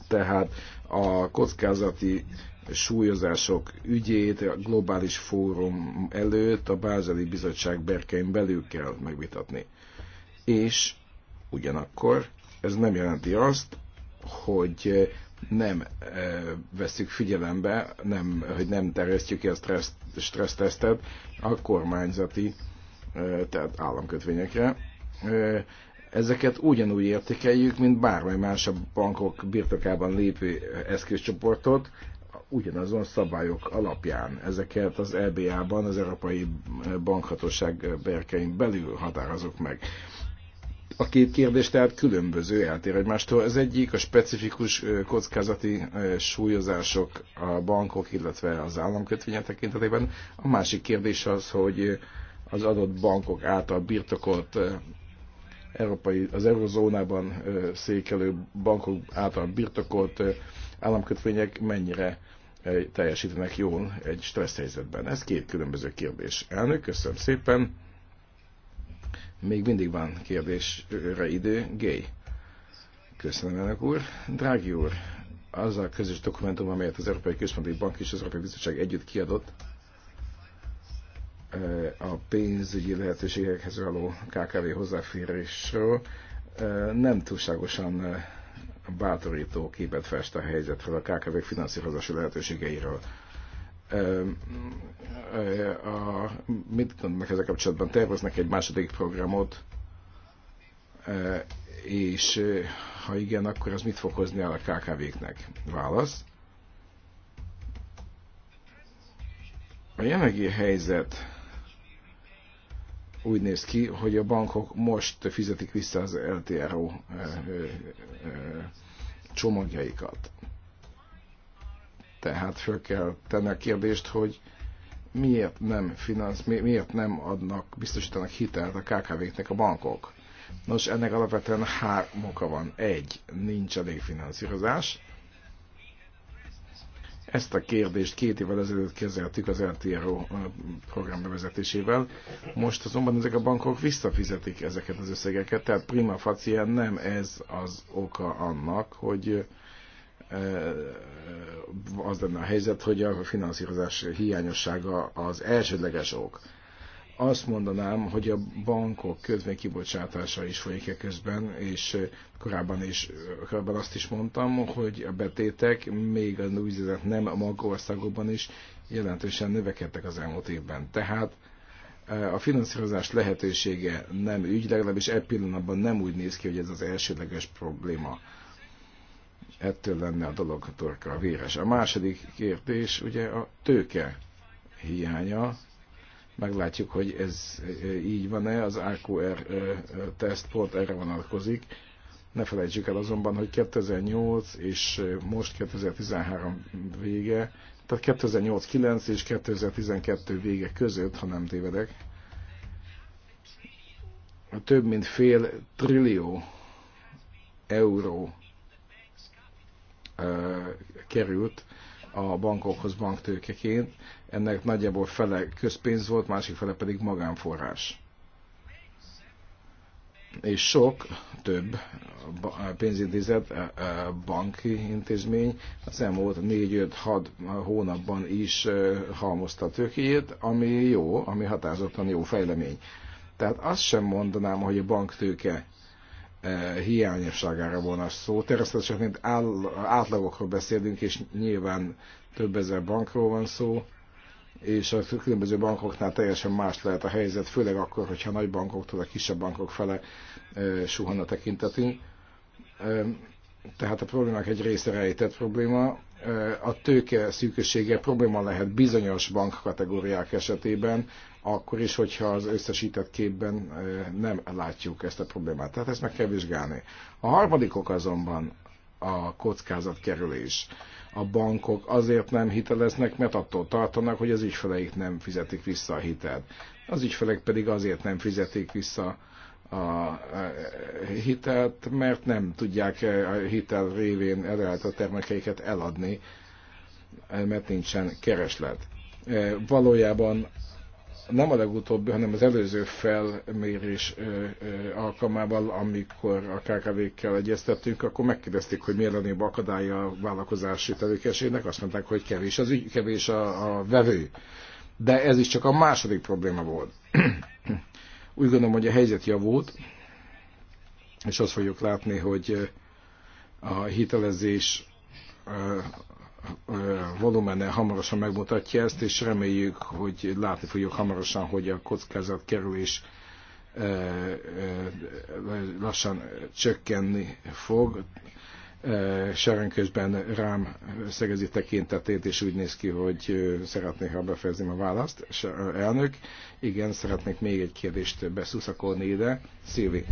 Tehát a kockázati súlyozások ügyét a globális fórum előtt a Bázeli Bizottság berkein belül kell megvitatni. És ugyanakkor ez nem jelenti azt, hogy nem eh, veszük figyelembe, nem, hogy nem terjesztjük ki a stressz, stressztesztet a kormányzati, eh, tehát államkötvényekre. Eh, ezeket ugyanúgy értékeljük, mint bármely más a bankok birtokában lépő eszközcsoportot, ugyanazon szabályok alapján. Ezeket az EBA-ban, az Európai Bankhatóság berkein belül határozok meg. A két kérdés tehát különböző, eltér egymástól. Az egyik a specifikus kockázati súlyozások a bankok, illetve az államkötvények tekintetében. A másik kérdés az, hogy az adott bankok által birtokolt európai, az eurozónában székelő bankok által birtokolt államkötvények mennyire Eh, teljesítenek jól egy stressz helyzetben. Ez két különböző kérdés. Elnök, köszönöm szépen. Még mindig van kérdésre idő. Gay. Köszönöm, elnök úr. Drági úr, az a közös dokumentum, amelyet az Európai Központi Bank és az Európai Bizottság együtt kiadott, eh, a pénzügyi lehetőségekhez való KKV hozzáférésről eh, nem túlságosan bátorító képet fest a helyzetről, a kkv finanszírozási lehetőségeiről. A, mit gondolnak ezzel kapcsolatban? Terveznek egy második programot, és ha igen, akkor az mit fog hozni a KKV-knek? Válasz. A jelenlegi helyzet úgy néz ki, hogy a bankok most fizetik vissza az LTRO eh, eh, eh, csomagjaikat. Tehát föl kell tenni a kérdést, hogy miért nem finansz, miért nem adnak, biztosítanak hitelt a KKV-knek a bankok. Nos, ennek alapvetően három oka van. Egy, nincs elég finanszírozás. Ezt a kérdést két évvel ezelőtt kezeltük az LTRO program bevezetésével. Most azonban ezek a bankok visszafizetik ezeket az összegeket, tehát prima facie nem ez az oka annak, hogy az lenne a helyzet, hogy a finanszírozás hiányossága az elsődleges ok azt mondanám, hogy a bankok kötvénykibocsátása is folyik -e közben, és korábban, is, korábban azt is mondtam, hogy a betétek még a úgynevezett nem a magországokban is jelentősen növekedtek az elmúlt évben. Tehát a finanszírozás lehetősége nem ügy, legalábbis e pillanatban nem úgy néz ki, hogy ez az elsődleges probléma. Ettől lenne a dolog torka véres. A második kérdés ugye a tőke hiánya, Meglátjuk, hogy ez e, így van-e, az AQR e, tesztport erre vonatkozik. Ne felejtsük el azonban, hogy 2008 és e, most 2013 vége, tehát 2008-9 és 2012 vége között, ha nem tévedek, több mint fél trillió euró került a bankokhoz banktőkeként, ennek nagyjából fele közpénz volt, másik fele pedig magánforrás. És sok, több pénzintézet, e, e, banki intézmény az elmúlt 4-5-6 hónapban is e, halmozta tőkéjét, ami jó, ami határozottan jó fejlemény. Tehát azt sem mondanám, hogy a banktőke E, hiányosságára volna szó. Természetesen mint átlagokról beszélünk, és nyilván több ezer bankról van szó, és a különböző bankoknál teljesen más lehet a helyzet, főleg akkor, hogyha nagy bankoktól a kisebb bankok fele e, suhan a tekintetünk. E, tehát a problémák egy része rejtett probléma. A tőke szűkössége probléma lehet bizonyos bankkategóriák esetében, akkor is, hogyha az összesített képben nem látjuk ezt a problémát. Tehát ezt meg kell vizsgálni. A harmadik ok azonban a kockázatkerülés. A bankok azért nem hiteleznek, mert attól tartanak, hogy az ügyfeleik nem fizetik vissza a hitelt. Az ügyfelek pedig azért nem fizetik vissza a e, hitelt, mert nem tudják e, a hitel révén előállított termékeiket eladni, e, mert nincsen kereslet. Valójában nem a legutóbbi, hanem az előző felmérés alkalmával, amikor a KKV-kkel egyeztettünk, akkor megkérdezték, hogy miért lennébb akadálya a vállalkozási tevékenységnek, azt mondták, hogy kevés az ügy, kevés a, a vevő. De ez is csak a második probléma volt. Úgy gondolom, hogy a helyzet javult, és azt fogjuk látni, hogy a hitelezés volumene hamarosan megmutatja ezt, és reméljük, hogy látni fogjuk hamarosan, hogy a kockázatkerülés lassan csökkenni fog. Seren közben rám szegezi tekintetét, és úgy néz ki, hogy szeretnék ha befejezném a választ. Elnök, igen, szeretnék még egy kérdést beszuszakolni ide. Szilvi.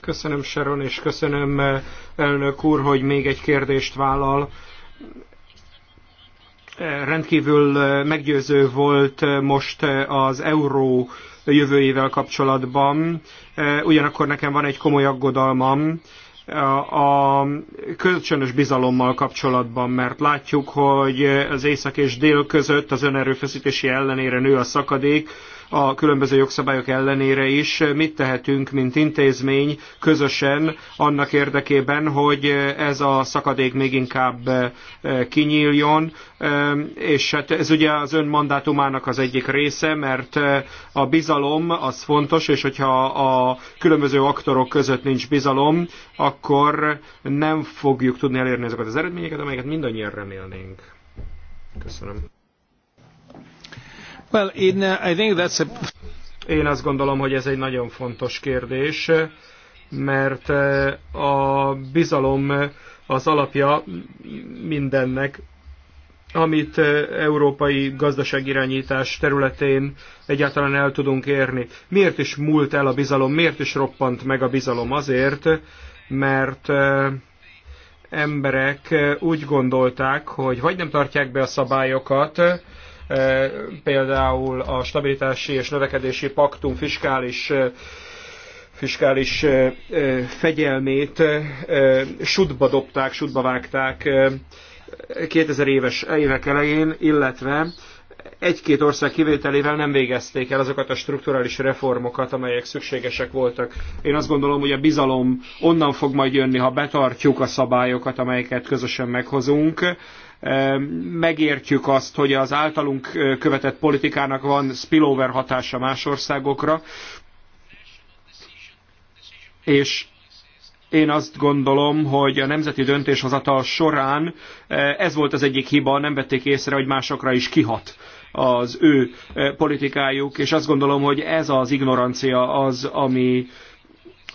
Köszönöm Sharon, és köszönöm elnök úr, hogy még egy kérdést vállal rendkívül meggyőző volt most az euró jövőjével kapcsolatban. Ugyanakkor nekem van egy komoly aggodalmam a kölcsönös bizalommal kapcsolatban, mert látjuk, hogy az észak és dél között az önerőfeszítési ellenére nő a szakadék, a különböző jogszabályok ellenére is. Mit tehetünk, mint intézmény közösen annak érdekében, hogy ez a szakadék még inkább eh, kinyíljon, eh, és hát ez ugye az ön mandátumának az egyik része, mert eh, a bizalom az fontos, és hogyha a különböző aktorok között nincs bizalom, akkor nem fogjuk tudni elérni ezeket az eredményeket, amelyeket mindannyian remélnénk. Köszönöm. Well, uh, I think that's a... Én azt gondolom, hogy ez egy nagyon fontos kérdés, mert uh, a bizalom az alapja mindennek, amit uh, európai gazdaságirányítás területén egyáltalán el tudunk érni. Miért is múlt el a bizalom, miért is roppant meg a bizalom? Azért, mert emberek úgy gondolták, hogy vagy nem tartják be a szabályokat, E, például a stabilitási és növekedési paktum fiskális e, fiskális e, fegyelmét sudba dobták, sudba vágták 2000 éves évek elején, illetve egy-két ország kivételével nem végezték el azokat a strukturális reformokat, amelyek szükségesek voltak. Én azt gondolom, hogy a bizalom onnan fog majd jönni, ha betartjuk a szabályokat, amelyeket közösen meghozunk, megértjük azt, hogy az általunk követett politikának van spillover hatása más országokra, és én azt gondolom, hogy a nemzeti döntéshozatal során ez volt az egyik hiba, nem vették észre, hogy másokra is kihat az ő politikájuk, és azt gondolom, hogy ez az ignorancia az, ami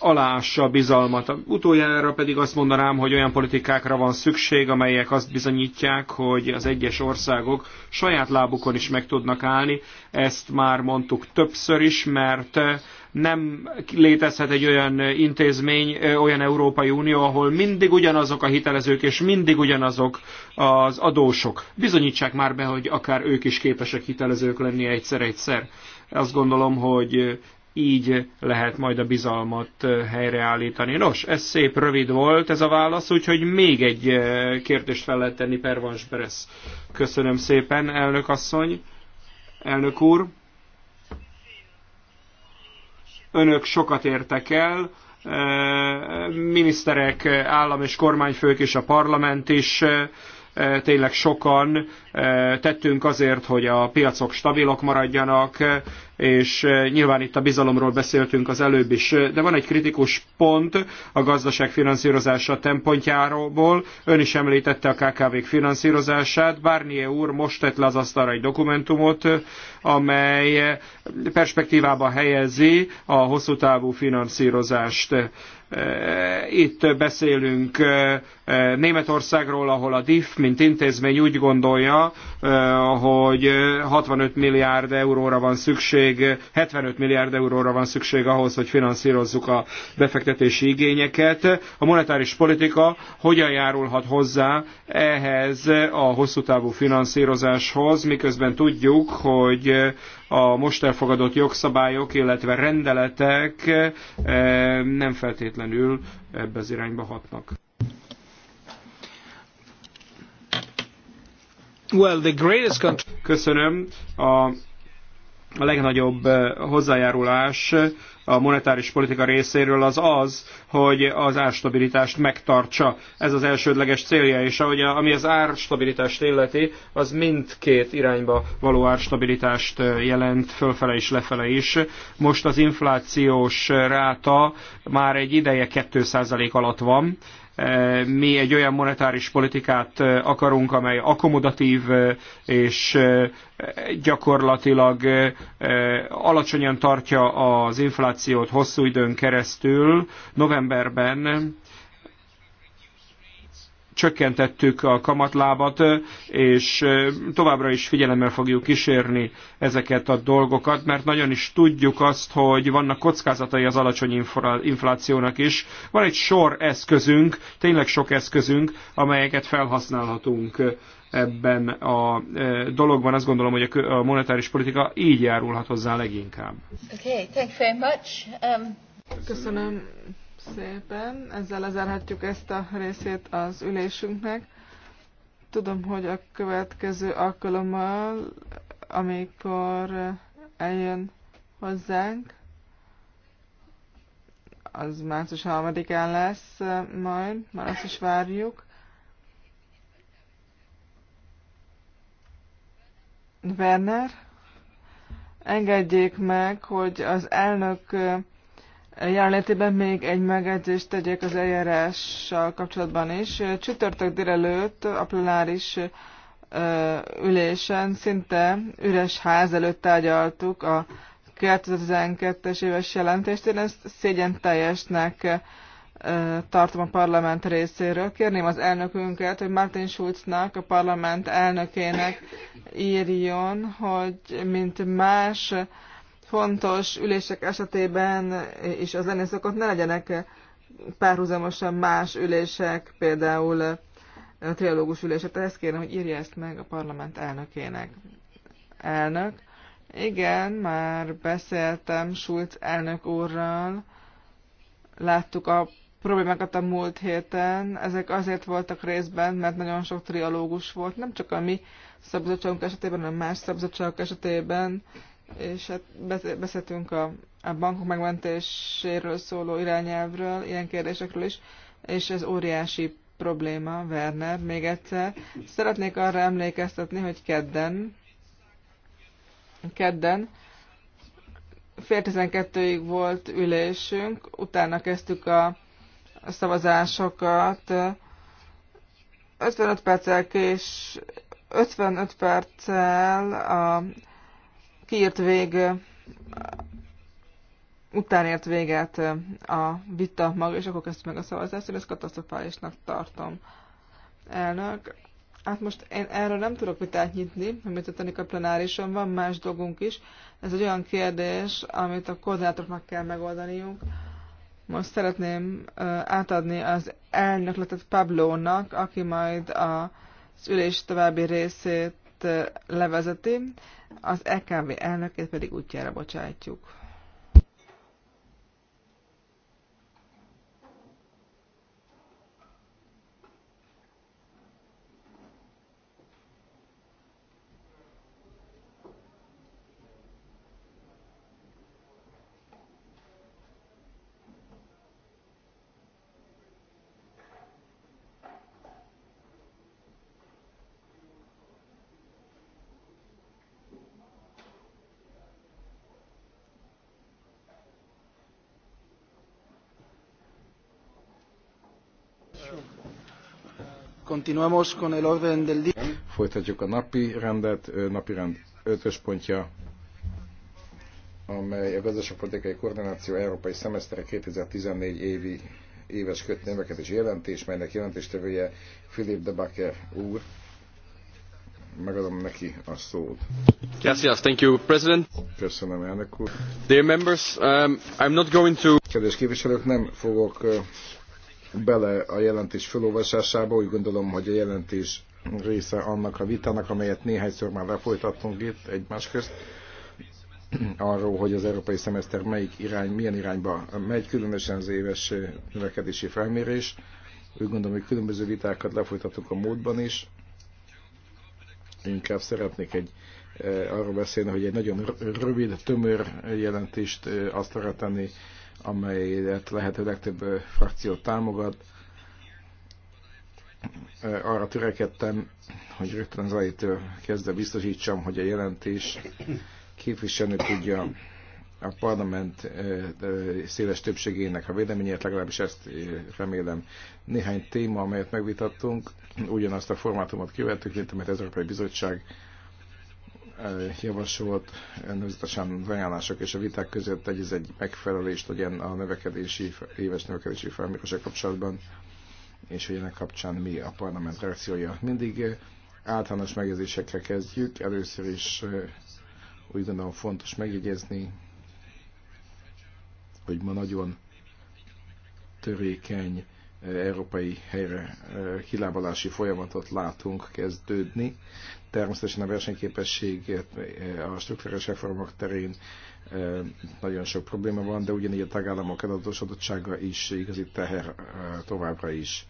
aláássa a bizalmat. Utoljára pedig azt mondanám, hogy olyan politikákra van szükség, amelyek azt bizonyítják, hogy az egyes országok saját lábukon is meg tudnak állni. Ezt már mondtuk többször is, mert nem létezhet egy olyan intézmény, olyan Európai Unió, ahol mindig ugyanazok a hitelezők és mindig ugyanazok az adósok. Bizonyítsák már be, hogy akár ők is képesek hitelezők lenni egyszer-egyszer. Azt gondolom, hogy így lehet majd a bizalmat eh, helyreállítani. Nos, ez szép rövid volt ez a válasz, úgyhogy még egy eh, kérdést fel lehet tenni Pervans Beres. Köszönöm szépen, elnök asszony, elnök úr. Önök sokat értek el, eh, miniszterek, állam és kormányfők és a parlament is tényleg sokan tettünk azért, hogy a piacok stabilok maradjanak, és nyilván itt a bizalomról beszéltünk az előbb is, de van egy kritikus pont a gazdaság finanszírozása tempontjáról. Ön is említette a KKV-k finanszírozását. Barnier úr most tett le az asztalra egy dokumentumot, amely perspektívába helyezi a hosszú távú finanszírozást Eh, itt beszélünk eh, Németországról, ahol a DIF, mint intézmény úgy gondolja, eh, hogy 65 milliárd euróra van szükség, 75 milliárd euróra van szükség ahhoz, hogy finanszírozzuk a befektetési igényeket. A monetáris politika hogyan járulhat hozzá ehhez a hosszú távú finanszírozáshoz, miközben tudjuk, hogy a most elfogadott jogszabályok, illetve rendeletek eh, nem feltétlenül ebbe az irányba hatnak. Well, the greatest Köszönöm. A a legnagyobb eh, hozzájárulás eh, a monetáris politika részéről az az, hogy az árstabilitást megtartsa. Ez az elsődleges célja, és ahogy a, ami az árstabilitást illeti, az mindkét irányba való árstabilitást eh, jelent, fölfele és lefele is. Most az inflációs ráta már egy ideje 2% alatt van, mi egy olyan monetáris politikát akarunk, amely akkomodatív és gyakorlatilag alacsonyan tartja az inflációt hosszú időn keresztül. Novemberben csökkentettük a kamatlábat, és továbbra is figyelemmel fogjuk kísérni ezeket a dolgokat, mert nagyon is tudjuk azt, hogy vannak kockázatai az alacsony inflációnak is. Van egy sor eszközünk, tényleg sok eszközünk, amelyeket felhasználhatunk ebben a dologban. Azt gondolom, hogy a monetáris politika így járulhat hozzá leginkább. Okay, thank you very much. Um... Köszönöm szépen. Ezzel lezárhatjuk ezt a részét az ülésünknek. Tudom, hogy a következő alkalommal, amikor eljön hozzánk, az március 3-án lesz majd, már azt is várjuk. Werner, engedjék meg, hogy az elnök jelenlétében még egy megjegyzést tegyek az eljárással kapcsolatban is. Csütörtök délelőtt a plenáris ülésen szinte üres ház előtt tárgyaltuk a 2012-es éves jelentést. Én ezt szégyen teljesnek tartom a parlament részéről. Kérném az elnökünket, hogy Martin Schulznak, a parlament elnökének írjon, hogy mint más fontos ülések esetében is az lenni szokott, ne legyenek párhuzamosan más ülések, például a triológus ülése Tehát ezt kérem, hogy írja ezt meg a parlament elnökének. Elnök. Igen, már beszéltem Schulz elnök úrral. Láttuk a problémákat a múlt héten. Ezek azért voltak részben, mert nagyon sok triológus volt, nem csak a mi szabadságunk esetében, hanem más szabadságok esetében és hát beszéltünk a, a bankok megmentéséről szóló irányelvről, ilyen kérdésekről is, és ez óriási probléma, Werner, még egyszer. Szeretnék arra emlékeztetni, hogy kedden, kedden fél tizenkettőig volt ülésünk, utána kezdtük a szavazásokat, 55 perccel kés, 55 perccel a kiírt vég után ért véget a vita maga, és akkor kezdtük meg a szavazást, én ezt katasztrofálisnak tartom. Elnök, hát most én erről nem tudok vitát nyitni, amit történik a plenárison, van más dolgunk is. Ez egy olyan kérdés, amit a koordinátoroknak kell megoldaniuk. Most szeretném átadni az elnökletet Pablónak, aki majd az ülés további részét levezeti, az EKB elnökét pedig útjára bocsátjuk. Continuamos con el orden del día. Folytatjuk a napi rendet, napi rend ötös pontja, amely a gazdaságpolitikai koordináció európai szemesztere 2014 évi éves kött és jelentés, melynek jelentéstevője Philip de Bakker úr. Megadom neki a szót. Yes, yes, thank you, President. Köszönöm, elnök úr. Dear members, um, I'm not going to... Kedves képviselők, nem fogok bele a jelentés felolvasásába. Úgy gondolom, hogy a jelentés része annak a vitának, amelyet néhányszor már lefolytattunk itt egymás közt, arról, hogy az európai szemeszter melyik irány, milyen irányba megy, különösen az éves növekedési felmérés. Úgy gondolom, hogy különböző vitákat lefolytattuk a módban is. Inkább szeretnék egy eh, arról beszélni, hogy egy nagyon rövid, tömör jelentést eh, azt tenni, amelyet lehető legtöbb frakció támogat. Arra törekedtem, hogy rögtön az elejétől kezdve biztosítsam, hogy a jelentés képviselni tudja a parlament széles többségének a véleményét, legalábbis ezt remélem. Néhány téma, amelyet megvitattunk, ugyanazt a formátumot követtük, mint amit az Európai Bizottság javasolt nemzetesen ajánlások és a viták között egy, egy megfelelést legyen a növekedési, éves növekedési felmérése kapcsolatban, és hogy ennek kapcsán mi a parlament reakciója. Mindig eh, általános megjegyzésekkel kezdjük. Először is eh, úgy gondolom fontos megjegyezni, hogy ma nagyon törékeny európai helyre kilábalási folyamatot látunk kezdődni. Természetesen a versenyképesség a struktúrás reformok terén nagyon sok probléma van, de ugyanígy a tagállamok adatosodottsága is igazi teher továbbra is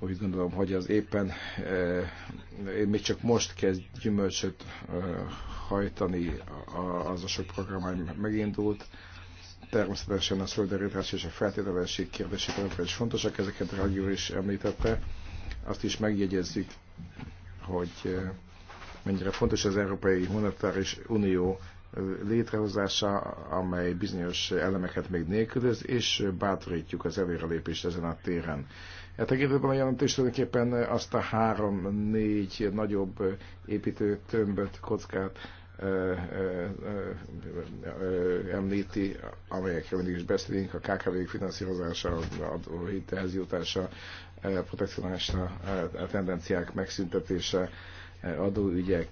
úgy gondolom, hogy az éppen eh, még csak most kezd gyümölcsöt eh, hajtani az a sok program, megindult. Természetesen a szolidaritás és a feltételesség kérdését, amikor is fontosak, ezeket Rágyó is említette. Azt is megjegyezzük, hogy eh, mennyire fontos az Európai Monetáris Unió eh, létrehozása, amely bizonyos elemeket még nélkülöz, és bátorítjuk az előrelépést ezen a téren. E tekintetben a jelentés tulajdonképpen azt a három-négy nagyobb eh, építő tömböt, kockát, említi, amelyekről mindig is beszélünk, a KKV-k finanszírozása, a hitelhez jutása, a tendenciák megszüntetése, adóügyek,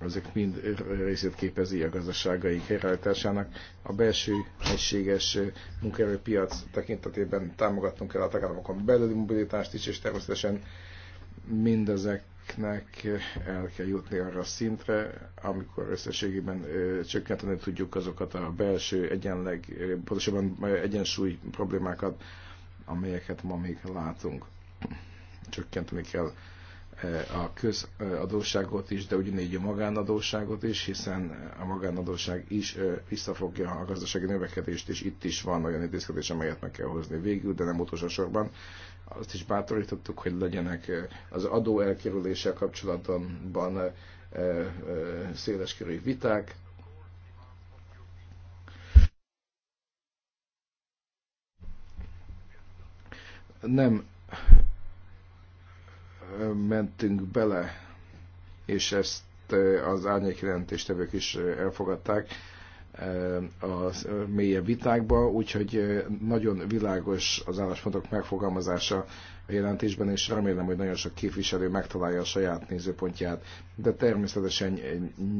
ezek mind részét képezi a gazdaságaink helyreállításának. A belső egységes munkaerőpiac tekintetében támogatnunk kell a tagállamokon belüli mobilitást is, és természetesen mindezek projekteknek el kell jutni arra a szintre, amikor összességében csökkenteni tudjuk azokat a belső egyenleg, pontosabban egyensúly problémákat, amelyeket ma még látunk. Csökkenteni kell a közadóságot is, de ugyanígy a magánadóságot is, hiszen a magánadóság is visszafogja a gazdasági növekedést, és itt is van olyan intézkedés, amelyet meg kell hozni végül, de nem utolsó sorban azt is bátorítottuk, hogy legyenek az adó elkerüléssel kapcsolatban széleskörű viták. Nem mentünk bele, és ezt az jelentéstevők is elfogadták, a mélyebb vitákba, úgyhogy nagyon világos az álláspontok megfogalmazása a jelentésben, és remélem, hogy nagyon sok képviselő megtalálja a saját nézőpontját, de természetesen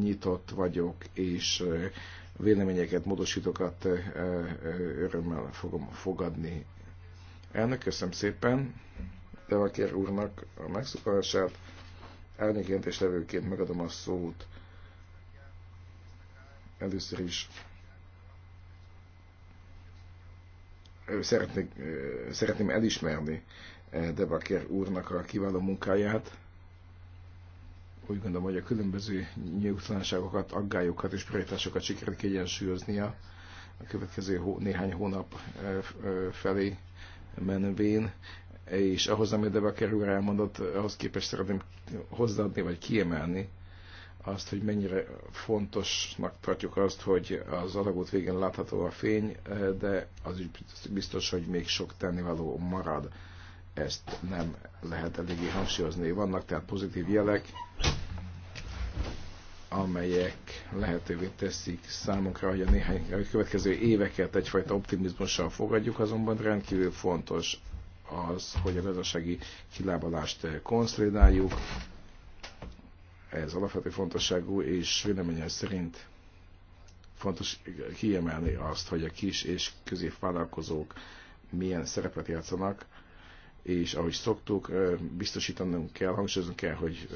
nyitott vagyok, és véleményeket, módosítókat örömmel fogom fogadni. Elnök, köszönöm szépen Devakér úrnak a és Árnyékjelentéstevőként megadom a szót Először is szeretnék, szeretném elismerni Debaker úrnak a kiváló munkáját. Úgy gondolom, hogy a különböző nyugtalanságokat, aggályokat és prioritásokat sikerült kiegyensúlyoznia a következő hó, néhány hónap felé menvén, és ahhoz, amit Debaker úr elmondott, ahhoz képest szeretném hozzáadni vagy kiemelni, azt, hogy mennyire fontosnak tartjuk azt, hogy az alagút végén látható a fény, de az is biztos, hogy még sok tennivaló marad. Ezt nem lehet eléggé hangsúlyozni. Vannak tehát pozitív jelek, amelyek lehetővé teszik számunkra, hogy a néhány a következő éveket egyfajta optimizmussal fogadjuk, azonban rendkívül fontos az, hogy a gazdasági kilábalást konszolidáljuk, ez alapvető fontosságú, és véleményem szerint fontos kiemelni azt, hogy a kis és középvállalkozók milyen szerepet játszanak, és ahogy szoktuk, biztosítanunk kell, hangsúlyozunk kell, hogy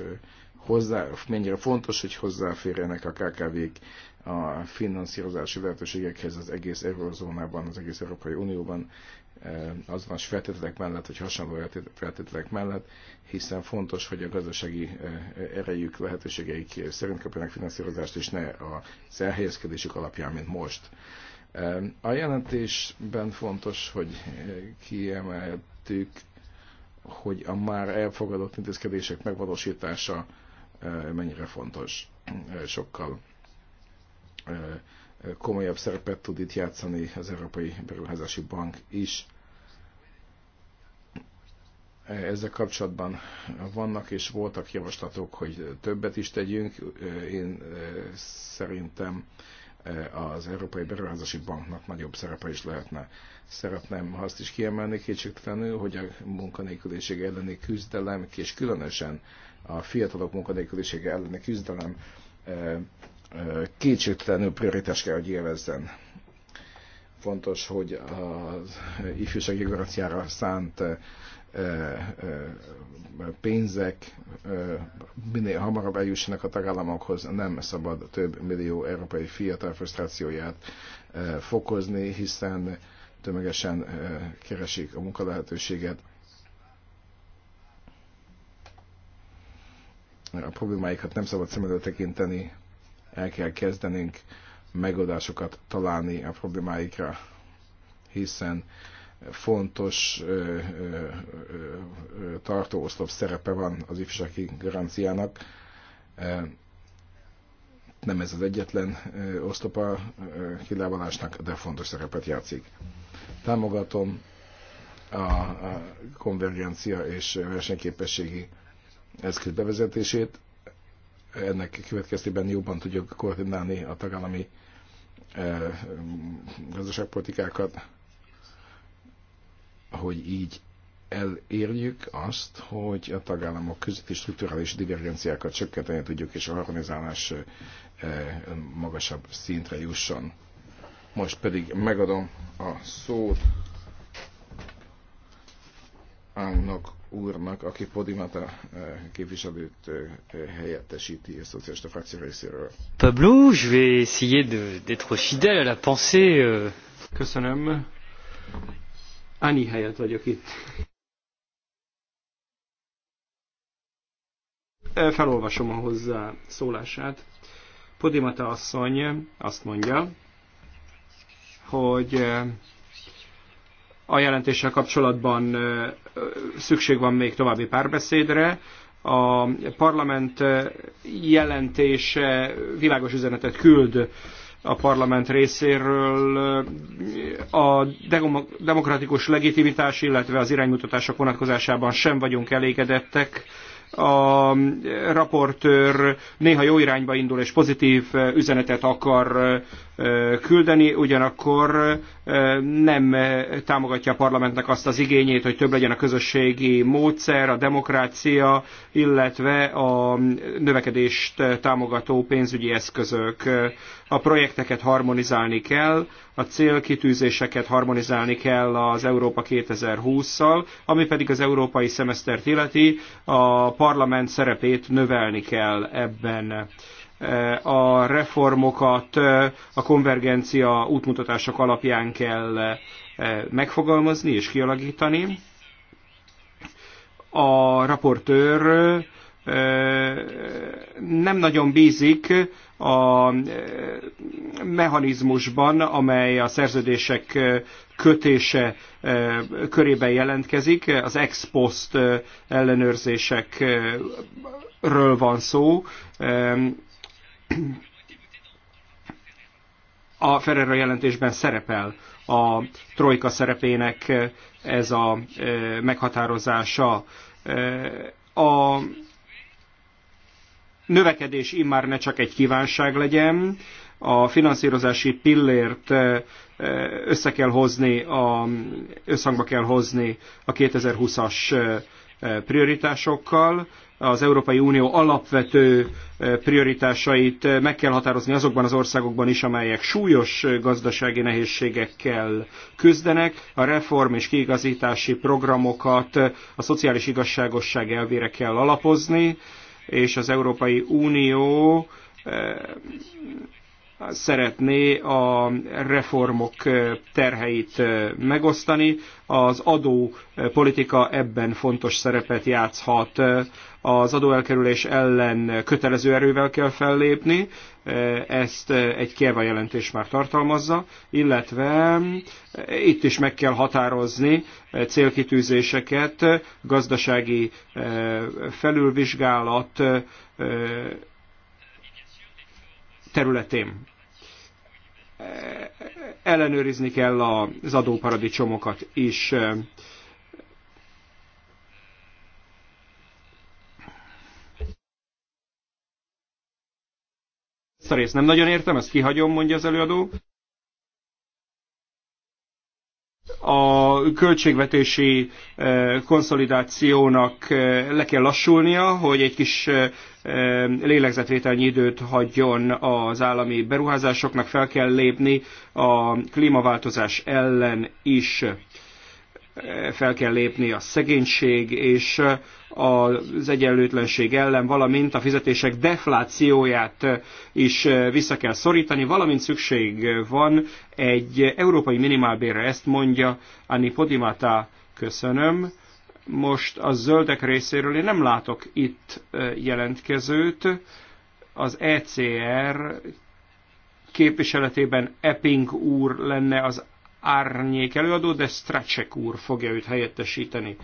hozzá, mennyire fontos, hogy hozzáférjenek a KKV-k a finanszírozási lehetőségekhez az egész eurózónában, az egész Európai Unióban, van eh, feltételek mellett, vagy hasonló feltételek mellett, hiszen fontos, hogy a gazdasági eh, erejük, lehetőségeik szerint kapjanak finanszírozást, és ne az elhelyezkedésük alapján, mint most. Eh, a jelentésben fontos, hogy kiemeltük, hogy a már elfogadott intézkedések megvalósítása mennyire fontos sokkal komolyabb szerepet tud itt játszani az Európai Beruházási Bank is. E, ezzel kapcsolatban vannak és voltak javaslatok, hogy többet is tegyünk. Én szerintem az Európai Beruházási Banknak nagyobb szerepe is lehetne. Szeretném azt is kiemelni kétségtelenül, hogy a munkanélküliség elleni küzdelem, és különösen a fiatalok munkanélküliség elleni küzdelem kétségtelenül prioritás kell, hogy élvezzen. Fontos, hogy az ifjúsági garanciára szánt pénzek minél hamarabb eljussanak a tagállamokhoz, nem szabad több millió európai fiatal frusztrációját fokozni, hiszen tömegesen keresik a munkalehetőséget. A problémáikat nem szabad szem tekinteni, el kell kezdenünk megoldásokat találni a problémáikra, hiszen fontos ö, ö, ö, tartóoszlop szerepe van az ifjúsági garanciának. Nem ez az egyetlen oszlop a kilávalásnak, de fontos szerepet játszik. Támogatom a, a konvergencia és versenyképességi eszköz bevezetését, ennek következtében jobban tudjuk koordinálni a tagállami e, gazdaságpolitikákat, hogy így elérjük azt, hogy a tagállamok közötti strukturális divergenciákat csökkenteni tudjuk, és a harmonizálás e, magasabb szintre jusson. Most pedig megadom a szót annak úrnak, aki Podimata eh, képviselőt eh, helyettesíti a szocialista frakció részéről. Pablo, je vais essayer d'être fidèle à la pensée. Euh. Köszönöm. Ani helyett vagyok itt. Felolvasom a hozzá szólását. Podimata asszony azt mondja, hogy eh, a jelentéssel kapcsolatban szükség van még további párbeszédre. A parlament jelentése világos üzenetet küld a parlament részéről a demokratikus legitimitás, illetve az iránymutatások vonatkozásában sem vagyunk elégedettek. A raportőr néha jó irányba indul és pozitív üzenetet akar küldeni, ugyanakkor nem támogatja a parlamentnek azt az igényét, hogy több legyen a közösségi módszer, a demokrácia, illetve a növekedést támogató pénzügyi eszközök. A projekteket harmonizálni kell, a célkitűzéseket harmonizálni kell az Európa 2020-szal, ami pedig az európai szemesztert illeti, a parlament szerepét növelni kell ebben a reformokat a konvergencia útmutatások alapján kell eh, megfogalmazni és kialakítani. A raportőr eh, nem nagyon bízik a eh, mechanizmusban, amely a szerződések kötése körében jelentkezik. Az ex post ellenőrzésekről van szó a Ferrero jelentésben szerepel a trojka szerepének eh, ez a eh, meghatározása. Eh, a növekedés immár ne csak egy kívánság legyen, a finanszírozási pillért össze kell hozni, a, összhangba kell hozni a 2020-as prioritásokkal, az Európai Unió alapvető prioritásait meg kell határozni azokban az országokban is, amelyek súlyos gazdasági nehézségekkel küzdenek. A reform és kiigazítási programokat a szociális igazságosság elvére kell alapozni, és az Európai Unió szeretné a reformok terheit megosztani. Az adópolitika ebben fontos szerepet játszhat. Az adóelkerülés ellen kötelező erővel kell fellépni, ezt egy Kieva jelentés már tartalmazza, illetve itt is meg kell határozni célkitűzéseket, gazdasági felülvizsgálat, területén. Ellenőrizni kell az adóparadicsomokat is. Ezt a részt nem nagyon értem, ezt kihagyom, mondja az előadó. költségvetési eh, konszolidációnak eh, le kell lassulnia, hogy egy kis eh, lélegzetvételnyi időt hagyjon az állami beruházásoknak, fel kell lépni a klímaváltozás ellen is fel kell lépni a szegénység és az egyenlőtlenség ellen, valamint a fizetések deflációját is vissza kell szorítani, valamint szükség van egy európai minimálbérre, ezt mondja Anni Podimata, köszönöm. Most a zöldek részéről én nem látok itt jelentkezőt, az ECR képviseletében Epping úr lenne az árnyék előadó, de Stracek úr fogja őt helyettesíteni.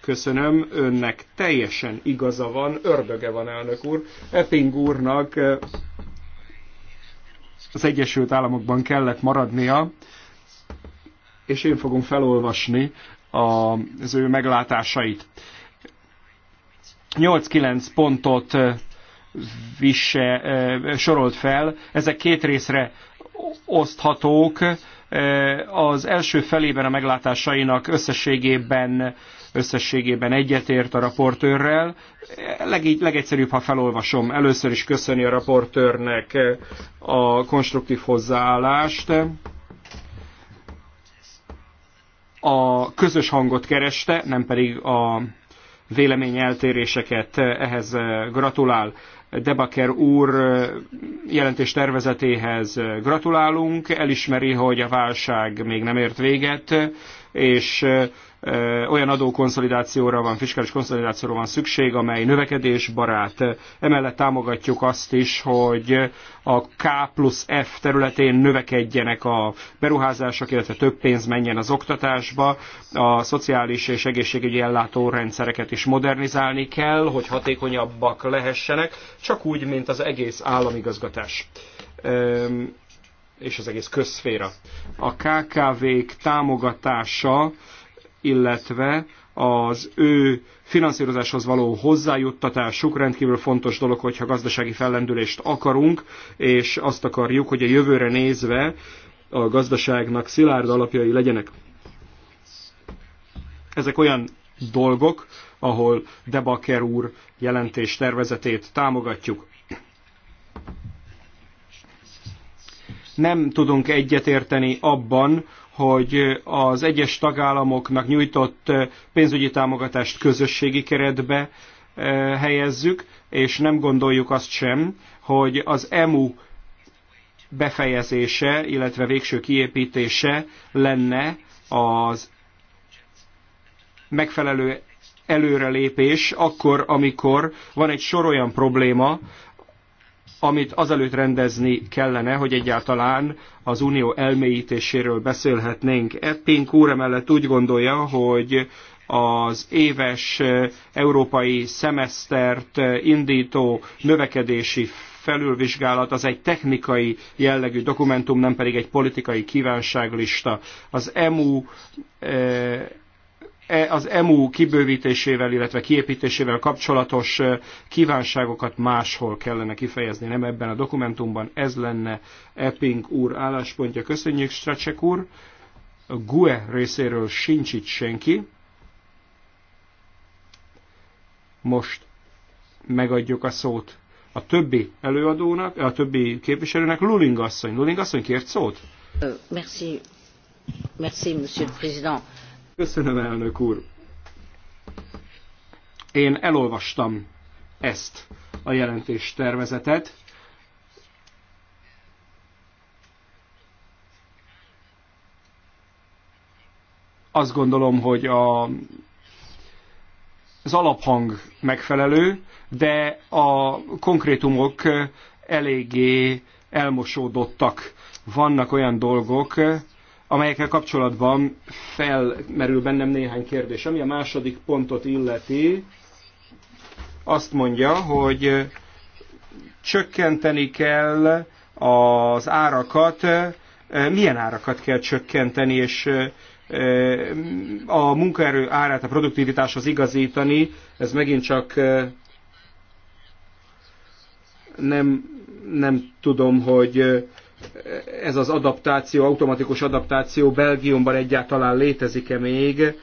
Köszönöm, önnek teljesen igaza van, ördöge van elnök úr. Epping úrnak eh, az Egyesült Államokban kellett maradnia, és én fogom felolvasni az ő meglátásait. 8-9 pontot eh, vise, eh, sorolt fel, ezek két részre oszthatók, az első felében a meglátásainak összességében összességében egyetért a raportőrrel. Leg, legegyszerűbb, ha felolvasom. Először is köszöni a raportőrnek a konstruktív hozzáállást. A közös hangot kereste, nem pedig a vélemény eltéréseket ehhez gratulál. Debaker úr jelentés tervezetéhez gratulálunk, elismeri, hogy a válság még nem ért véget, és olyan adókonszolidációra van, fiskális konszolidációra van szükség, amely növekedésbarát. Emellett támogatjuk azt is, hogy a K plusz F területén növekedjenek a beruházások, illetve több pénz menjen az oktatásba. A szociális és egészségügyi ellátórendszereket is modernizálni kell, hogy hatékonyabbak lehessenek, csak úgy, mint az egész államigazgatás és az egész közszféra. A KKV-k támogatása, illetve az ő finanszírozáshoz való hozzájuttatásuk rendkívül fontos dolog, hogyha gazdasági fellendülést akarunk, és azt akarjuk, hogy a jövőre nézve a gazdaságnak szilárd alapjai legyenek. Ezek olyan dolgok, ahol Debaker úr jelentés tervezetét támogatjuk. nem tudunk egyetérteni abban, hogy az egyes tagállamoknak nyújtott pénzügyi támogatást közösségi keretbe eh, helyezzük, és nem gondoljuk azt sem, hogy az EMU befejezése, illetve végső kiépítése lenne az megfelelő előrelépés akkor, amikor van egy sor olyan probléma, amit azelőtt rendezni kellene, hogy egyáltalán az unió elmélyítéséről beszélhetnénk. Epping úr emellett úgy gondolja, hogy az éves eh, európai szemesztert eh, indító növekedési felülvizsgálat az egy technikai jellegű dokumentum, nem pedig egy politikai kívánságlista. Az EMU eh, E az EMU kibővítésével, illetve kiépítésével kapcsolatos e, kívánságokat máshol kellene kifejezni, nem ebben a dokumentumban. Ez lenne Epping úr álláspontja. Köszönjük, Stracek úr. A GUE részéről sincs itt senki. Most megadjuk a szót a többi előadónak, a többi képviselőnek. Luling asszony. Luling asszony kért szót? Merci. Merci, monsieur le président. Köszönöm, elnök úr. Én elolvastam ezt a jelentés tervezetet. Azt gondolom, hogy a az alaphang megfelelő, de a konkrétumok eléggé elmosódottak. Vannak olyan dolgok, amelyekkel kapcsolatban felmerül bennem néhány kérdés. Ami a második pontot illeti, azt mondja, hogy csökkenteni kell az árakat, milyen árakat kell csökkenteni, és a munkaerő árát a produktivitáshoz igazítani, ez megint csak nem, nem tudom, hogy ez az adaptáció, automatikus adaptáció Belgiumban egyáltalán létezik-e még,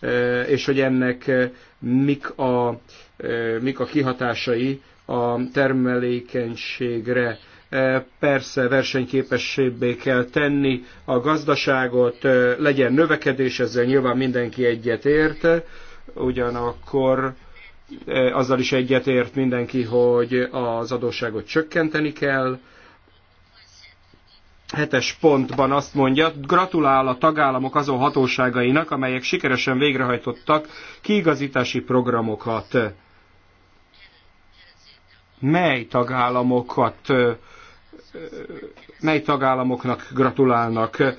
e, és hogy ennek e, mik a, e, mik a kihatásai a termelékenységre. Persze versenyképessébbé kell tenni a gazdaságot, legyen növekedés, ezzel nyilván mindenki egyet ért, ugyanakkor azzal is egyetért mindenki, hogy az adósságot csökkenteni kell, hetes pontban azt mondja, gratulál a tagállamok azon hatóságainak, amelyek sikeresen végrehajtottak kiigazítási programokat. Mely tagállamokat, mely tagállamoknak gratulálnak?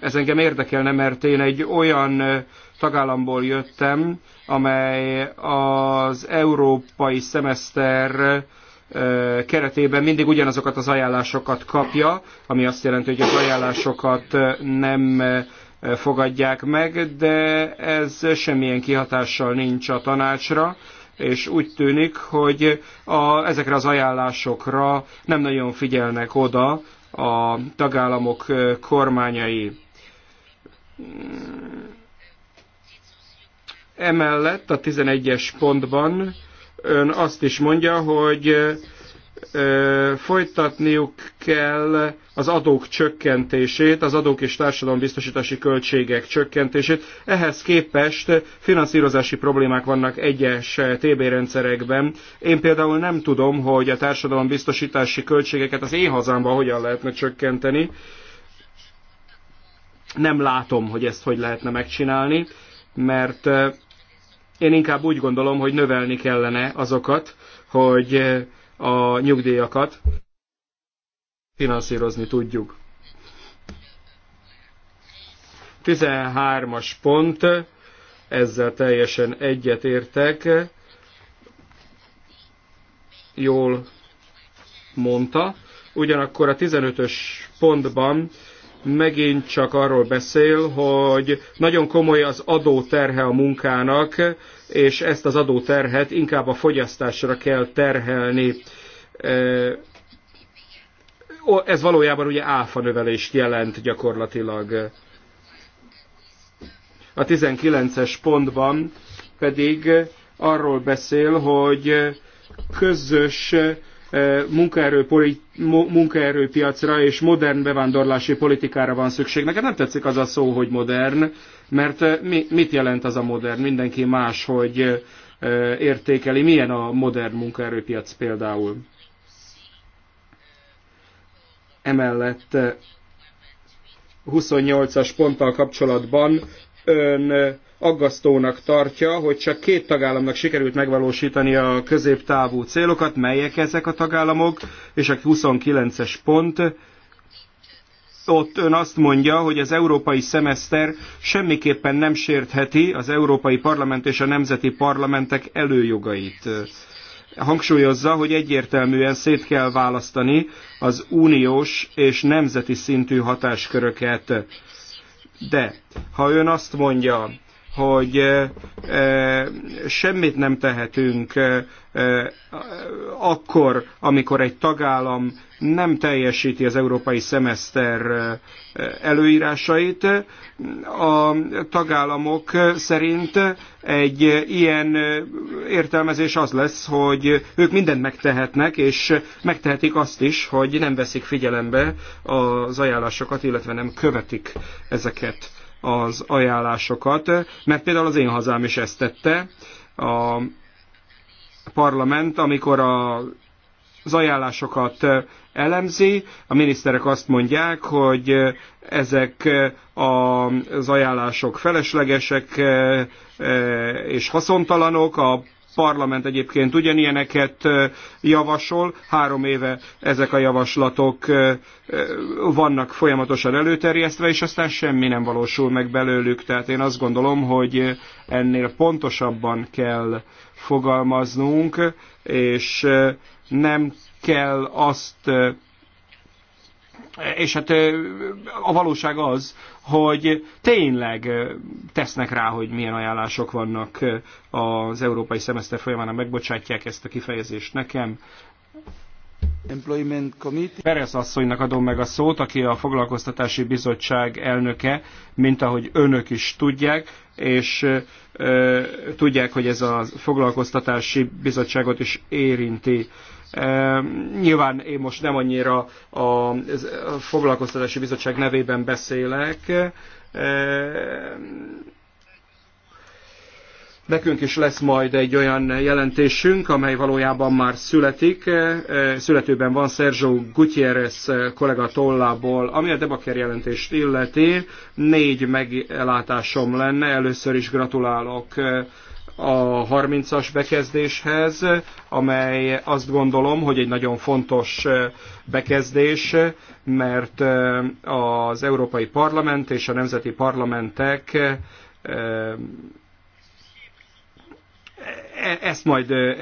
Ez engem érdekelne, mert én egy olyan tagállamból jöttem, amely az európai szemeszter keretében mindig ugyanazokat az ajánlásokat kapja, ami azt jelenti, hogy az ajánlásokat nem fogadják meg, de ez semmilyen kihatással nincs a tanácsra, és úgy tűnik, hogy a, ezekre az ajánlásokra nem nagyon figyelnek oda a tagállamok kormányai. Emellett a 11-es pontban ön azt is mondja, hogy folytatniuk kell az adók csökkentését, az adók és társadalombiztosítási költségek csökkentését. Ehhez képest finanszírozási problémák vannak egyes TB rendszerekben. Én például nem tudom, hogy a társadalombiztosítási költségeket az én hazámban hogyan lehetne csökkenteni. Nem látom, hogy ezt hogy lehetne megcsinálni, mert én inkább úgy gondolom, hogy növelni kellene azokat, hogy eh, a nyugdíjakat finanszírozni tudjuk. 13-as pont, ezzel teljesen egyetértek, jól mondta. Ugyanakkor a 15-ös pontban megint csak arról beszél, hogy nagyon komoly az adóterhe a munkának, és ezt az adóterhet inkább a fogyasztásra kell terhelni. Ez valójában ugye áfa növelést jelent gyakorlatilag. A 19-es pontban pedig arról beszél, hogy közös munkaerőpoli, munkaerőpiacra és modern bevándorlási politikára van szükség. Nekem nem tetszik az a szó, hogy modern, mert mi, mit jelent az a modern? Mindenki más, hogy értékeli. Milyen a modern munkaerőpiac például? Emellett 28-as ponttal kapcsolatban ön aggasztónak tartja, hogy csak két tagállamnak sikerült megvalósítani a középtávú célokat, melyek ezek a tagállamok, és a 29-es pont, ott ön azt mondja, hogy az európai szemeszter semmiképpen nem sértheti az Európai Parlament és a nemzeti parlamentek előjogait. Hangsúlyozza, hogy egyértelműen szét kell választani az uniós és nemzeti szintű hatásköröket. De ha ön azt mondja, hogy eh, eh, semmit nem tehetünk eh, akkor, amikor egy tagállam nem teljesíti az európai szemeszter előírásait. A tagállamok szerint egy ilyen értelmezés az lesz, hogy ők mindent megtehetnek, és megtehetik azt is, hogy nem veszik figyelembe az ajánlásokat, illetve nem követik ezeket az ajánlásokat, mert például az én hazám is ezt tette. A parlament, amikor a az ajánlásokat elemzi. A miniszterek azt mondják, hogy ezek az ajánlások feleslegesek eh, és haszontalanok, a parlament egyébként ugyanilyeneket javasol, három éve ezek a javaslatok vannak folyamatosan előterjesztve, és aztán semmi nem valósul meg belőlük, tehát én azt gondolom, hogy ennél pontosabban kell fogalmaznunk, és nem kell azt és hát a valóság az, hogy tényleg tesznek rá, hogy milyen ajánlások vannak az európai szemeszter folyamán, megbocsátják ezt a kifejezést nekem. Employment Committee. Perez asszonynak adom meg a szót, aki a foglalkoztatási bizottság elnöke, mint ahogy önök is tudják, és e, tudják, hogy ez a foglalkoztatási bizottságot is érinti Nyilván én most nem annyira a foglalkoztatási bizottság nevében beszélek. Nekünk is lesz majd egy olyan jelentésünk, amely valójában már születik. Születőben van Szerzsó Gutierrez kollega tollából, ami a Debaker jelentést illeti. Négy meglátásom lenne. Először is gratulálok a 30-as bekezdéshez, amely azt gondolom, hogy egy nagyon fontos bekezdés, mert az Európai Parlament és a nemzeti parlamentek e, ezt majd e,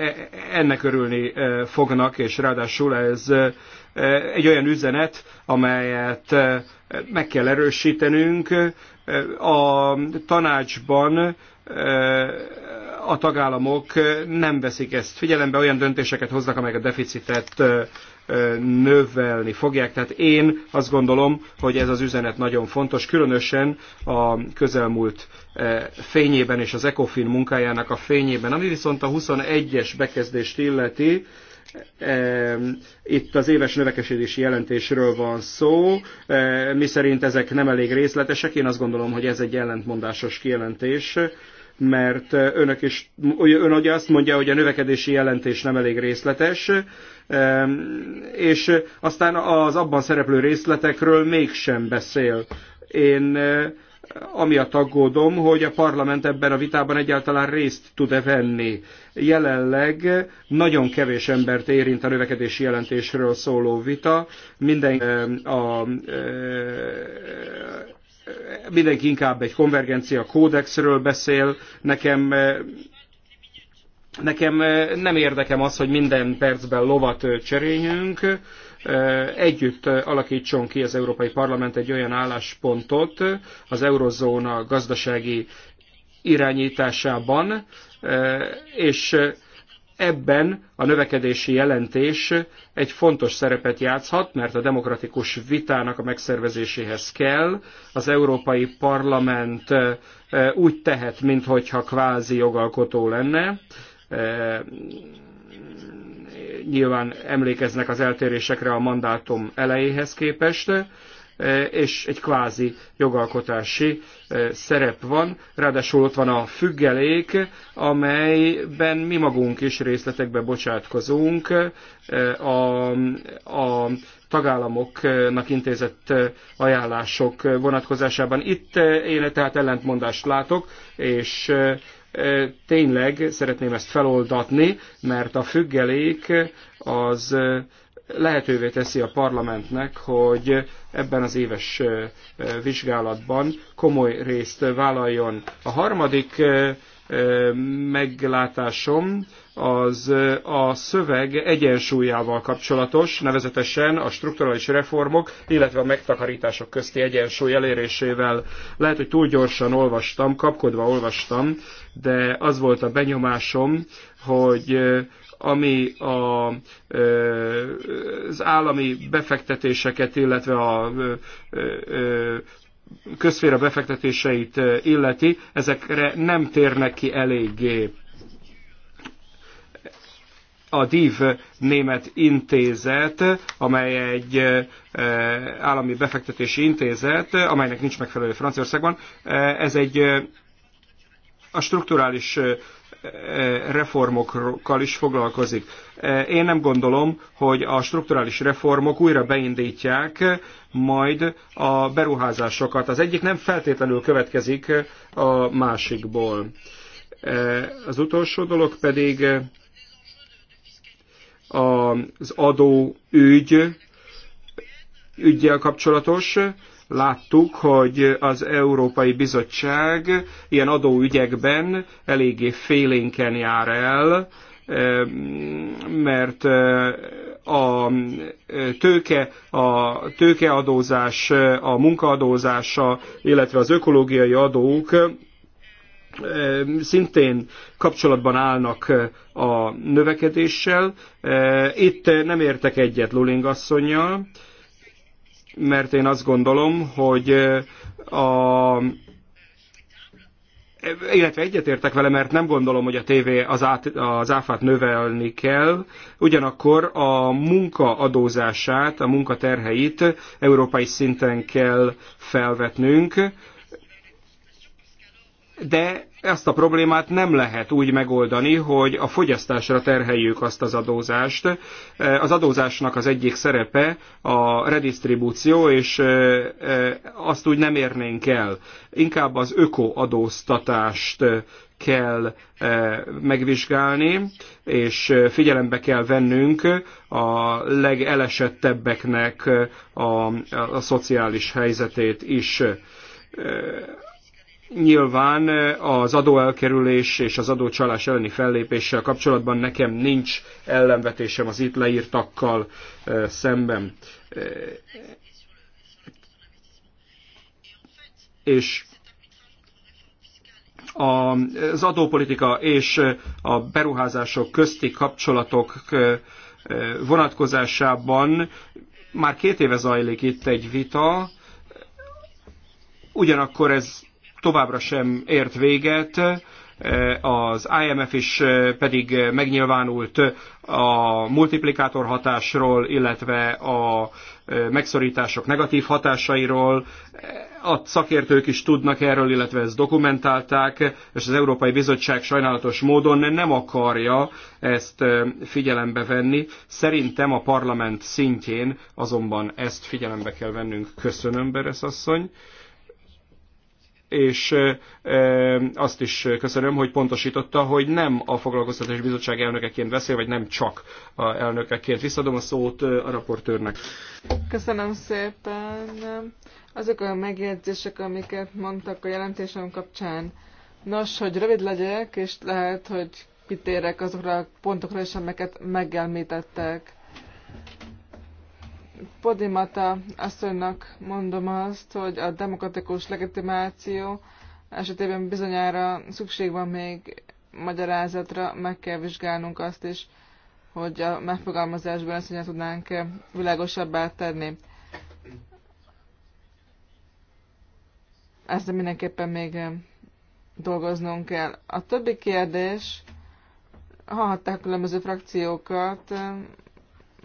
ennek örülni fognak, és ráadásul ez egy olyan üzenet, amelyet meg kell erősítenünk. A tanácsban a tagállamok nem veszik ezt figyelembe, olyan döntéseket hoznak, amelyek a deficitet növelni fogják. Tehát én azt gondolom, hogy ez az üzenet nagyon fontos, különösen a közelmúlt fényében és az ECOFIN munkájának a fényében. Ami viszont a 21-es bekezdést illeti, itt az éves növekedési jelentésről van szó, mi szerint ezek nem elég részletesek. Én azt gondolom, hogy ez egy ellentmondásos kijelentés, mert önök is, ön ugye azt mondja, hogy a növekedési jelentés nem elég részletes, és aztán az abban szereplő részletekről mégsem beszél. Én amiatt aggódom, hogy a parlament ebben a vitában egyáltalán részt tud-e venni. Jelenleg nagyon kevés embert érint a növekedési jelentésről szóló vita. Minden a, a mindenki inkább egy konvergencia kódexről beszél. Nekem nekem nem érdekem az, hogy minden percben lovat cseréljünk együtt alakítson ki az Európai Parlament egy olyan álláspontot az eurozóna gazdasági irányításában, és ebben a növekedési jelentés egy fontos szerepet játszhat, mert a demokratikus vitának a megszervezéséhez kell. Az Európai Parlament úgy tehet, minthogyha kvázi jogalkotó lenne, nyilván emlékeznek az eltérésekre a mandátum elejéhez képest, e, és egy kvázi jogalkotási e, szerep van. Ráadásul ott van a függelék, amelyben mi magunk is részletekbe bocsátkozunk e, a, a tagállamoknak intézett ajánlások vonatkozásában. Itt én tehát ellentmondást látok, és Tényleg szeretném ezt feloldatni, mert a függelék az lehetővé teszi a parlamentnek, hogy ebben az éves vizsgálatban komoly részt vállaljon. A harmadik meglátásom az a szöveg egyensúlyával kapcsolatos, nevezetesen a strukturális reformok, illetve a megtakarítások közti egyensúly elérésével. Lehet, hogy túl gyorsan olvastam, kapkodva olvastam, de az volt a benyomásom, hogy ami a, az állami befektetéseket, illetve a közféra befektetéseit illeti, ezekre nem térnek ki eléggé a DIV német intézet, amely egy eh, állami befektetési intézet, amelynek nincs megfelelő Franciaországban, eh, ez egy eh, a strukturális reformokkal is foglalkozik. Én nem gondolom, hogy a strukturális reformok újra beindítják majd a beruházásokat. Az egyik nem feltétlenül következik a másikból. Az utolsó dolog pedig az adó ügy, ügyjel kapcsolatos. Láttuk, hogy az Európai Bizottság ilyen adóügyekben eléggé félénken jár el, mert a tőke, a tőkeadózás, a munkaadózása, illetve az ökológiai adók szintén kapcsolatban állnak a növekedéssel. Itt nem értek egyet Luling asszonyjal, mert én azt gondolom, hogy a illetve egyetértek vele, mert nem gondolom, hogy a TV az, át, az áfát növelni kell, ugyanakkor a munka adózását, a munkaterheit európai szinten kell felvetnünk, de ezt a problémát nem lehet úgy megoldani, hogy a fogyasztásra terheljük azt az adózást. Az adózásnak az egyik szerepe a redistribúció, és azt úgy nem érnénk el. Inkább az ökoadóztatást kell megvizsgálni, és figyelembe kell vennünk a legelesettebbeknek a, a, a szociális helyzetét is Nyilván az adóelkerülés és az adócsalás elleni fellépéssel kapcsolatban nekem nincs ellenvetésem az itt leírtakkal szemben. És az adópolitika és a beruházások közti kapcsolatok vonatkozásában már két éve zajlik itt egy vita, ugyanakkor ez továbbra sem ért véget, az IMF is pedig megnyilvánult a multiplikátor hatásról, illetve a megszorítások negatív hatásairól. A szakértők is tudnak erről, illetve ezt dokumentálták, és az Európai Bizottság sajnálatos módon nem akarja ezt figyelembe venni. Szerintem a parlament szintjén azonban ezt figyelembe kell vennünk. Köszönöm, Beres asszony és azt is köszönöm, hogy pontosította, hogy nem a foglalkoztatás bizottság elnökeként beszél, vagy nem csak a elnökeként. Visszadom a szót a raportőrnek. Köszönöm szépen. Azok a megjegyzések, amiket mondtak a jelentésem kapcsán. Nos, hogy rövid legyek, és lehet, hogy kitérek azokra a pontokra is, amiket megelmítettek. Podimata asszonynak mondom azt, hogy a demokratikus legitimáció esetében bizonyára szükség van még magyarázatra, meg kell vizsgálnunk azt is, hogy a megfogalmazásban ezt hogyan tudnánk világosabbá tenni. Ezt mindenképpen még dolgoznunk kell. A többi kérdés, hallhatták különböző frakciókat,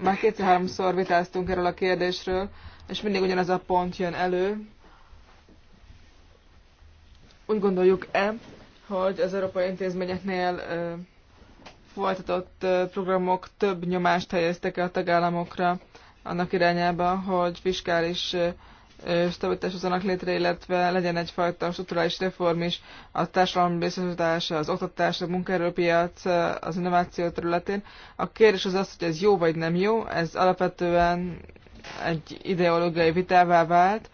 már kétszer-háromszor vitáztunk erről a kérdésről, és mindig ugyanaz a pont jön elő. Úgy gondoljuk-e, hogy az európai intézményeknél folytatott programok több nyomást helyeztek a tagállamokra annak irányába, hogy fiskális stabilitás hozzanak létre, illetve legyen egyfajta strukturális reform is a társadalom biztosítása, az oktatás, a munkaerőpiac, az innováció területén. A kérdés az az, hogy ez jó vagy nem jó, ez alapvetően egy ideológiai vitává vált,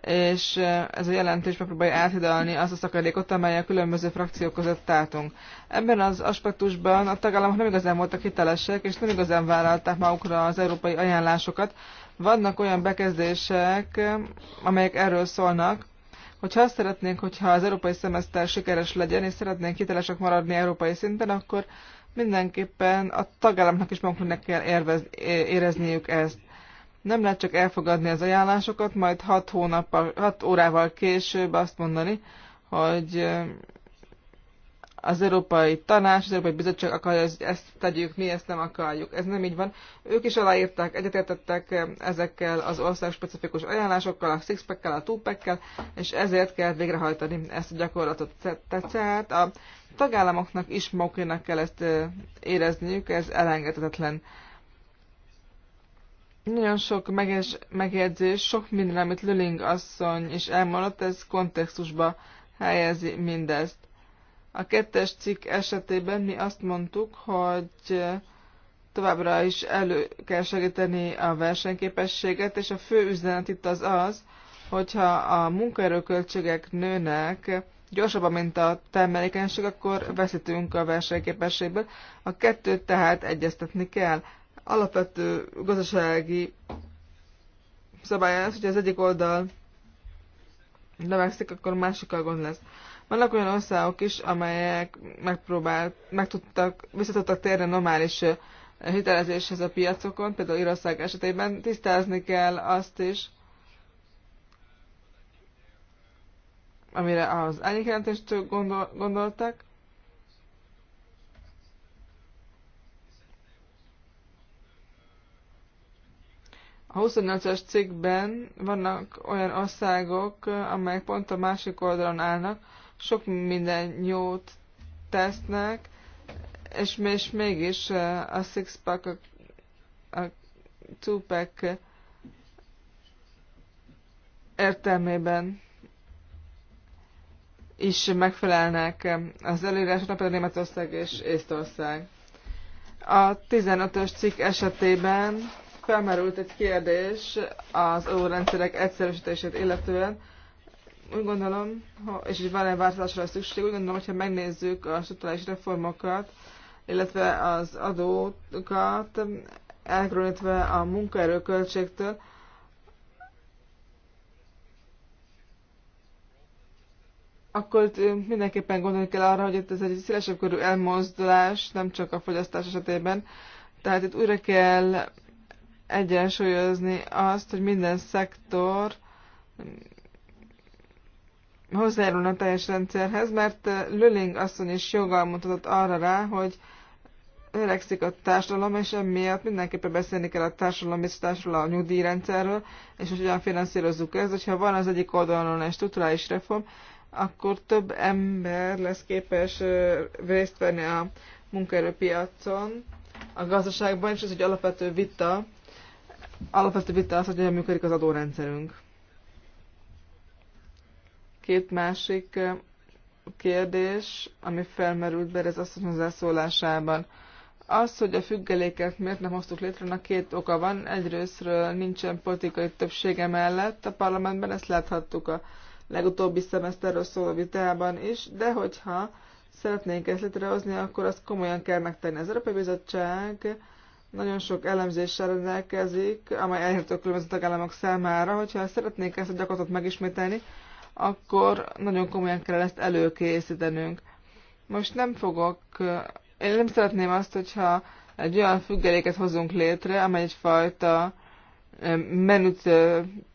és ez a jelentés megpróbálja áthidalni azt a szakadékot, amely a különböző frakciók között tártunk. Ebben az aspektusban a tagállamok nem igazán voltak hitelesek, és nem igazán vállalták magukra az európai ajánlásokat, vannak olyan bekezdések, amelyek erről szólnak, hogyha azt szeretnénk, hogyha az európai szemeszter sikeres legyen, és szeretnénk hitelesek maradni európai szinten, akkor mindenképpen a tagállamnak is magunknak kell érvez, érezniük ezt. Nem lehet csak elfogadni az ajánlásokat, majd 6 hónappal, 6 órával később azt mondani, hogy az Európai Tanács, az Európai Bizottság akarja, hogy ezt tegyük, mi ezt nem akarjuk. Ez nem így van. Ők is aláírták, egyetértettek ezekkel az ország specifikus ajánlásokkal, a sixpackkel, a tupekkel, és ezért kell végrehajtani ezt a gyakorlatot. Tehát a tagállamoknak is magukénak kell ezt érezniük, ez elengedhetetlen. Nagyon sok megjegyzés, sok minden, amit Lüling asszony is elmondott, ez kontextusba helyezi mindezt. A kettes cikk esetében mi azt mondtuk, hogy továbbra is elő kell segíteni a versenyképességet, és a fő üzenet itt az az, hogyha a munkaerőköltségek nőnek gyorsabban, mint a termelékenység, akkor veszítünk a versenyképességből. A kettőt tehát egyeztetni kell. Alapvető gazdasági szabály az, hogyha az egyik oldal növekszik, akkor másikkal gond lesz. Vannak olyan országok is, amelyek megpróbált, meg tudtak, visszatudtak térni normális hitelezéshez a piacokon, például Írország esetében tisztázni kell azt is, amire az elnyékjelentést gondol, gondoltak. A 28-as cikkben vannak olyan országok, amelyek pont a másik oldalon állnak, sok minden jót tesznek, és, és mégis eh, a six-pack, a, a two-pack értelmében is megfelelnek eh, az előírásoknak, például Németország és Észtország. A 15-ös cikk esetében felmerült egy kérdés az órendszerek egyszerűsítését illetően, úgy gondolom, ha és hogy van-e változásra szükség, úgy gondolom, hogyha megnézzük a struktúrális reformokat, illetve az adókat, elkülönítve a munkaerőköltségtől, akkor mindenképpen gondolni kell arra, hogy itt ez egy szélesebb körű elmozdulás, nem csak a fogyasztás esetében. Tehát itt újra kell egyensúlyozni azt, hogy minden szektor hozzájárulna a teljes rendszerhez, mert Lüling asszony is joggal mutatott arra rá, hogy öregszik a társadalom, és emiatt mindenképpen beszélni kell a társadalom biztosításról, a nyugdíjrendszerről, és hogy hogyan finanszírozzuk ezt. Hogyha van az egyik oldalon egy strukturális reform, akkor több ember lesz képes részt venni a munkaerőpiacon, a gazdaságban, és ez egy alapvető vita, alapvető vita az, hogy hogyan működik az adórendszerünk. Két másik kérdés, ami felmerült be ez asszony hozzászólásában. Az, hogy a függeléket miért nem hoztuk létre, a két oka van. Egyrésztről nincsen politikai többsége mellett a parlamentben, ezt láthattuk a legutóbbi szemeszterről szóló vitában is, de hogyha szeretnénk ezt létrehozni, akkor azt komolyan kell megtenni. Az Európai Bizottság nagyon sok elemzéssel rendelkezik, amely elérhető különböző tagállamok számára. Hogyha szeretnék ezt a gyakorlatot megismételni, akkor nagyon komolyan kell ezt előkészítenünk. Most nem fogok, én nem szeretném azt, hogyha egy olyan függeléket hozunk létre, amely egyfajta menüt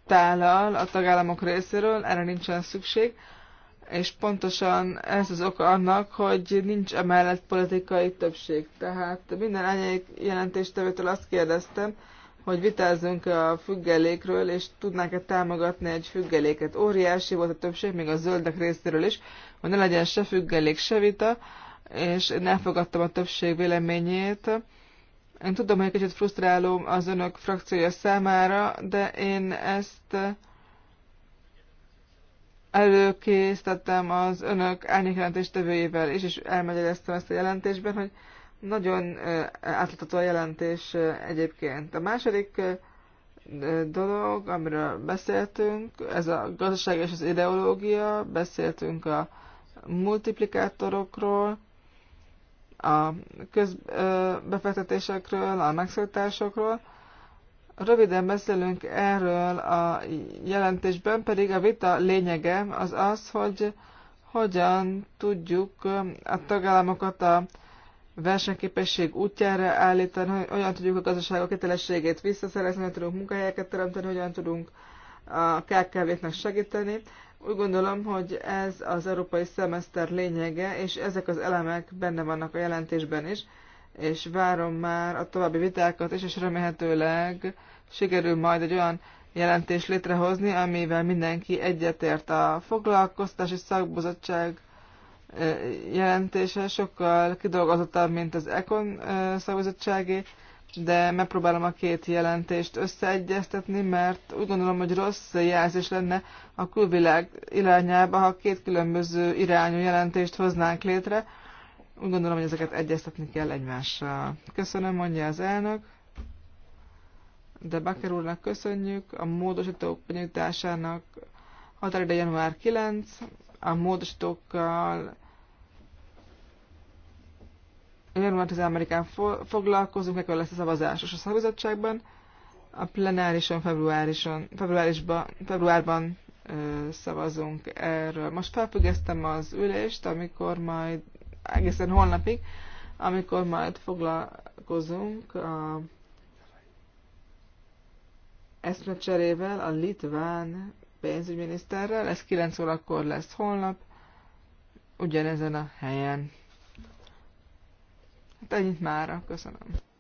tálal a tagállamok részéről, erre nincsen szükség, és pontosan ez az oka annak, hogy nincs emellett politikai többség. Tehát minden elnyék jelentéstevőtől azt kérdeztem, hogy vitázzunk a függelékről, és tudnák-e támogatni egy függeléket. Óriási volt a többség, még a zöldek részéről is, hogy ne legyen se függelék, se vita, és én elfogadtam a többség véleményét. Én tudom, hogy kicsit frusztráló az önök frakciója számára, de én ezt előkészítettem az önök árnyékjelentéstevőjével is, és elmegyeleztem ezt a jelentésben, hogy nagyon átlátható a jelentés egyébként. A második dolog, amiről beszéltünk, ez a gazdaság és az ideológia, beszéltünk a multiplikátorokról, a közbefektetésekről, a megszólításokról. Röviden beszélünk erről a jelentésben, pedig a vita lényege az az, hogy hogyan tudjuk a tagállamokat a versenyképesség útjára állítani, hogy hogyan tudjuk a gazdaságok hitelességét visszaszerezni, hogyan tudunk munkahelyeket teremteni, hogyan tudunk a KKV-knek segíteni. Úgy gondolom, hogy ez az európai szemeszter lényege, és ezek az elemek benne vannak a jelentésben is, és várom már a további vitákat is, és remélhetőleg sikerül majd egy olyan jelentést létrehozni, amivel mindenki egyetért a foglalkoztási szakbozottság jelentése, sokkal kidolgozottabb, mint az Econ szavazottságé, de megpróbálom a két jelentést összeegyeztetni, mert úgy gondolom, hogy rossz jelzés lenne a külvilág irányába, ha két különböző irányú jelentést hoznánk létre. Úgy gondolom, hogy ezeket egyeztetni kell egymással. Köszönöm, mondja az elnök. De Baker úrnak köszönjük a módosítók benyújtásának határideje január 9, a módosítókkal január 13-án foglalkozunk, ekkor lesz a szavazásos a szakbizottságban. A plenárison februárison, februárisban, februárban ö, szavazunk erről. Most felfüggesztem az ülést, amikor majd egészen holnapig, amikor majd foglalkozunk a eszmecserével a litván pénzügyminiszterrel, ez 9 órakor lesz holnap, ugyanezen a helyen ennyit mára. Köszönöm.